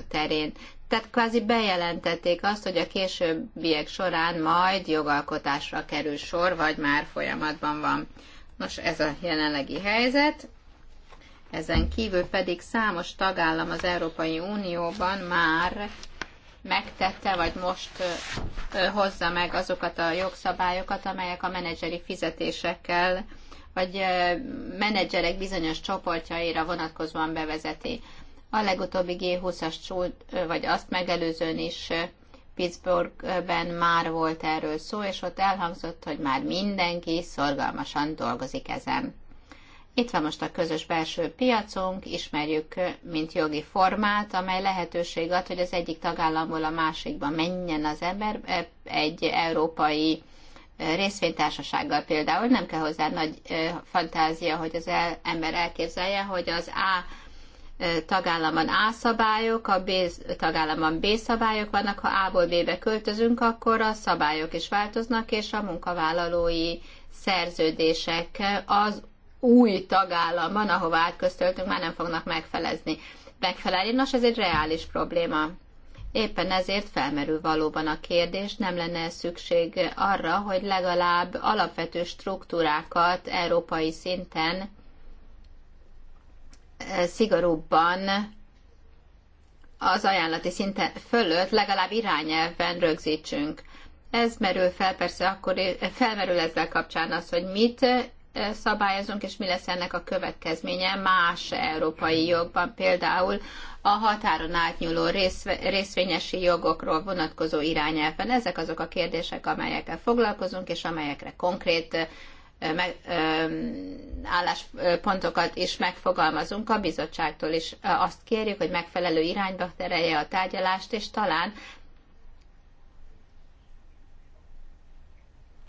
terén. Tehát kvázi bejelentették azt, hogy a későbbiek során majd jogalkotásra kerül sor, vagy már folyamatban van. Nos, ez a jelenlegi helyzet. Ezen kívül pedig számos tagállam az Európai Unióban már megtette, vagy most hozza meg azokat a jogszabályokat, amelyek a menedzseri fizetésekkel, vagy menedzserek bizonyos csoportjaira vonatkozóan bevezeti. A legutóbbi G20-as csúcs, vagy azt megelőzőn is Pittsburghben már volt erről szó, és ott elhangzott, hogy már mindenki szorgalmasan dolgozik ezen. Itt van most a közös belső piacunk, ismerjük, mint jogi formát, amely lehetőség ad, hogy az egyik tagállamból a másikba menjen az ember e, egy európai e, részvénytársasággal például. Nem kell hozzá nagy e, fantázia, hogy az ember elképzelje, hogy az A tagállamban A szabályok, a B tagállamban B szabályok vannak, ha A-ból B-be költözünk, akkor a szabályok is változnak, és a munkavállalói szerződések az új tagállamban, ahova átköztöltünk, már nem fognak megfelezni, megfelelni. Nos, ez egy reális probléma. Éppen ezért felmerül valóban a kérdés, nem lenne szükség arra, hogy legalább alapvető struktúrákat európai szinten eh, szigorúbban az ajánlati szinte fölött legalább irányelven rögzítsünk. Ez merül fel persze, akkor felmerül ezzel kapcsán az, hogy mit szabályozunk, és mi lesz ennek a következménye más európai jogban, például a határon átnyúló részvényesi jogokról vonatkozó irányelven. Ezek azok a kérdések, amelyekkel foglalkozunk, és amelyekre konkrét álláspontokat is megfogalmazunk a bizottságtól, és azt kérjük, hogy megfelelő irányba terelje a tárgyalást, és talán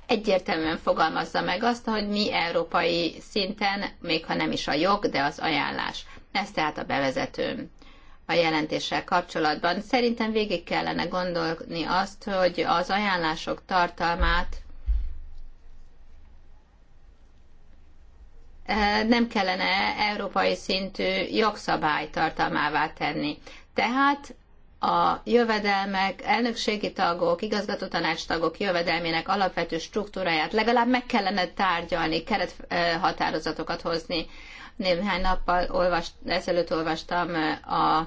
egyértelműen fogalmazza meg azt, hogy mi európai szinten, még ha nem is a jog, de az ajánlás. Ez tehát a bevezetőm a jelentéssel kapcsolatban. Szerintem végig kellene gondolni azt, hogy az ajánlások tartalmát eh, nem kellene európai szintű jogszabály tartalmává tenni. Tehát a jövedelmek, elnökségi tagok, igazgatótanács tagok jövedelmének alapvető struktúráját legalább meg kellene tárgyalni, kerethatározatokat eh, hozni. Néhány nappal olvast, ezelőtt olvastam a, eh,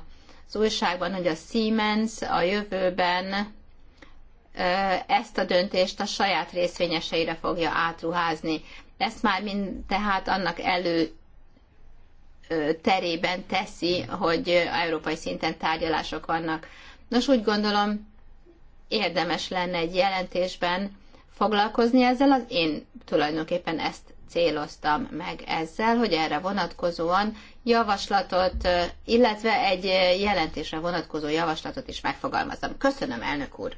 az újságban, hogy a Siemens a jövőben eh, ezt a döntést a saját részvényeseire fogja átruházni. Ezt már mind tehát annak elő terében teszi, hogy európai szinten tárgyalások vannak. Nos, úgy gondolom, érdemes lenne egy jelentésben foglalkozni ezzel, az én tulajdonképpen ezt céloztam meg ezzel, hogy erre vonatkozóan javaslatot, illetve egy jelentésre vonatkozó javaslatot is megfogalmazom. Köszönöm, elnök úr!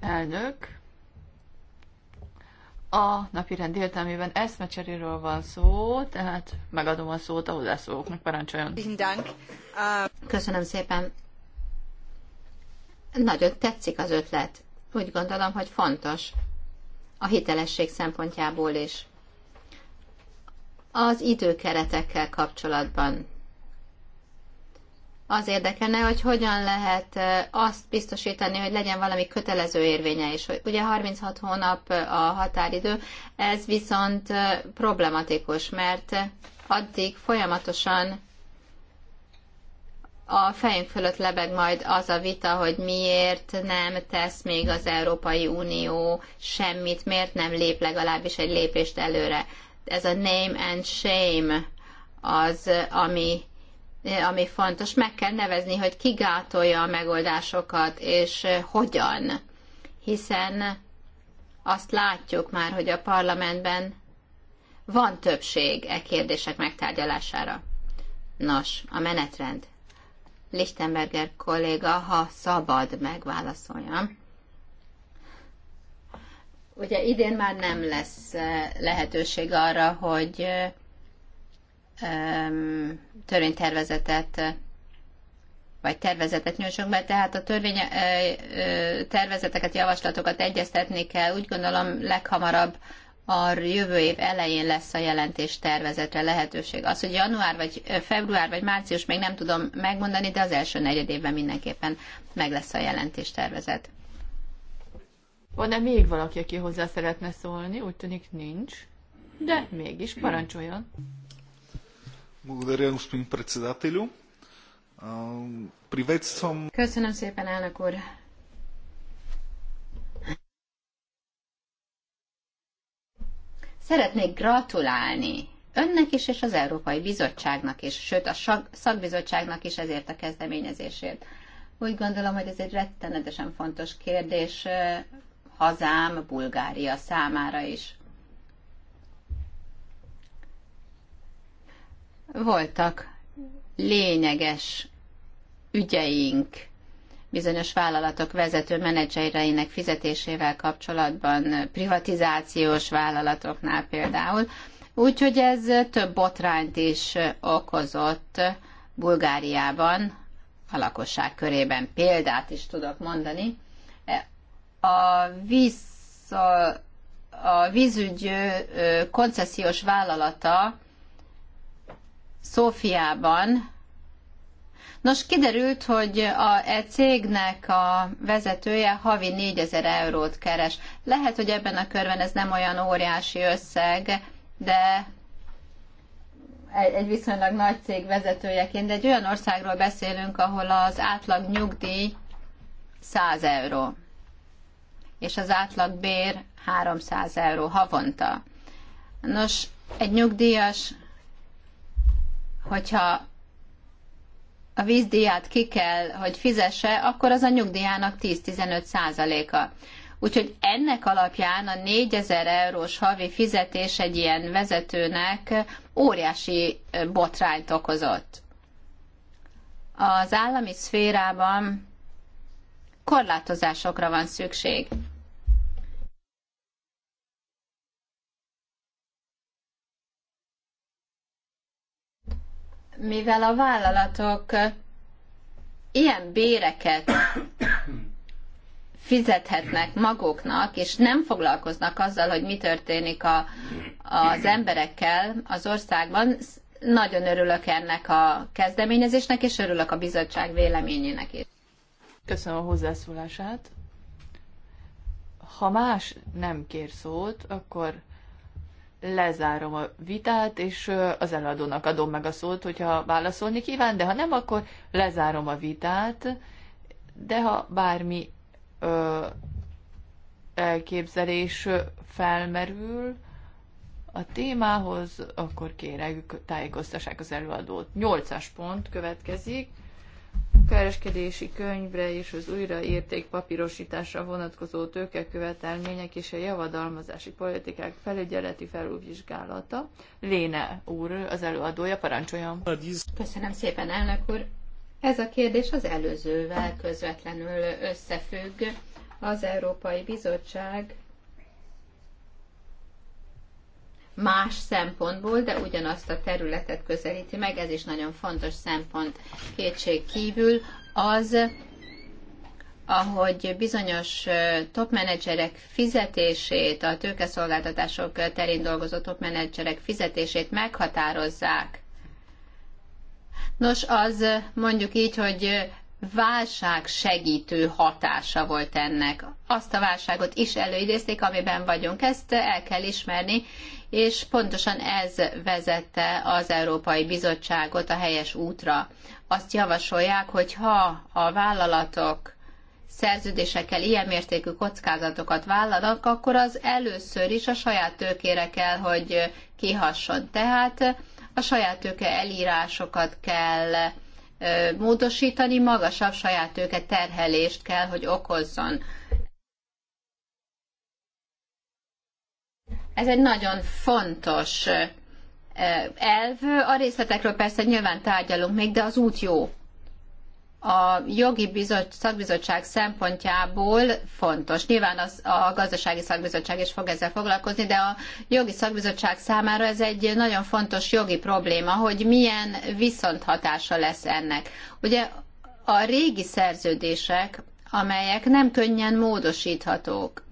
Elnök, a napirend értelmében eszmecseréről van szó, tehát megadom a szót a hozzászólóknak, parancsoljon. Köszönöm szépen. Nagyon tetszik az ötlet. Úgy gondolom, hogy fontos. A hitelesség szempontjából is. Az időkeretekkel kapcsolatban az érdekelne, hogy hogyan lehet azt biztosítani, hogy legyen valami kötelező érvénye is. Ugye 36 hónap a határidő, ez viszont problematikus, mert addig folyamatosan a fejünk fölött lebeg majd az a vita, hogy miért nem tesz még az Európai Unió semmit, miért nem lép legalábbis egy lépést előre. Ez a name and shame az, ami ami fontos, meg kell nevezni, hogy ki gátolja a megoldásokat, és hogyan. Hiszen azt látjuk már, hogy a parlamentben van többség e kérdések megtárgyalására. Nos, a menetrend. Lichtenberger kolléga, ha szabad, megválaszoljam. Ugye idén már nem lesz lehetőség arra, hogy törvénytervezetet vagy tervezetet nyújtsunk be, tehát a törvény tervezeteket, javaslatokat egyeztetni kell. Úgy gondolom leghamarabb a jövő év elején lesz a jelentés tervezetre lehetőség. Az, hogy január, vagy február, vagy március még nem tudom megmondani, de az első negyed évben mindenképpen meg lesz a jelentés tervezet. Van-e még valaki, aki hozzá szeretne szólni? Úgy tűnik nincs, de mégis parancsoljon. Hmm. Благодаря, господин председателю. Приветствам... Köszönöm szépen, elnök úr. Szeretnék gratulálni önnek is, és az Európai Bizottságnak is, sőt a szakbizottságnak is ezért a kezdeményezésért. Úgy gondolom, hogy ez egy rettenetesen fontos kérdés hazám, Bulgária számára is. voltak lényeges ügyeink bizonyos vállalatok vezető menedzsereinek fizetésével kapcsolatban, privatizációs vállalatoknál például. Úgyhogy ez több botrányt is okozott Bulgáriában, a lakosság körében példát is tudok mondani. A, víz, a vízügy koncesziós vállalata Szófiában. Nos, kiderült, hogy a e cégnek a vezetője havi 4000 eurót keres. Lehet, hogy ebben a körben ez nem olyan óriási összeg, de egy viszonylag nagy cég vezetőjeként, de egy olyan országról beszélünk, ahol az átlag nyugdíj 100 euró, és az átlag bér 300 euró havonta. Nos, egy nyugdíjas hogyha a vízdíját ki kell, hogy fizesse, akkor az a nyugdíjának 10-15 százaléka. Úgyhogy ennek alapján a 4000 eurós havi fizetés egy ilyen vezetőnek óriási botrányt okozott. Az állami szférában korlátozásokra van szükség. mivel a vállalatok ilyen béreket fizethetnek maguknak, és nem foglalkoznak azzal, hogy mi történik a, az emberekkel az országban, nagyon örülök ennek a kezdeményezésnek, és örülök a bizottság véleményének is. Köszönöm a hozzászólását. Ha más nem kér szót, akkor lezárom a vitát, és az eladónak adom meg a szót, hogyha válaszolni kíván, de ha nem, akkor lezárom a vitát, de ha bármi ö, elképzelés felmerül a témához, akkor kérek, tájékoztassák az előadót. Nyolcas pont következik kereskedési könyvre és az újraérték papírosításra vonatkozó tőkekövetelmények és a javadalmazási politikák felügyeleti felülvizsgálata. Léne úr, az előadója, parancsoljon. Köszönöm szépen, elnök úr. Ez a kérdés az előzővel közvetlenül összefügg. Az Európai Bizottság más szempontból, de ugyanazt a területet közelíti meg, ez is nagyon fontos szempont kétség kívül, az, ahogy bizonyos top menedzserek fizetését, a tőkeszolgáltatások terén dolgozó top menedzserek fizetését meghatározzák. Nos, az mondjuk így, hogy válság segítő hatása volt ennek. Azt a válságot is előidézték, amiben vagyunk. Ezt el kell ismerni, és pontosan ez vezette az Európai Bizottságot a helyes útra. Azt javasolják, hogy ha a vállalatok szerződésekkel ilyen mértékű kockázatokat vállalnak, akkor az először is a saját tőkére kell, hogy kihasson. Tehát a saját tőke elírásokat kell módosítani, magasabb saját tőke terhelést kell, hogy okozzon. Ez egy nagyon fontos elv. A részletekről persze nyilván tárgyalunk még, de az út jó. A jogi bizot, szakbizottság szempontjából fontos. Nyilván az, a gazdasági szakbizottság is fog ezzel foglalkozni, de a jogi szakbizottság számára ez egy nagyon fontos jogi probléma, hogy milyen viszonthatása lesz ennek. Ugye a régi szerződések, amelyek nem könnyen módosíthatók,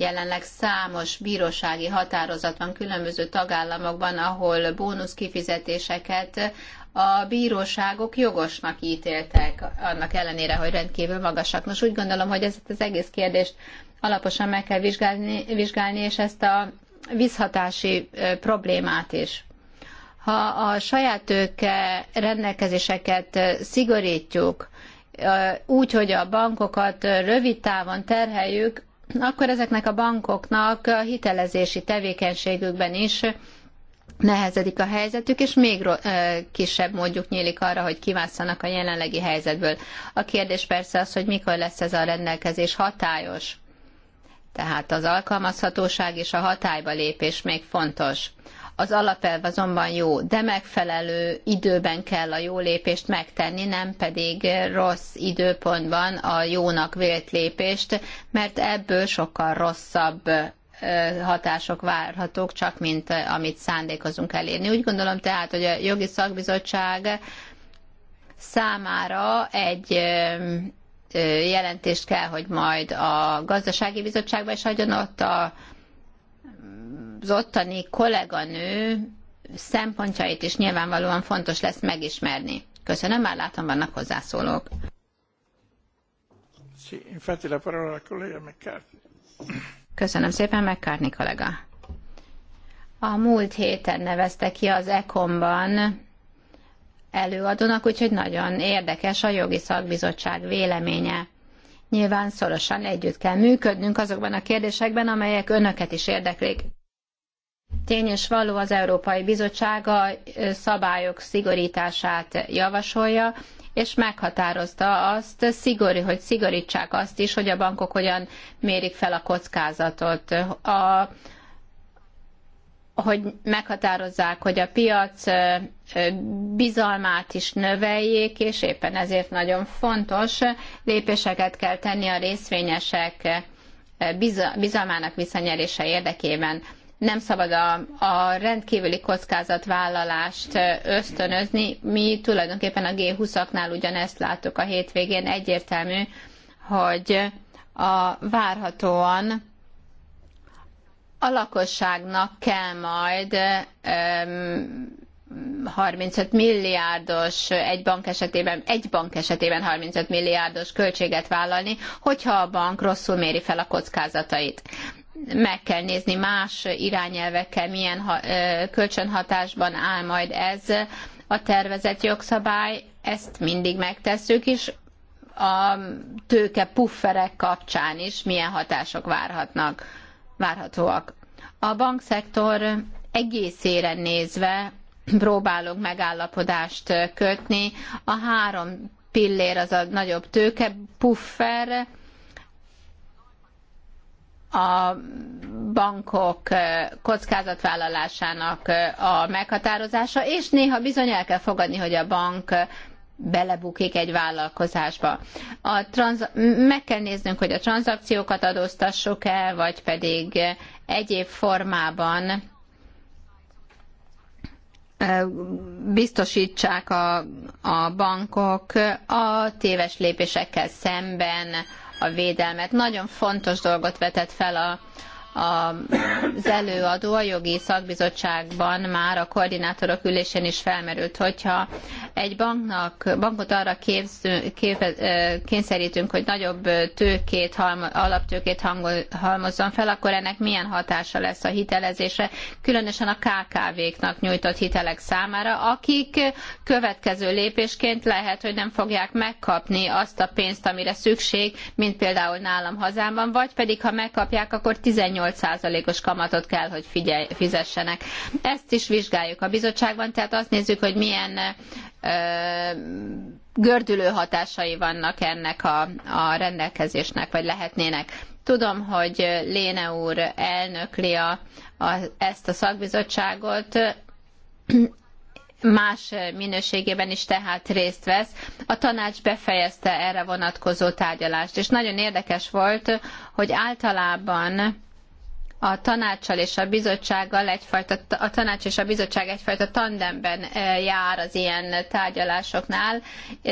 Jelenleg számos bírósági határozat van különböző tagállamokban, ahol bónusz kifizetéseket a bíróságok jogosnak ítéltek, annak ellenére, hogy rendkívül magasak. Nos, úgy gondolom, hogy ezt az egész kérdést alaposan meg kell vizsgálni, vizsgálni és ezt a vízhatási problémát is. Ha a saját tőke rendelkezéseket szigorítjuk, úgy, hogy a bankokat rövid távon terheljük, akkor ezeknek a bankoknak a hitelezési tevékenységükben is nehezedik a helyzetük, és még kisebb mondjuk nyílik arra, hogy kivásszanak a jelenlegi helyzetből. A kérdés persze az, hogy mikor lesz ez a rendelkezés hatályos. Tehát az alkalmazhatóság és a hatályba lépés még fontos. Az alapelv azonban jó, de megfelelő időben kell a jó lépést megtenni, nem pedig rossz időpontban a jónak vélt lépést, mert ebből sokkal rosszabb hatások várhatók, csak mint amit szándékozunk elérni. Úgy gondolom tehát, hogy a jogi szakbizottság számára egy jelentést kell, hogy majd a gazdasági bizottságba is hagyjon ott a az ottani kolléganő szempontjait is nyilvánvalóan fontos lesz megismerni. Köszönöm, már látom, vannak hozzászólók. Köszönöm szépen, McCartney kollega. A múlt héten nevezte ki az ECOM-ban előadónak, úgyhogy nagyon érdekes a jogi szakbizottság véleménye. Nyilván szorosan együtt kell működnünk azokban a kérdésekben, amelyek önöket is érdeklik. Tény és való az Európai Bizottsága szabályok szigorítását javasolja, és meghatározta azt, szigorú, hogy szigorítsák azt is, hogy a bankok hogyan mérik fel a kockázatot. A, hogy meghatározzák, hogy a piac bizalmát is növeljék, és éppen ezért nagyon fontos lépéseket kell tenni a részvényesek bizalmának visszanyerése érdekében nem szabad a, a rendkívüli kockázatvállalást ösztönözni. Mi tulajdonképpen a G20-aknál ugyanezt láttuk a hétvégén. Egyértelmű, hogy a várhatóan a lakosságnak kell majd 35 milliárdos, egy bank esetében, egy bank esetében 35 milliárdos költséget vállalni, hogyha a bank rosszul méri fel a kockázatait meg kell nézni más irányelvekkel, milyen kölcsönhatásban áll majd ez a tervezett jogszabály. Ezt mindig megtesszük, és a tőke pufferek kapcsán is milyen hatások várhatnak, várhatóak. A bankszektor egészére nézve próbálunk megállapodást kötni. A három pillér az a nagyobb tőke puffer, a bankok eh, kockázatvállalásának eh, a meghatározása, és néha bizony el kell fogadni, hogy a bank eh, belebukik egy vállalkozásba. A transz- meg kell néznünk, hogy a tranzakciókat adóztassuk-e, vagy pedig egyéb formában biztosítsák a, a bankok a téves lépésekkel szemben a védelmet. Nagyon fontos dolgot vetett fel a, az előadó a jogi szakbizottságban már a koordinátorok ülésén is felmerült, hogyha egy banknak, bankot arra képzünk, kényszerítünk, hogy nagyobb tőkét, alaptőkét halmozzon fel, akkor ennek milyen hatása lesz a hitelezésre, különösen a KKV-knak nyújtott hitelek számára, akik következő lépésként lehet, hogy nem fogják megkapni azt a pénzt, amire szükség, mint például nálam hazámban, vagy pedig ha megkapják, akkor 18 8%-os kamatot kell, hogy figyelj, fizessenek. Ezt is vizsgáljuk a bizottságban, tehát azt nézzük, hogy milyen ö, gördülő hatásai vannak ennek a, a rendelkezésnek, vagy lehetnének. Tudom, hogy Léne úr elnökli a, a, ezt a szakbizottságot, más minőségében is tehát részt vesz. A tanács befejezte erre vonatkozó tárgyalást, és nagyon érdekes volt, hogy általában a tanácssal és a bizottsággal egyfajta, a tanács és a bizottság egyfajta tandemben eh, jár az ilyen tárgyalásoknál,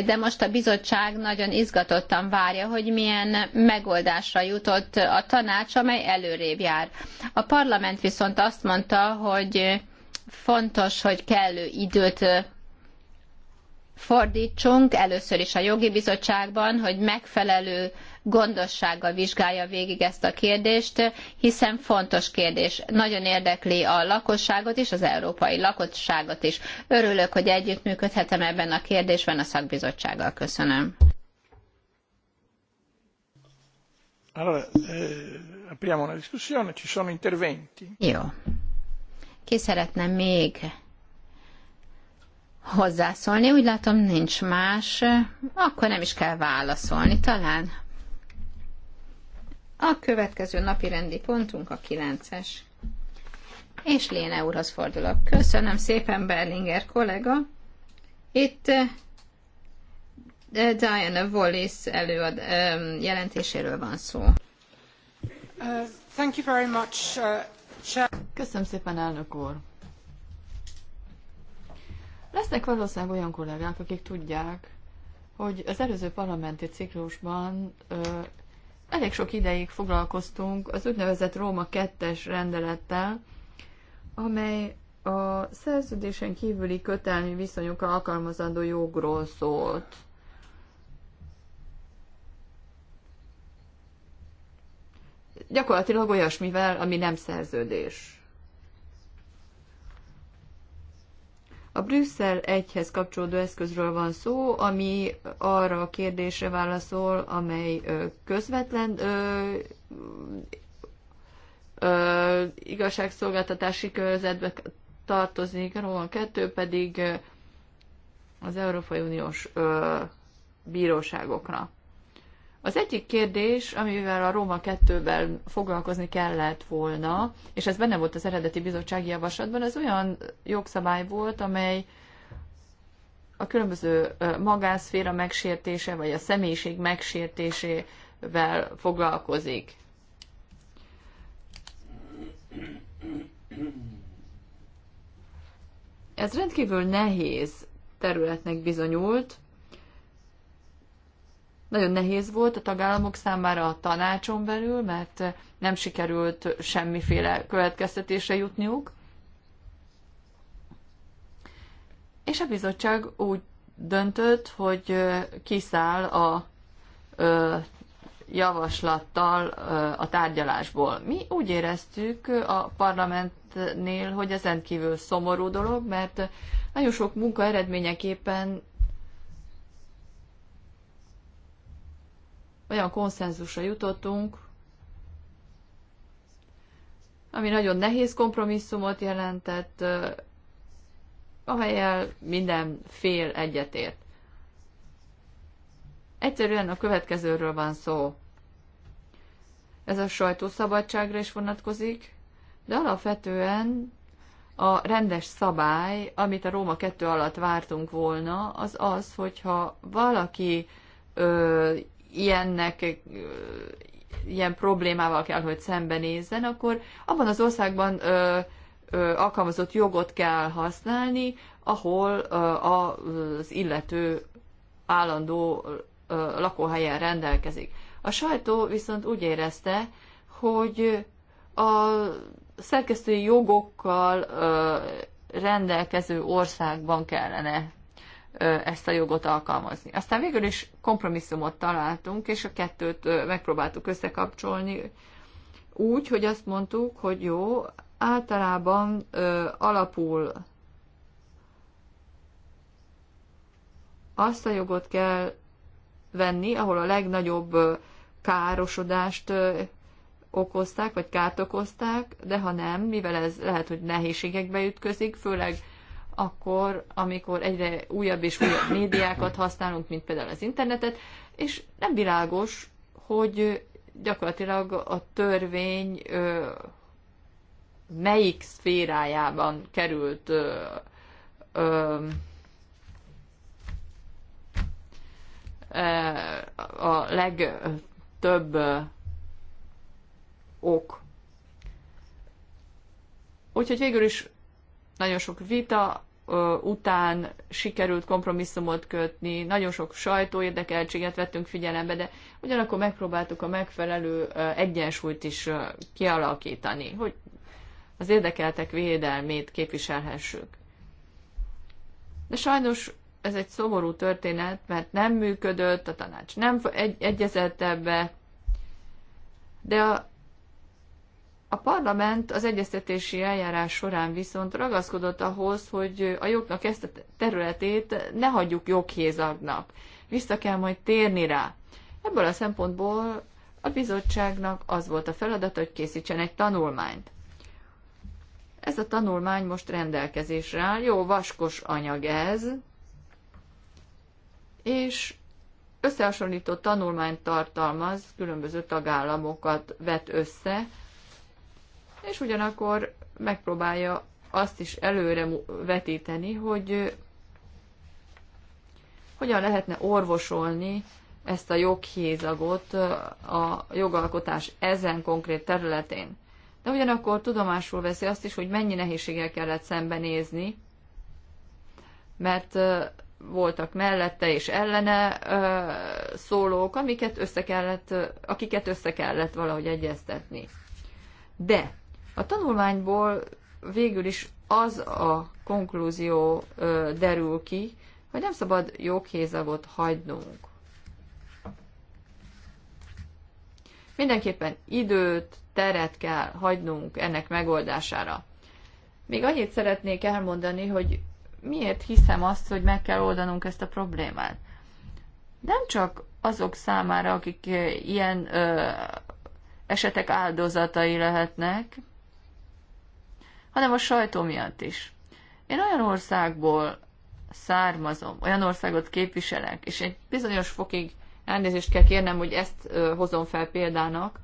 de most a bizottság nagyon izgatottan várja, hogy milyen megoldásra jutott a tanács, amely előrébb jár. A parlament viszont azt mondta, hogy fontos, hogy kellő időt eh, fordítsunk először is a jogi bizottságban, hogy megfelelő gondossággal vizsgálja végig ezt a kérdést, hiszen fontos kérdés. Nagyon érdekli a lakosságot és az európai lakosságot is. Örülök, hogy együttműködhetem ebben a kérdésben a szakbizottsággal. Köszönöm. Allora, eh, una discussione, ci sono interventi. Jó. Ki szeretne még hozzászólni? Úgy látom, nincs más. Akkor nem is kell válaszolni, talán. A következő napi rendi pontunk a 9-es. És Léne úrhoz fordulok. Köszönöm szépen, Berlinger kollega. Itt eh, Diana Wallis előad, jelentéséről van szó. Uh, thank you very much, uh, Köszönöm szépen, elnök úr. Lesznek valószínűleg olyan kollégák, akik tudják, hogy az előző parlamenti ciklusban elég sok ideig foglalkoztunk az úgynevezett Róma 2-es rendelettel, amely a szerződésen kívüli kötelmi viszonyok alkalmazandó jogról szólt. Gyakorlatilag olyasmivel, ami nem szerződés. A Brüsszel egyhez kapcsolódó eszközről van szó, ami arra a kérdésre válaszol, amely közvetlen ö, ö, igazságszolgáltatási körzetbe tartozik, a kettő pedig az Európai Uniós ö, bíróságoknak. Az egyik kérdés, amivel a Róma 2-ben foglalkozni kellett volna, és ez benne volt az eredeti bizottsági javaslatban, az olyan jogszabály volt, amely a különböző magánszféra megsértése, vagy a személyiség megsértésével foglalkozik. Ez rendkívül nehéz területnek bizonyult, nagyon nehéz volt a tagállamok számára a tanácson belül, mert nem sikerült semmiféle következtetése jutniuk. És a bizottság úgy döntött, hogy kiszáll a javaslattal a tárgyalásból. Mi úgy éreztük a parlamentnél, hogy ez rendkívül szomorú dolog, mert nagyon sok munka eredményeképpen olyan konszenzusra jutottunk, ami nagyon nehéz kompromisszumot jelentett, amelyel minden fél egyetért. Egyszerűen a következőről van szó. Ez a sajtószabadságra is vonatkozik, de alapvetően a rendes szabály, amit a Róma 2 alatt vártunk volna, az az, hogyha valaki ö, ilyennek, ilyen problémával kell, hogy szembenézzen, akkor abban az országban ö, ö, alkalmazott jogot kell használni, ahol ö, a, az illető állandó ö, lakóhelyen rendelkezik. A sajtó viszont úgy érezte, hogy a szerkesztői jogokkal ö, rendelkező országban kellene ezt a jogot alkalmazni. Aztán végül is kompromisszumot találtunk, és a kettőt megpróbáltuk összekapcsolni úgy, hogy azt mondtuk, hogy jó, általában alapul azt a jogot kell venni, ahol a legnagyobb károsodást okozták, vagy kárt okozták, de ha nem, mivel ez lehet, hogy nehézségekbe ütközik, főleg akkor, amikor egyre újabb és újabb médiákat használunk, mint például az internetet, és nem világos, hogy gyakorlatilag a törvény ö, melyik szférájában került ö, ö, a legtöbb ok. Úgyhogy végül is nagyon sok vita után sikerült kompromisszumot kötni, nagyon sok érdekeltséget vettünk figyelembe, de ugyanakkor megpróbáltuk a megfelelő egyensúlyt is kialakítani, hogy az érdekeltek védelmét képviselhessük. De sajnos ez egy szomorú történet, mert nem működött, a tanács nem egy- egyezett ebbe, de a a parlament az egyeztetési eljárás során viszont ragaszkodott ahhoz, hogy a jognak ezt a területét ne hagyjuk joghézagnak. Vissza kell majd térni rá. Ebből a szempontból a bizottságnak az volt a feladata, hogy készítsen egy tanulmányt. Ez a tanulmány most rendelkezésre áll, jó vaskos anyag ez, és összehasonlító tanulmányt tartalmaz, különböző tagállamokat vet össze, és ugyanakkor megpróbálja azt is előre vetíteni, hogy hogyan lehetne orvosolni ezt a joghézagot a jogalkotás ezen konkrét területén. De ugyanakkor tudomásul veszi azt is, hogy mennyi nehézséggel kellett szembenézni, mert voltak mellette és ellene szólók, amiket össze kellett, akiket össze kellett valahogy egyeztetni. De a tanulmányból végül is az a konklúzió derül ki, hogy nem szabad joghézagot hagynunk. Mindenképpen időt, teret kell hagynunk ennek megoldására. Még annyit szeretnék elmondani, hogy miért hiszem azt, hogy meg kell oldanunk ezt a problémát. Nem csak azok számára, akik ilyen ö, esetek áldozatai lehetnek, hanem a sajtó miatt is. Én olyan országból származom, olyan országot képviselek, és egy bizonyos fokig elnézést kell kérnem, hogy ezt hozom fel példának,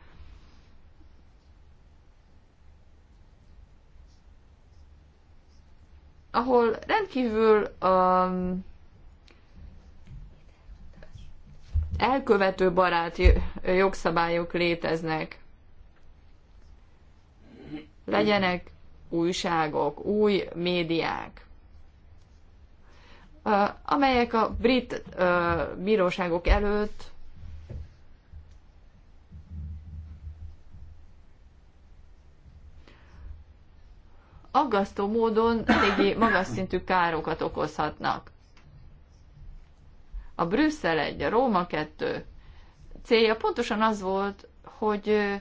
ahol rendkívül um, elkövető barát jogszabályok léteznek. Legyenek újságok, új médiák, amelyek a brit bíróságok előtt aggasztó módon eléggé magas szintű károkat okozhatnak. A Brüsszel egy, a Róma 2 célja pontosan az volt, hogy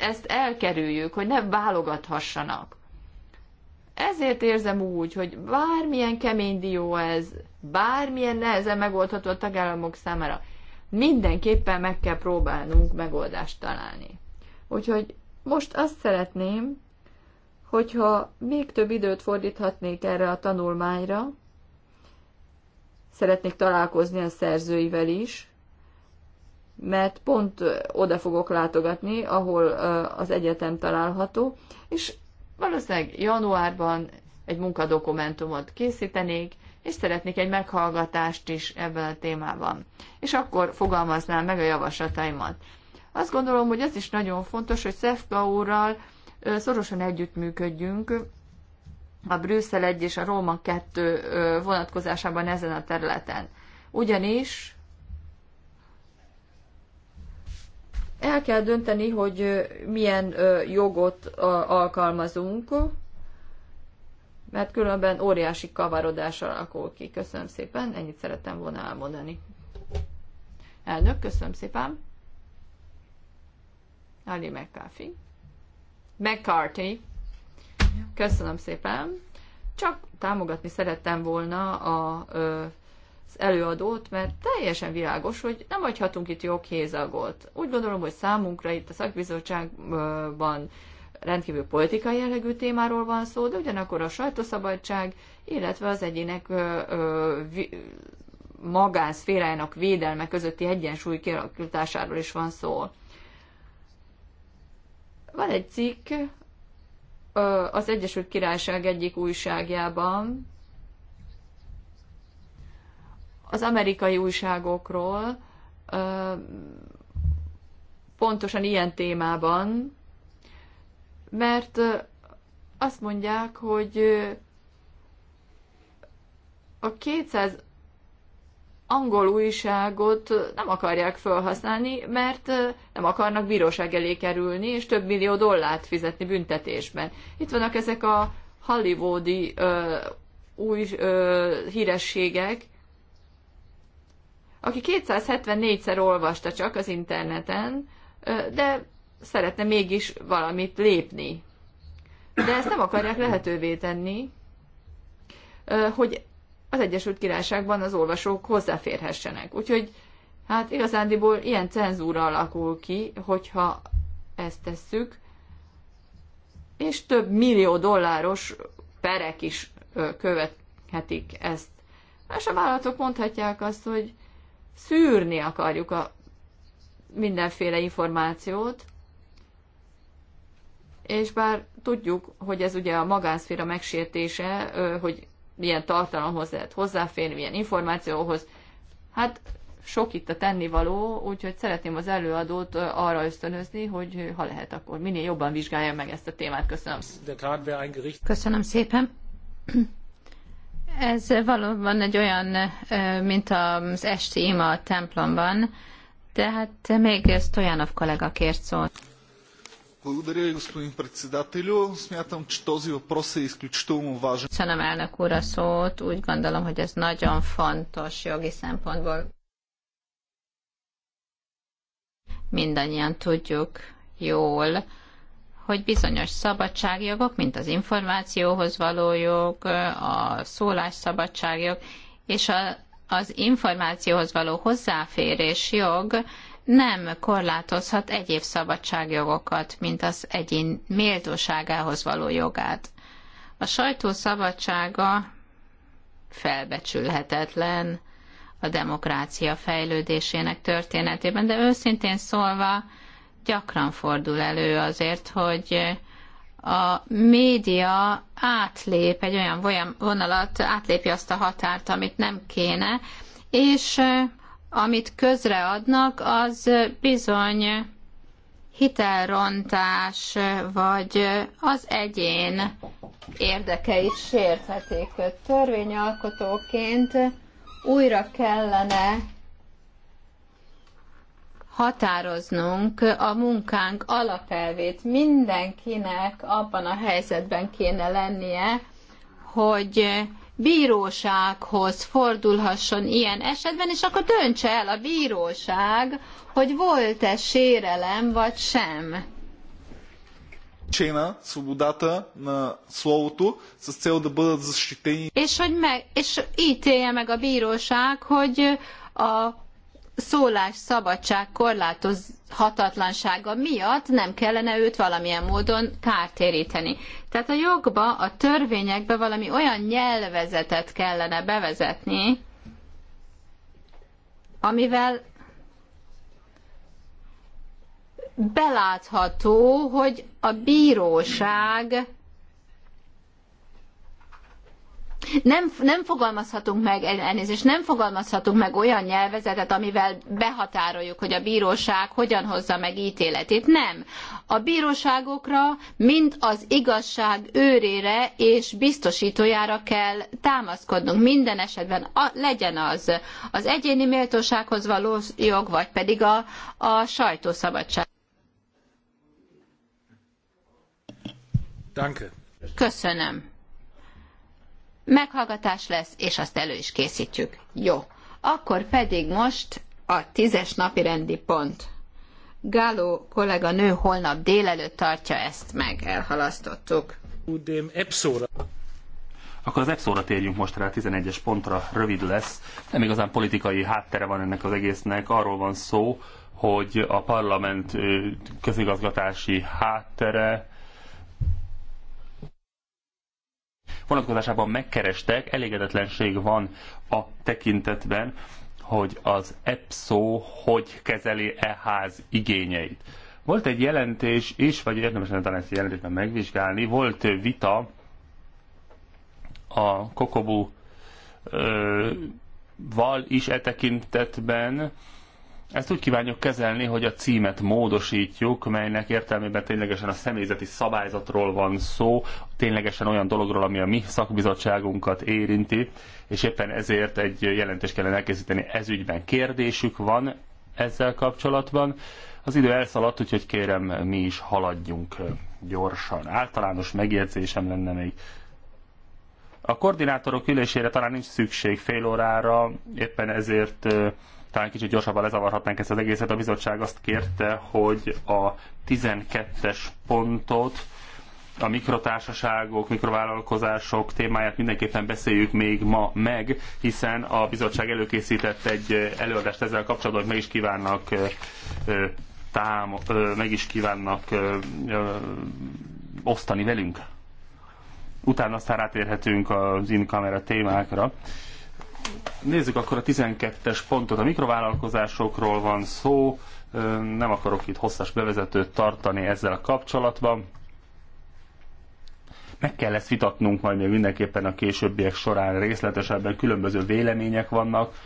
ezt elkerüljük, hogy ne válogathassanak. Ezért érzem úgy, hogy bármilyen kemény dió ez, bármilyen nehezen megoldható a tagállamok számára, mindenképpen meg kell próbálnunk megoldást találni. Úgyhogy most azt szeretném, hogyha még több időt fordíthatnék erre a tanulmányra, szeretnék találkozni a szerzőivel is, mert pont oda fogok látogatni, ahol az egyetem található, és Valószínűleg januárban egy munkadokumentumot készítenék, és szeretnék egy meghallgatást is ebben a témában. És akkor fogalmaznám meg a javaslataimat. Azt gondolom, hogy ez is nagyon fontos, hogy Szefka úrral szorosan együttműködjünk a Brüsszel 1 és a Róma 2 vonatkozásában ezen a területen. Ugyanis El kell dönteni, hogy milyen jogot alkalmazunk, mert különben óriási kavarodás alakul ki. Köszönöm szépen, ennyit szerettem volna elmondani. Elnök, köszönöm szépen. Ali McCarthy. McCarthy. Köszönöm szépen. Csak támogatni szerettem volna a az előadót, mert teljesen világos, hogy nem hagyhatunk itt jó kézagot. Úgy gondolom, hogy számunkra itt a szakbizottságban rendkívül politikai jellegű témáról van szó, de ugyanakkor a sajtószabadság, illetve az egyének magánszférájának védelme közötti egyensúly kialakításáról is van szó. Van egy cikk az Egyesült Királyság egyik újságjában, az amerikai újságokról, pontosan ilyen témában, mert azt mondják, hogy a 200 angol újságot nem akarják felhasználni, mert nem akarnak bíróság elé kerülni, és több millió dollárt fizetni büntetésben. Itt vannak ezek a hollywoodi ö, új ö, hírességek, aki 274-szer olvasta csak az interneten, de szeretne mégis valamit lépni. De ezt nem akarják lehetővé tenni, hogy az Egyesült Királyságban az olvasók hozzáférhessenek. Úgyhogy hát igazándiból ilyen cenzúra alakul ki, hogyha ezt tesszük, és több millió dolláros perek is követhetik ezt. És a vállalatok mondhatják azt, hogy szűrni akarjuk a mindenféle információt, és bár tudjuk, hogy ez ugye a magánszféra megsértése, hogy milyen tartalomhoz lehet hozzáférni, milyen információhoz, hát sok itt a tennivaló, úgyhogy szeretném az előadót arra ösztönözni, hogy ha lehet, akkor minél jobban vizsgálja meg ezt a témát. Köszönöm. Köszönöm szépen. Ez valóban egy olyan, mint az esti ima a templomban, de hát még Stojanov kollega kért szót. Благодаря ви, господин председателю. Смятам, че този въпрос е изключително важен. Köszönöm elnök úr a szót. Úgy gondolom, hogy ez nagyon fontos jogi szempontból. Mindannyian tudjuk jól, hogy bizonyos szabadságjogok, mint az információhoz való jog, a szólásszabadságjog és a, az információhoz való hozzáférés jog nem korlátozhat egyéb szabadságjogokat, mint az egyén méltóságához való jogát. A sajtó szabadsága felbecsülhetetlen a demokrácia fejlődésének történetében, de őszintén szólva, gyakran fordul elő azért, hogy a média átlép egy olyan vonalat, átlépi azt a határt, amit nem kéne, és amit közreadnak, az bizony hitelrontás, vagy az egyén érdekeit sérthetik. Törvényalkotóként újra kellene határoznunk a munkánk alapelvét. Mindenkinek abban a helyzetben kéne lennie, hogy bírósághoz fordulhasson ilyen esetben, és akkor döntse el a bíróság, hogy volt-e sérelem vagy sem. Чина, свободата на словото, с цел да бъдат защитени. És, hogy meg, és ítélje meg a bíróság, hogy a szólásszabadság korlátozhatatlansága miatt nem kellene őt valamilyen módon kártéríteni. Tehát a jogba, a törvényekbe valami olyan nyelvezetet kellene bevezetni, amivel belátható, hogy a bíróság nem, nem fogalmazhatunk meg, elnézést, nem fogalmazhatunk meg olyan nyelvezetet, amivel behatároljuk, hogy a bíróság hogyan hozza meg ítéletét. Nem. A bíróságokra, mind az igazság őrére és biztosítójára kell támaszkodnunk. Minden esetben a, legyen az az egyéni méltósághoz való jog, vagy pedig a, a sajtószabadság. Danke. Köszönöm meghallgatás lesz, és azt elő is készítjük. Jó. Akkor pedig most a tízes napi rendi pont. Gáló kollega nő holnap délelőtt tartja ezt meg, elhalasztottuk. Akkor az EPSZ-óra térjünk most rá, a 11-es pontra, rövid lesz. Nem igazán politikai háttere van ennek az egésznek, arról van szó, hogy a parlament közigazgatási háttere vonatkozásában megkerestek, elégedetlenség van a tekintetben, hogy az EPSO hogy kezeli e ház igényeit. Volt egy jelentés is, vagy érdemes lenne talán ezt a jelentésben megvizsgálni, volt vita a Kokobu val is e tekintetben, ezt úgy kívánjuk kezelni, hogy a címet módosítjuk, melynek értelmében ténylegesen a személyzeti szabályzatról van szó, ténylegesen olyan dologról, ami a mi szakbizottságunkat érinti, és éppen ezért egy jelentést kellene elkészíteni ügyben Kérdésük van ezzel kapcsolatban. Az idő elszaladt, úgyhogy kérem, mi is haladjunk gyorsan. Általános megjegyzésem lenne még. A koordinátorok ülésére talán nincs szükség fél órára, éppen ezért talán kicsit gyorsabban lezavarhatnánk ezt az egészet. A bizottság azt kérte, hogy a 12-es pontot a mikrotársaságok, mikrovállalkozások témáját mindenképpen beszéljük még ma meg, hiszen a bizottság előkészített egy előadást ezzel kapcsolatban, hogy meg is kívánnak tám, meg is kívánnak osztani velünk. Utána aztán rátérhetünk az in-kamera témákra. Nézzük akkor a 12-es pontot. A mikrovállalkozásokról van szó. Nem akarok itt hosszas bevezetőt tartani ezzel a kapcsolatban. Meg kell ezt vitatnunk majd még mindenképpen a későbbiek során részletesebben. Különböző vélemények vannak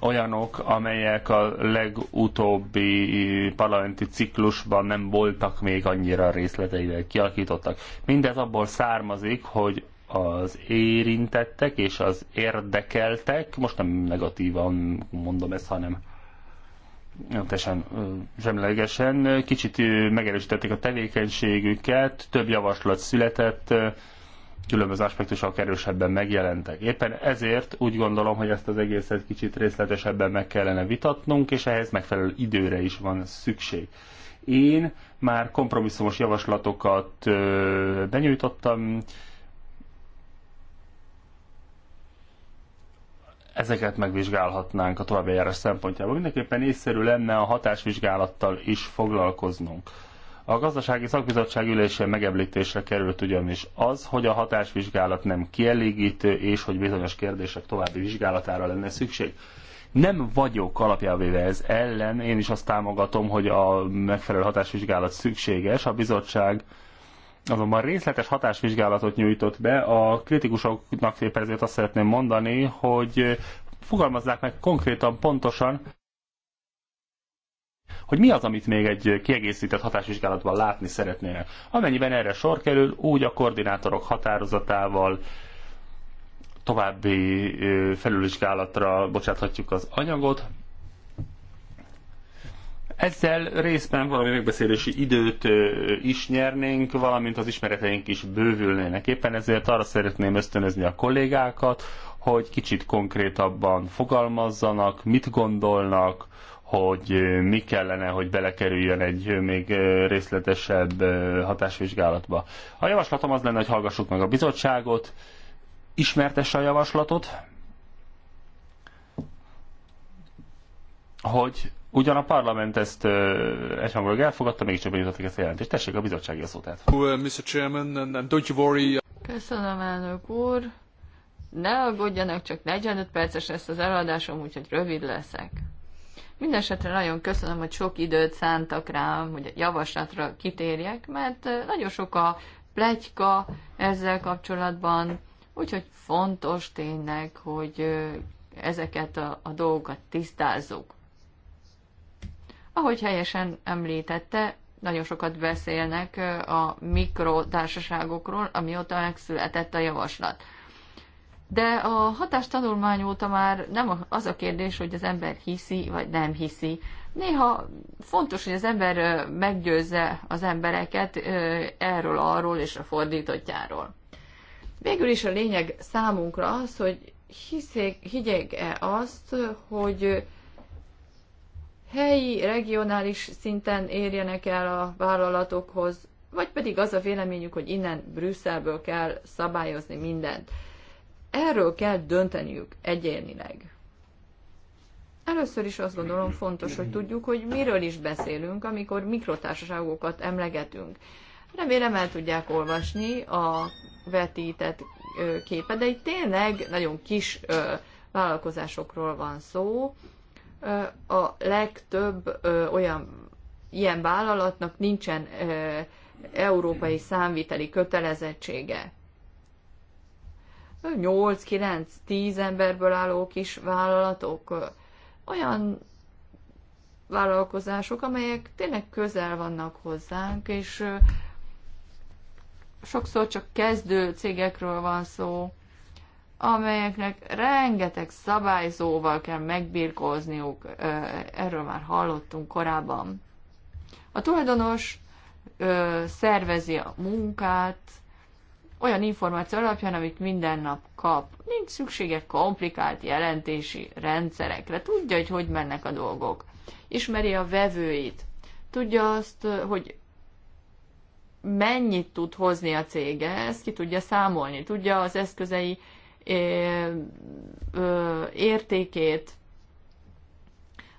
olyanok, amelyek a legutóbbi parlamenti ciklusban nem voltak még annyira részleteivel kialakítottak. Mindez abból származik, hogy az érintettek és az érdekeltek, most nem negatívan mondom ezt, hanem teljesen semlegesen, kicsit megerősítették a tevékenységüket, több javaslat született, különböző aspektusok erősebben megjelentek. Éppen ezért úgy gondolom, hogy ezt az egészet kicsit részletesebben meg kellene vitatnunk, és ehhez megfelelő időre is van szükség. Én már kompromisszumos javaslatokat benyújtottam, ezeket megvizsgálhatnánk a további továbbjárás szempontjából. Mindenképpen észszerű lenne a hatásvizsgálattal is foglalkoznunk. A gazdasági szakbizottság ülésén megemlítésre került ugyanis az, hogy a hatásvizsgálat nem kielégítő, és hogy bizonyos kérdések további vizsgálatára lenne szükség. Nem vagyok alapjávéve ez ellen, én is azt támogatom, hogy a megfelelő hatásvizsgálat szükséges. A bizottság azonban részletes hatásvizsgálatot nyújtott be. A kritikusoknak éppen ezért azt szeretném mondani, hogy fogalmazzák meg konkrétan, pontosan, hogy mi az, amit még egy kiegészített hatásvizsgálatban látni szeretnének. Amennyiben erre sor kerül, úgy a koordinátorok határozatával további felülvizsgálatra bocsáthatjuk az anyagot, ezzel részben valami megbeszélési időt is nyernénk, valamint az ismereteink is bővülnének. Éppen ezért arra szeretném ösztönözni a kollégákat, hogy kicsit konkrétabban fogalmazzanak, mit gondolnak, hogy mi kellene, hogy belekerüljön egy még részletesebb hatásvizsgálatba. A javaslatom az lenne, hogy hallgassuk meg a bizottságot, ismertesse a javaslatot, hogy Ugyan a parlament ezt egyhangulag elfogadta, mégiscsak benyújtották ezt a jelentést. Tessék a bizottsági szót át. Uh, uh, köszönöm, elnök úr. Ne aggódjanak, csak 45 perces lesz az előadásom, úgyhogy rövid leszek. Mindenesetre nagyon köszönöm, hogy sok időt szántak rám, hogy a javaslatra kitérjek, mert nagyon sok a plegyka ezzel kapcsolatban, úgyhogy fontos tényleg, hogy ezeket a, a dolgokat tisztázzuk. Ahogy helyesen említette, nagyon sokat beszélnek a mikrotársaságokról, amióta megszületett a javaslat. De a hatástanulmány óta már nem az a kérdés, hogy az ember hiszi vagy nem hiszi. Néha fontos, hogy az ember meggyőzze az embereket erről, arról és a fordítottjáról. Végül is a lényeg számunkra az, hogy hiszék, higgyék-e azt, hogy helyi, regionális szinten érjenek el a vállalatokhoz, vagy pedig az a véleményük, hogy innen Brüsszelből kell szabályozni mindent. Erről kell dönteniük egyénileg. Először is azt gondolom fontos, hogy tudjuk, hogy miről is beszélünk, amikor mikrotársaságokat emlegetünk. Remélem el tudják olvasni a vetített képet, de itt tényleg nagyon kis vállalkozásokról van szó, a legtöbb olyan ilyen vállalatnak nincsen európai számviteli kötelezettsége. 8-9-10 emberből álló kis vállalatok, olyan vállalkozások, amelyek tényleg közel vannak hozzánk, és sokszor csak kezdő cégekről van szó, amelyeknek rengeteg szabályzóval kell megbirkózniuk, erről már hallottunk korábban. A tulajdonos szervezi a munkát olyan információ alapján, amit minden nap kap. Nincs szüksége komplikált jelentési rendszerekre. Tudja, hogy hogy mennek a dolgok. Ismeri a vevőit. Tudja azt, hogy mennyit tud hozni a cége, ezt ki tudja számolni. Tudja az eszközei értékét.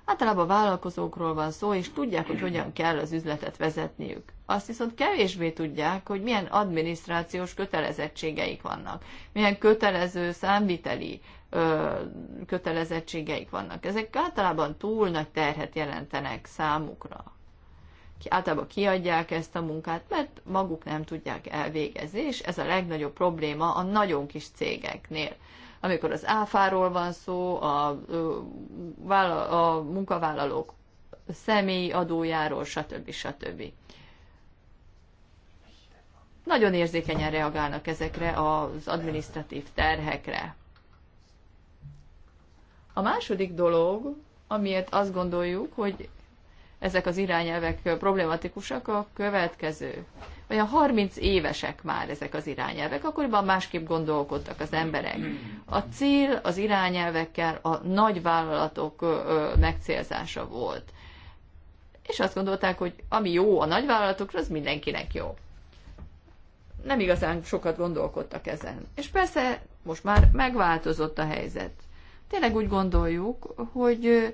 Általában vállalkozókról van szó, és tudják, hogy hogyan kell az üzletet vezetniük. Azt viszont kevésbé tudják, hogy milyen adminisztrációs kötelezettségeik vannak, milyen kötelező számviteli ö, kötelezettségeik vannak. Ezek általában túl nagy terhet jelentenek számukra általában kiadják ezt a munkát, mert maguk nem tudják elvégezni, és ez a legnagyobb probléma a nagyon kis cégeknél. Amikor az áfáról van szó, a, a munkavállalók személyi adójáról, stb. stb. Nagyon érzékenyen reagálnak ezekre az administratív terhekre. A második dolog, amiért azt gondoljuk, hogy ezek az irányelvek problematikusak, a következő. Olyan 30 évesek már ezek az irányelvek, akkoriban másképp gondolkodtak az emberek. A cél az irányelvekkel a nagy vállalatok megcélzása volt. És azt gondolták, hogy ami jó a nagyvállalatokra, az mindenkinek jó. Nem igazán sokat gondolkodtak ezen. És persze most már megváltozott a helyzet. Tényleg úgy gondoljuk, hogy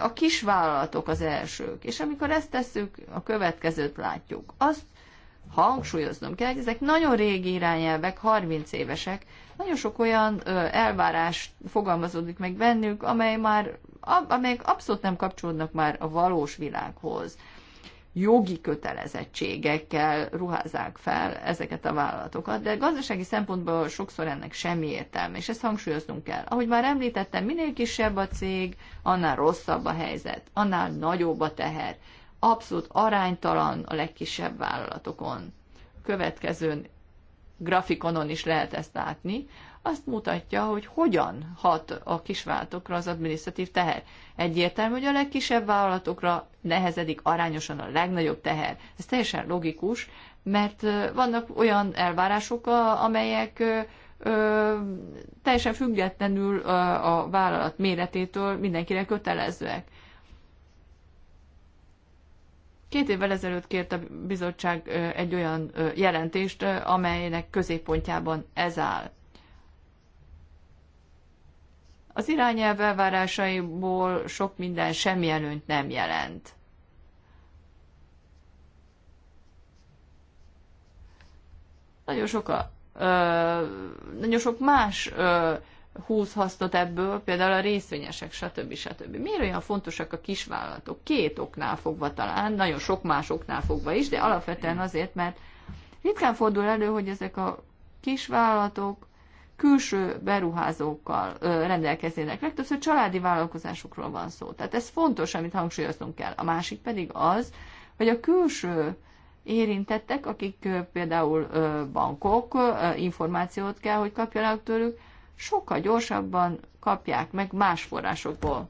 a kisvállalatok az elsők. És amikor ezt tesszük, a következőt látjuk. Azt hangsúlyoznom kell, hogy ezek nagyon régi irányelvek, 30 évesek, nagyon sok olyan elvárás fogalmazódik meg bennük, amely már amelyek abszolút nem kapcsolódnak már a valós világhoz jogi kötelezettségekkel ruházák fel ezeket a vállalatokat, de gazdasági szempontból sokszor ennek semmi értelme, és ezt hangsúlyoznunk kell. Ahogy már említettem, minél kisebb a cég, annál rosszabb a helyzet, annál nagyobb a teher. Abszolút aránytalan a legkisebb vállalatokon. Következőn grafikonon is lehet ezt látni, azt mutatja, hogy hogyan hat a kisvállalatokra az adminisztratív teher. Egyértelmű, hogy a legkisebb vállalatokra nehezedik arányosan a legnagyobb teher. Ez teljesen logikus, mert vannak olyan elvárások, amelyek teljesen függetlenül a, a vállalat méretétől mindenkire kötelezőek. Két évvel ezelőtt kért a bizottság egy olyan jelentést, amelynek középpontjában ez áll. Az irányelv elvárásaiból sok minden semmi előnyt nem jelent. Nagyon sok, a, ö, nagyon sok más ö, húz hasznot ebből, például a részvényesek, stb. stb. Miért olyan fontosak a kisvállalatok? Két oknál fogva talán, nagyon sok más oknál fogva is, de alapvetően azért, mert ritkán fordul elő, hogy ezek a kisvállalatok külső beruházókkal rendelkeznének. Legtöbbször családi vállalkozásokról van szó. Tehát ez fontos, amit hangsúlyoznunk kell. A másik pedig az, hogy a külső érintettek, akik például bankok információt kell, hogy kapjanak tőlük, sokkal gyorsabban kapják meg más forrásokból.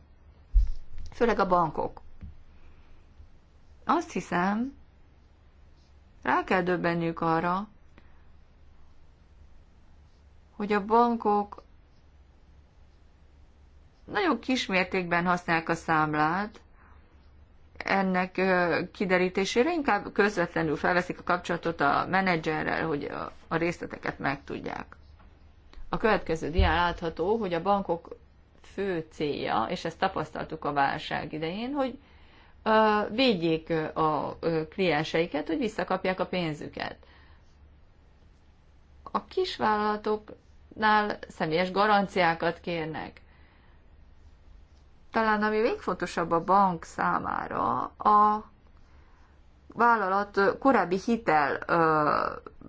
Főleg a bankok. Azt hiszem, rá kell döbbenniük arra, hogy a bankok nagyon kismértékben használják a számlát, ennek kiderítésére inkább közvetlenül felveszik a kapcsolatot a menedzserrel, hogy a részleteket megtudják. A következő dián látható, hogy a bankok fő célja, és ezt tapasztaltuk a válság idején, hogy védjék a klienseiket, hogy visszakapják a pénzüket. A kisvállalatok nál személyes garanciákat kérnek. Talán ami még fontosabb a bank számára, a vállalat korábbi hitel ö,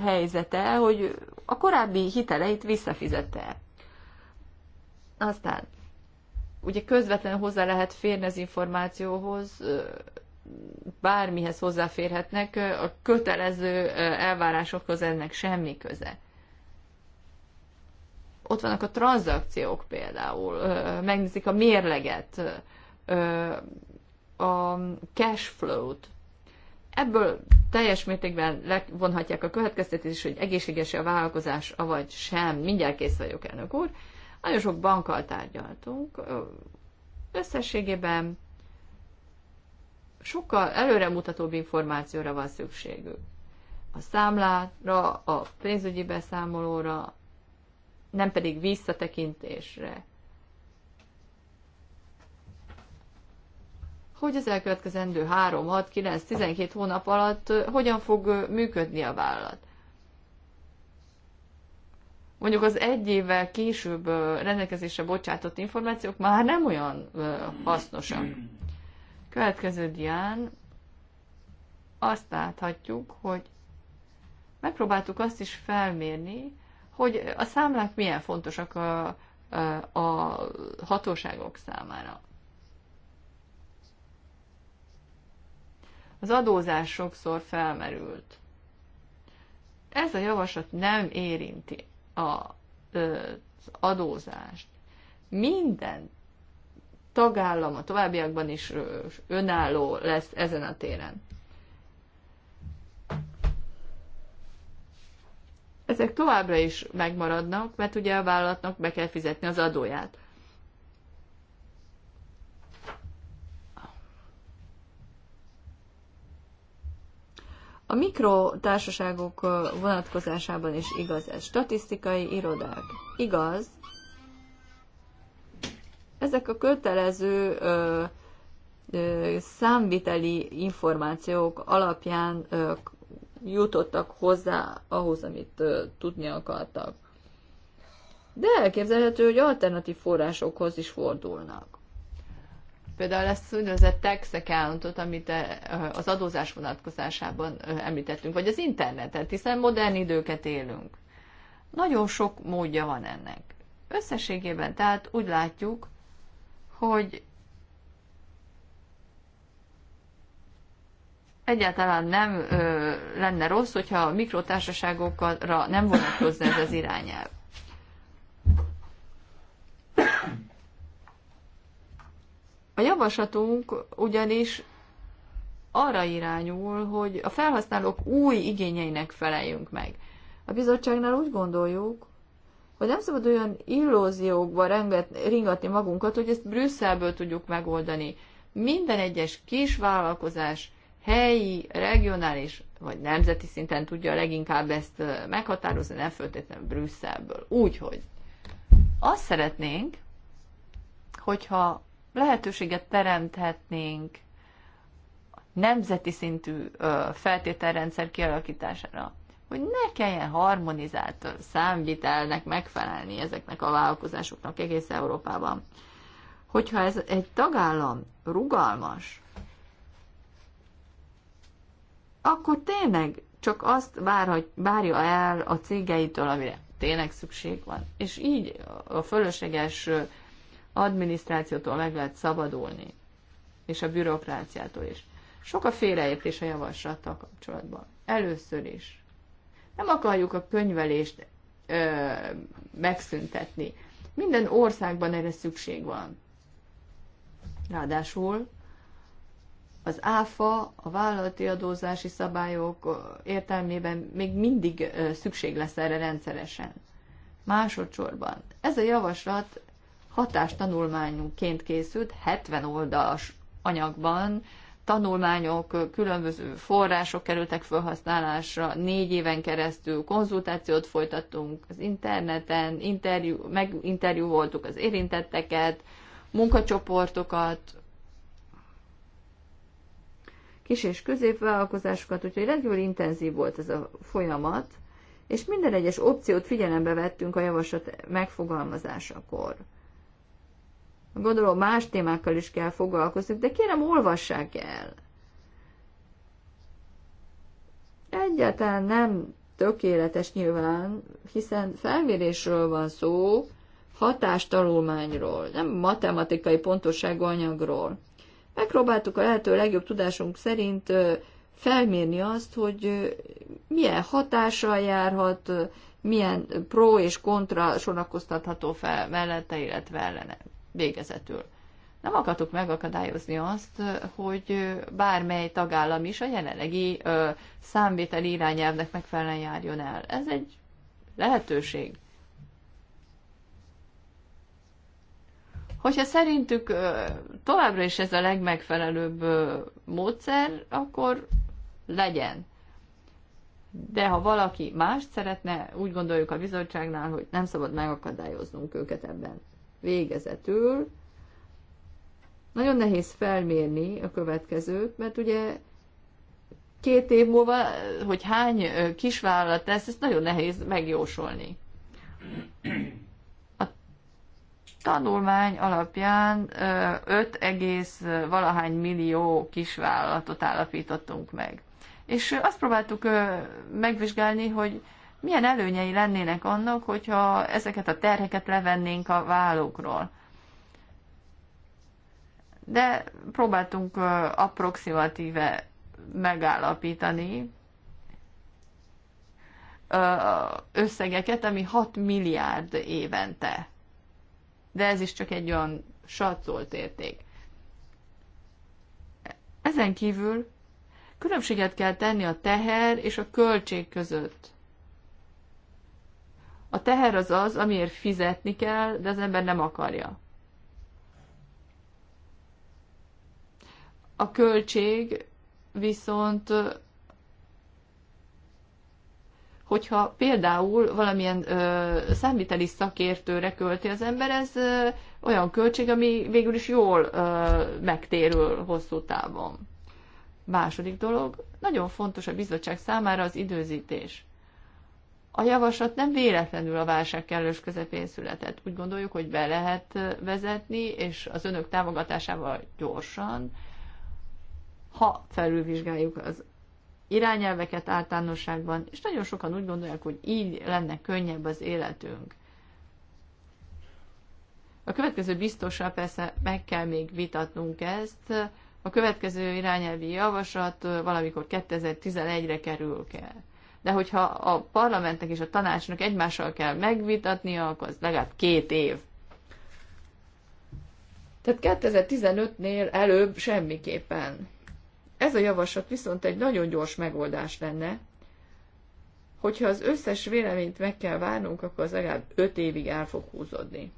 helyzete, hogy a korábbi hiteleit visszafizette. Aztán ugye közvetlenül hozzá lehet férni az információhoz, bármihez hozzáférhetnek, a kötelező elvárásokhoz ennek semmi köze. Ott vannak a tranzakciók például, megnézik a mérleget, a cash flow-t. Ebből teljes mértékben levonhatják a következtetés, hogy egészséges a vállalkozás, avagy sem. Mindjárt kész vagyok, elnök úr. Nagyon sok bankkal tárgyaltunk. Összességében sokkal előremutatóbb információra van szükségük. A számlára, a pénzügyi beszámolóra, nem pedig visszatekintésre. Hogy az elkövetkezendő 3, 6, 9, 12 hónap alatt hogyan fog működni a vállalat? Mondjuk az egy évvel később rendelkezésre bocsátott információk már nem olyan hasznosak. Következő dián azt láthatjuk, hogy megpróbáltuk azt is felmérni, hogy a számlák milyen fontosak a, a hatóságok számára. Az adózás sokszor felmerült. Ez a javaslat nem érinti a, az adózást. Minden tagállam a továbbiakban is önálló lesz ezen a téren. ezek továbbra is megmaradnak, mert ugye a vállalatnak be kell fizetni az adóját. A mikrotársaságok vonatkozásában is igaz ez. Statisztikai irodák. Igaz. Ezek a kötelező ö, ö, számviteli információk alapján ö, jutottak hozzá ahhoz, amit tudni akartak. De elképzelhető, hogy alternatív forrásokhoz is fordulnak például ezt úgynevezett tax accountot, amit az adózás vonatkozásában említettünk, vagy az internetet, hiszen modern időket élünk. Nagyon sok módja van ennek. Összességében tehát úgy látjuk, hogy egyáltalán nem ö, lenne rossz, hogyha a mikrotársaságokra nem vonatkozna ez az irányelv. A javaslatunk ugyanis arra irányul, hogy a felhasználók új igényeinek feleljünk meg. A bizottságnál úgy gondoljuk, hogy nem szabad olyan illóziókba ringatni magunkat, hogy ezt Brüsszelből tudjuk megoldani. Minden egyes kis vállalkozás helyi, regionális vagy nemzeti szinten tudja leginkább ezt meghatározni, nem föltétlenül Brüsszelből. Úgyhogy azt szeretnénk, hogyha lehetőséget teremthetnénk nemzeti szintű feltételrendszer kialakítására, hogy ne kelljen harmonizált számvitelnek megfelelni ezeknek a vállalkozásoknak egész Európában. Hogyha ez egy tagállam rugalmas, akkor tényleg csak azt várhat, várja el a cégeitől, amire tényleg szükség van. És így a fölösleges adminisztrációtól meg lehet szabadulni, és a bürokráciától is. Sok a félreértés a javaslattal kapcsolatban. Először is. Nem akarjuk a könyvelést ö, megszüntetni. Minden országban erre szükség van. Ráadásul az ÁFA, a vállalati adózási szabályok értelmében még mindig szükség lesz erre rendszeresen. Másodszorban ez a javaslat hatástanulmányunként készült, 70 oldalas anyagban, tanulmányok, különböző források kerültek felhasználásra, négy éven keresztül konzultációt folytattunk az interneten, interjú, meginterjú voltuk az érintetteket, munkacsoportokat, kis- és középvállalkozásokat, úgyhogy rendkívül intenzív volt ez a folyamat, és minden egyes opciót figyelembe vettünk a javaslat megfogalmazásakor. Gondolom más témákkal is kell foglalkoznunk, de kérem olvassák el. Egyáltalán nem tökéletes nyilván, hiszen felmérésről van szó, hatástanulmányról, nem matematikai pontosságú anyagról. Megpróbáltuk a lehető legjobb tudásunk szerint felmérni azt, hogy milyen hatással járhat, milyen pro és kontra sorakoztatható fel mellette, illetve ellene végezetül. Nem akartuk megakadályozni azt, hogy bármely tagállam is a jelenlegi számvételi irányelvnek megfelelően járjon el. Ez egy lehetőség. Hogyha szerintük továbbra is ez a legmegfelelőbb módszer, akkor legyen. De ha valaki más szeretne, úgy gondoljuk a bizottságnál, hogy nem szabad megakadályoznunk őket ebben. Végezetül nagyon nehéz felmérni a következőt, mert ugye két év múlva, hogy hány kisvállalat lesz, ezt nagyon nehéz megjósolni tanulmány alapján 5 egész valahány millió kisvállalatot állapítottunk meg. És azt próbáltuk megvizsgálni, hogy milyen előnyei lennének annak, hogyha ezeket a terheket levennénk a vállókról. De próbáltunk approximatíve megállapítani összegeket, ami 6 milliárd évente de ez is csak egy olyan satszolt érték. Ezen kívül különbséget kell tenni a teher és a költség között. A teher az az, amiért fizetni kell, de az ember nem akarja. A költség viszont hogyha például valamilyen ö, számviteli szakértőre költi az ember, ez ö, olyan költség, ami végül is jól ö, megtérül hosszú távon. Második dolog, nagyon fontos a bizottság számára az időzítés. A javaslat nem véletlenül a válság kellős közepén született. Úgy gondoljuk, hogy be lehet vezetni, és az önök támogatásával gyorsan, ha felülvizsgáljuk az irányelveket általánosságban, és nagyon sokan úgy gondolják, hogy így lenne könnyebb az életünk. A következő biztosra persze meg kell még vitatnunk ezt. A következő irányelvi javaslat valamikor 2011-re kerül kell. De hogyha a parlamentnek és a tanácsnak egymással kell megvitatnia, akkor az legalább két év. Tehát 2015-nél előbb semmiképpen. Ez a javaslat viszont egy nagyon gyors megoldás lenne, hogyha az összes véleményt meg kell várnunk, akkor az legalább 5 évig el fog húzódni.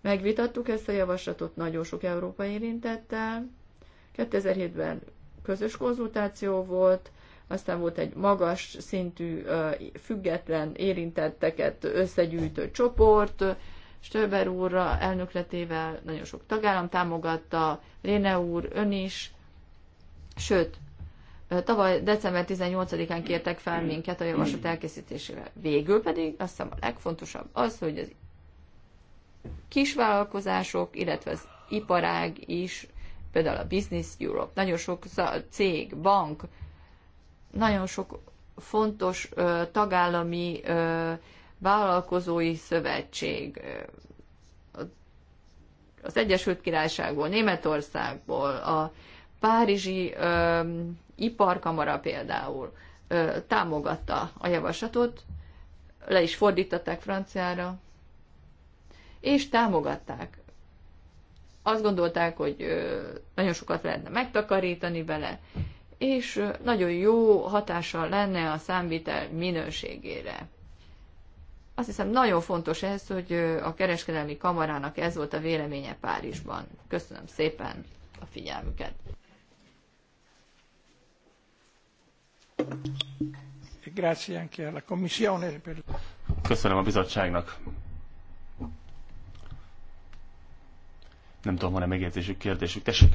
Megvitattuk ezt a javaslatot nagyon sok Európa érintettel. 2007-ben közös konzultáció volt, aztán volt egy magas szintű független érintetteket összegyűjtő csoport, Stöber úrra elnökletével nagyon sok tagállam támogatta, Léne úr ön is, Sőt, tavaly december 18-án kértek fel minket a javaslat elkészítésére. Végül pedig azt hiszem a legfontosabb az, hogy az kisvállalkozások, illetve az iparág is, például a Business Europe, nagyon sok cég, bank, nagyon sok fontos ö, tagállami ö, vállalkozói szövetség, ö, az Egyesült Királyságból, Németországból, a Párizsi ö, iparkamara például ö, támogatta a javaslatot, le is fordították franciára, és támogatták. Azt gondolták, hogy ö, nagyon sokat lehetne megtakarítani vele, és ö, nagyon jó hatással lenne a számvitel minőségére. Azt hiszem nagyon fontos ez, hogy a kereskedelmi kamarának ez volt a véleménye Párizsban. Köszönöm szépen a figyelmüket. Köszönöm a bizottságnak. Nem tudom, van-e megjegyzésük, kérdésük. Tessék!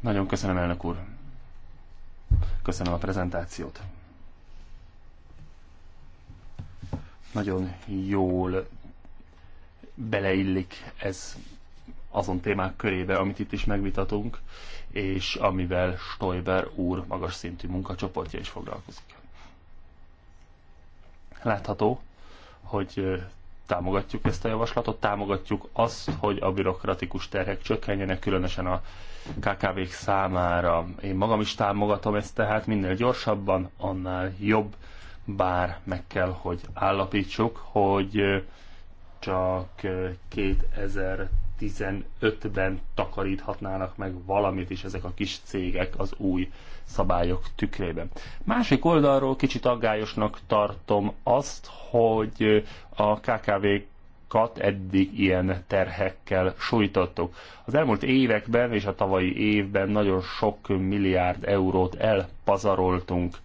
Nagyon köszönöm, elnök úr. Köszönöm a prezentációt. Nagyon jól beleillik ez azon témák körébe, amit itt is megvitatunk, és amivel Stoiber úr magas szintű munkacsoportja is foglalkozik. Látható, hogy támogatjuk ezt a javaslatot, támogatjuk azt, hogy a bürokratikus terhek csökkenjenek, különösen a KKV-k számára. Én magam is támogatom ezt, tehát minél gyorsabban, annál jobb, bár meg kell, hogy állapítsuk, hogy csak 2000 2015-ben takaríthatnának meg valamit is ezek a kis cégek az új szabályok tükrében. Másik oldalról kicsit aggályosnak tartom azt, hogy a kkv kat eddig ilyen terhekkel sújtottuk. Az elmúlt években és a tavalyi évben nagyon sok milliárd eurót elpazaroltunk.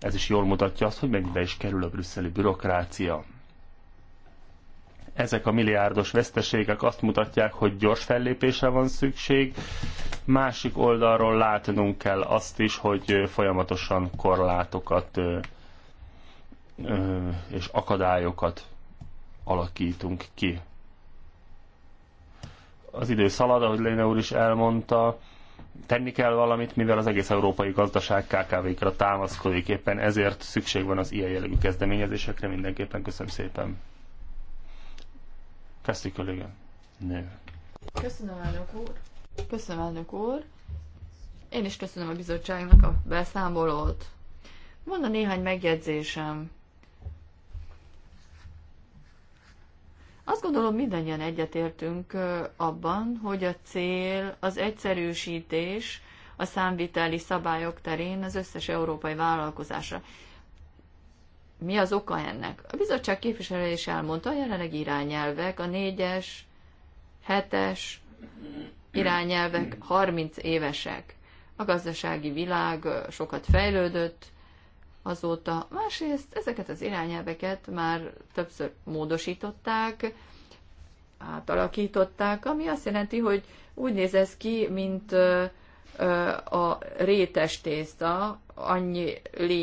Ez is jól mutatja azt, hogy mennyibe is kerül a brüsszeli bürokrácia ezek a milliárdos veszteségek azt mutatják, hogy gyors fellépésre van szükség. Másik oldalról látnunk kell azt is, hogy folyamatosan korlátokat és akadályokat alakítunk ki. Az idő szalad, ahogy Léne úr is elmondta, tenni kell valamit, mivel az egész európai gazdaság KKV-kra támaszkodik. Éppen ezért szükség van az ilyen jellegű kezdeményezésekre. Mindenképpen köszönöm szépen. Nő. Köszönöm, elnök úr. Köszönöm, elnök úr. Én is köszönöm a bizottságnak a beszámolót. Mondna néhány megjegyzésem. Azt gondolom, mindannyian egyetértünk abban, hogy a cél az egyszerűsítés a számviteli szabályok terén az összes európai vállalkozásra mi az oka ennek? A bizottság képviselő is elmondta, a jelenleg irányelvek, a négyes, hetes irányelvek 30 évesek. A gazdasági világ sokat fejlődött azóta. Másrészt ezeket az irányelveket már többször módosították, átalakították, ami azt jelenti, hogy úgy néz ez ki, mint a rétes tészta annyi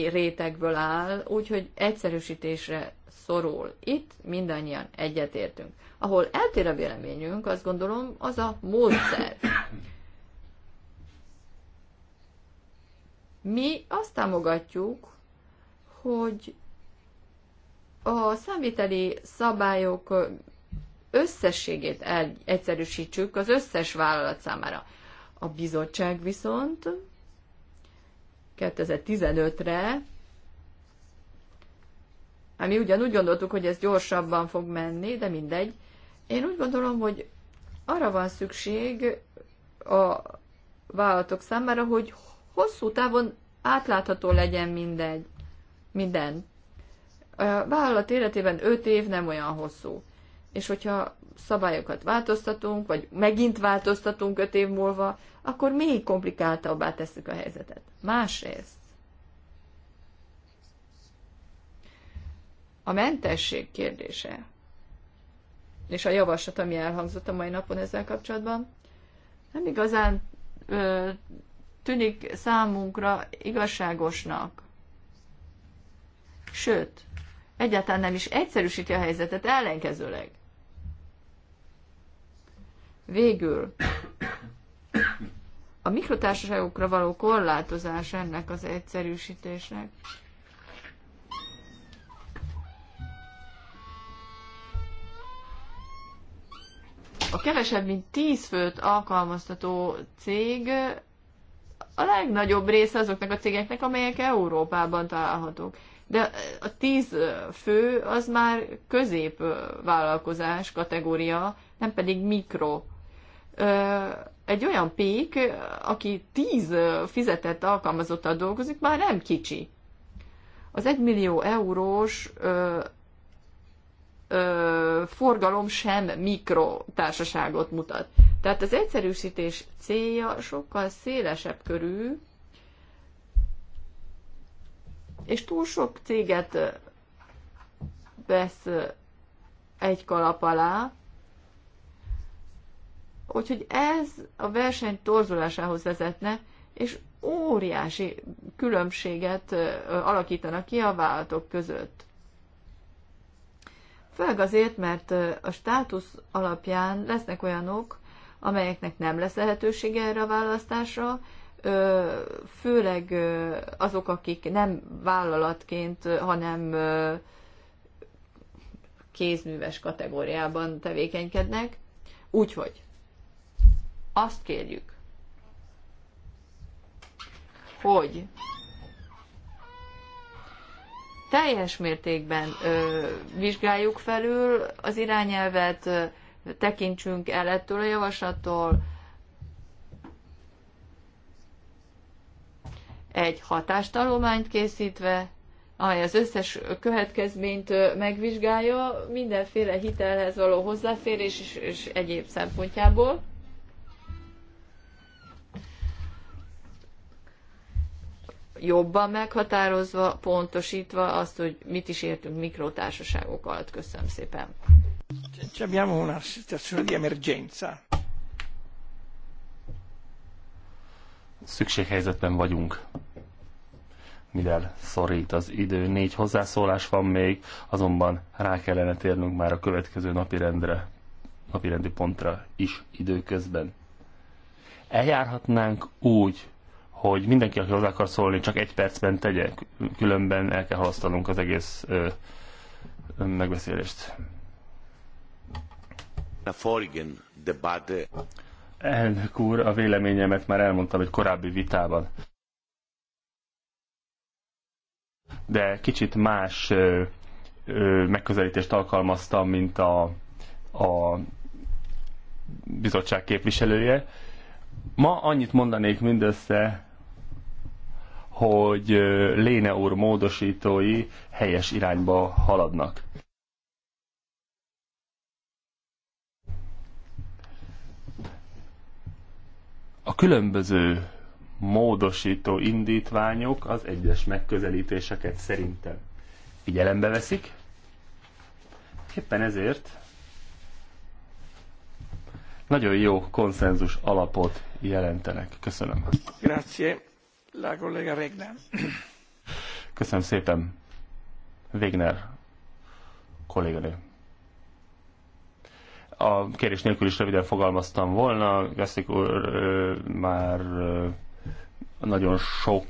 rétegből áll, úgyhogy egyszerűsítésre szorul. Itt mindannyian egyetértünk. Ahol eltér a véleményünk, azt gondolom, az a módszer. Mi azt támogatjuk, hogy a számviteli szabályok összességét egyszerűsítsük az összes vállalat számára. A bizottság viszont 2015-re, ami mi ugyanúgy gondoltuk, hogy ez gyorsabban fog menni, de mindegy. Én úgy gondolom, hogy arra van szükség a vállalatok számára, hogy hosszú távon átlátható legyen mindegy, minden. A vállalat életében 5 év nem olyan hosszú. És hogyha szabályokat változtatunk, vagy megint változtatunk öt év múlva, akkor még komplikáltabbá tesszük a helyzetet. Másrészt, a mentesség kérdése, és a javaslat, ami elhangzott a mai napon ezzel kapcsolatban, nem igazán ö, tűnik számunkra igazságosnak. Sőt, egyáltalán nem is egyszerűsíti a helyzetet ellenkezőleg. Végül a mikrotársaságokra való korlátozás ennek az egyszerűsítésnek. A kevesebb, mint 10 főt alkalmaztató cég a legnagyobb része azoknak a cégeknek, amelyek Európában találhatók. De a 10 fő az már középvállalkozás kategória, nem pedig mikro egy olyan pék, aki tíz fizetett alkalmazottal dolgozik, már nem kicsi. Az egymillió eurós ö, ö, forgalom sem mikrotársaságot mutat. Tehát az egyszerűsítés célja sokkal szélesebb körű, és túl sok céget vesz egy kalap alá, Úgyhogy ez a verseny torzulásához vezetne, és óriási különbséget alakítanak ki a vállalatok között. Főleg azért, mert a státusz alapján lesznek olyanok, amelyeknek nem lesz lehetősége erre a választásra, főleg azok, akik nem vállalatként, hanem kézműves kategóriában tevékenykednek. Úgyhogy azt kérjük, hogy teljes mértékben ö, vizsgáljuk felül az irányelvet, ö, tekintsünk el ettől a javaslattól, egy hatástalományt készítve, amely az összes következményt megvizsgálja mindenféle hitelhez való hozzáférés és, és egyéb szempontjából. jobban meghatározva, pontosítva azt, hogy mit is értünk mikrotársaságok alatt. Köszönöm szépen. Szükséghelyzetben vagyunk. Mivel szorít az idő, négy hozzászólás van még, azonban rá kellene térnünk már a következő napirendre, napirendi pontra is időközben. Eljárhatnánk úgy, hogy mindenki, aki hozzá akar szólni, csak egy percben tegye, különben el kell halasztanunk az egész ö, megbeszélést. A Elnök úr, a véleményemet már elmondtam egy korábbi vitában. De kicsit más ö, ö, megközelítést alkalmaztam, mint a, a bizottság képviselője. Ma annyit mondanék mindössze, hogy Léne úr módosítói helyes irányba haladnak. A különböző módosító indítványok az egyes megközelítéseket szerintem figyelembe veszik. Éppen ezért nagyon jó konszenzus alapot jelentenek. Köszönöm. Grazie. La Regner. Köszönöm szépen. Wegner kolléganő. A kérés nélkül is röviden fogalmaztam volna, Veszik úr már nagyon sok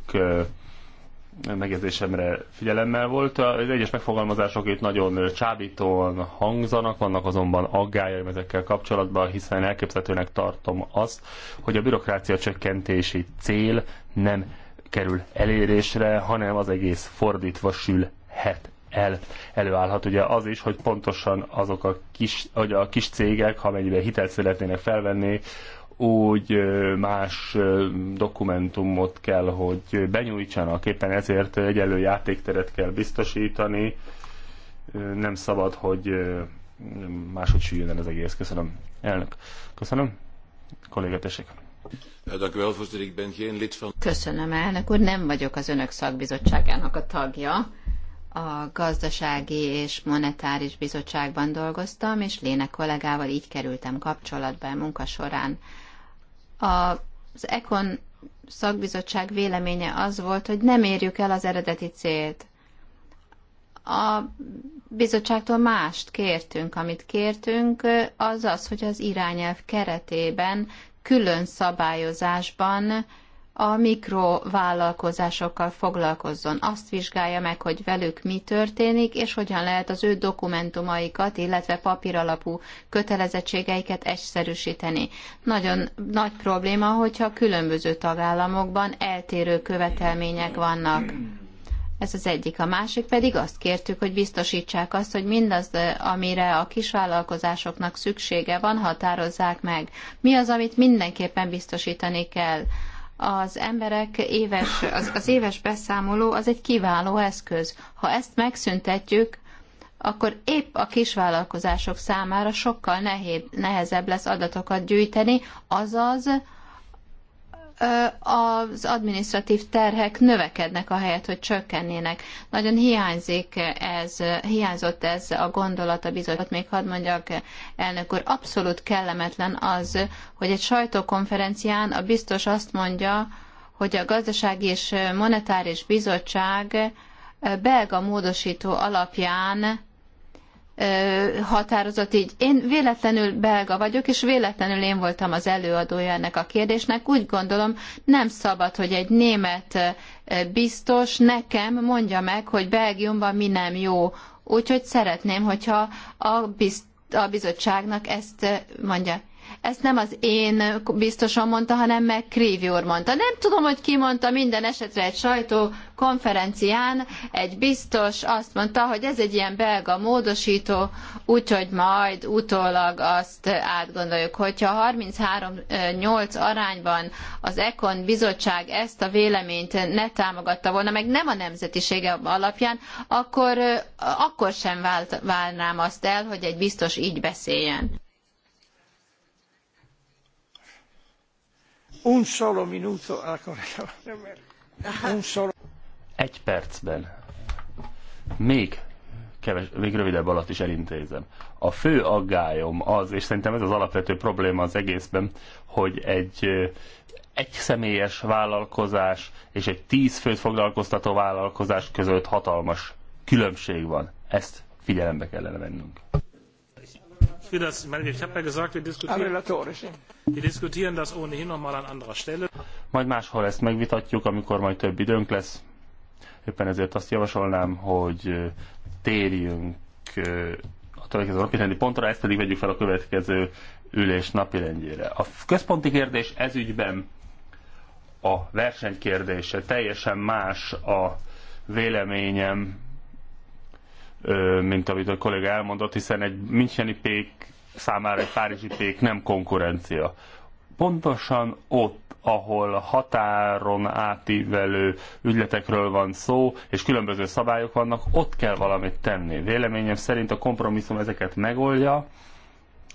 megjegyzésemre figyelemmel volt. Az egyes megfogalmazások itt nagyon csábítóan hangzanak, vannak azonban aggájaim ezekkel kapcsolatban, hiszen elképzelhetőnek tartom azt, hogy a bürokrácia csökkentési cél nem kerül elérésre, hanem az egész fordítva sülhet el. Előállhat ugye az is, hogy pontosan azok a kis, hogy a kis cégek, ha mennyiben hitelt szeretnének felvenni, úgy más dokumentumot kell, hogy benyújtsanak, éppen ezért egyelő játékteret kell biztosítani, nem szabad, hogy máshogy süljön el az egész. Köszönöm. Elnök. Köszönöm. Kolléga, Köszönöm, elnök úr. Nem vagyok az önök szakbizottságának a tagja. A gazdasági és monetáris bizottságban dolgoztam, és Léne kollégával így kerültem kapcsolatba a munka során az ECON szakbizottság véleménye az volt, hogy nem érjük el az eredeti célt. A bizottságtól mást kértünk. Amit kértünk, az az, hogy az irányelv keretében külön szabályozásban a mikrovállalkozásokkal foglalkozzon. Azt vizsgálja meg, hogy velük mi történik, és hogyan lehet az ő dokumentumaikat, illetve papíralapú kötelezettségeiket egyszerűsíteni. Nagyon nagy probléma, hogyha különböző tagállamokban eltérő követelmények vannak. Ez az egyik. A másik pedig azt kértük, hogy biztosítsák azt, hogy mindaz, amire a kisvállalkozásoknak szüksége van, határozzák meg. Mi az, amit mindenképpen biztosítani kell? az emberek éves, az, az éves beszámoló az egy kiváló eszköz. Ha ezt megszüntetjük, akkor épp a kisvállalkozások számára sokkal nehéb, nehezebb lesz adatokat gyűjteni, azaz az administratív terhek növekednek a helyet, hogy csökkennének. Nagyon hiányzik ez, hiányzott ez a gondolat a bizottság. Még hadd mondjak, elnök úr, abszolút kellemetlen az, hogy egy sajtókonferencián a biztos azt mondja, hogy a Gazdasági és Monetáris Bizottság belga módosító alapján határozott így. Én véletlenül belga vagyok, és véletlenül én voltam az előadója ennek a kérdésnek. Úgy gondolom, nem szabad, hogy egy német biztos nekem mondja meg, hogy Belgiumban mi nem jó. Úgyhogy szeretném, hogyha a, bizt- a bizottságnak ezt mondja. Ezt nem az én biztosan mondta, hanem meg Krívi úr mondta. Nem tudom, hogy ki mondta, minden esetre egy sajtókonferencián egy biztos azt mondta, hogy ez egy ilyen belga módosító, úgyhogy majd utólag azt átgondoljuk. Hogyha 33-8 arányban az Ekon bizottság ezt a véleményt ne támogatta volna, meg nem a nemzetisége alapján, akkor, akkor sem vált, válnám azt el, hogy egy biztos így beszéljen. Ah, egy percben. Még keves, még rövidebb alatt is elintézem. A fő aggályom az, és szerintem ez az alapvető probléma az egészben, hogy egy egyszemélyes vállalkozás és egy tíz főt foglalkoztató vállalkozás között hatalmas különbség van. Ezt figyelembe kellene vennünk ich, habe ja gesagt, wir diskutieren, das ohnehin an anderer Stelle. Majd máshol ezt megvitatjuk, amikor majd több időnk lesz. Éppen ezért azt javasolnám, hogy térjünk a következő napirendi pontra, ezt pedig vegyük fel a következő ülés napirendjére. A központi kérdés ezügyben a verseny kérdése teljesen más a véleményem mint amit a kolléga elmondott, hiszen egy Müncheni pék számára egy párizsi pék nem konkurencia. Pontosan ott, ahol határon átívelő ügyletekről van szó, és különböző szabályok vannak, ott kell valamit tenni. Véleményem szerint a kompromisszum ezeket megoldja,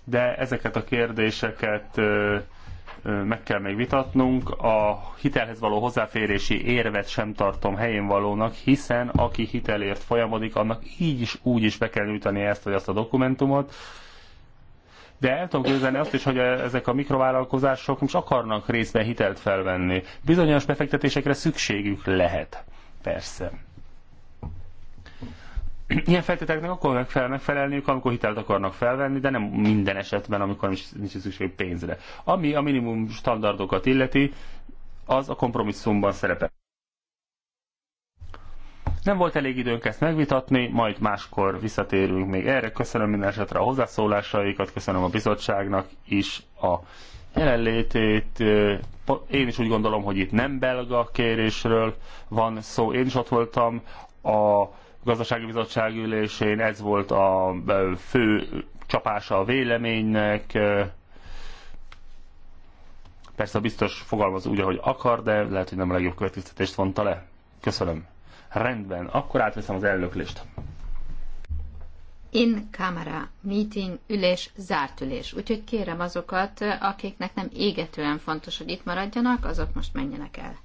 de ezeket a kérdéseket meg kell még vitatnunk. A hitelhez való hozzáférési érvet sem tartom helyén valónak, hiszen aki hitelért folyamodik, annak így is úgy is be kell nyújtani ezt vagy azt a dokumentumot. De el tudom képzelni azt is, hogy e- ezek a mikrovállalkozások most akarnak részben hitelt felvenni. Bizonyos befektetésekre szükségük lehet. Persze ilyen feltételeknek akkor meg fel megfelelniük, amikor hitelt akarnak felvenni, de nem minden esetben, amikor nincs, nincs szükség pénzre. Ami a minimum standardokat illeti, az a kompromisszumban szerepel. Nem volt elég időnk ezt megvitatni, majd máskor visszatérünk még erre. Köszönöm minden esetre a hozzászólásaikat, köszönöm a bizottságnak is a jelenlétét. Én is úgy gondolom, hogy itt nem belga kérésről van szó. Én is ott voltam a gazdasági bizottság ülésén, ez volt a fő csapása a véleménynek. Persze a biztos fogalmaz úgy, ahogy akar, de lehet, hogy nem a legjobb következtetést vonta le. Köszönöm. Rendben, akkor átveszem az elnöklést. In camera, meeting, ülés, zárt ülés. Úgyhogy kérem azokat, akiknek nem égetően fontos, hogy itt maradjanak, azok most menjenek el.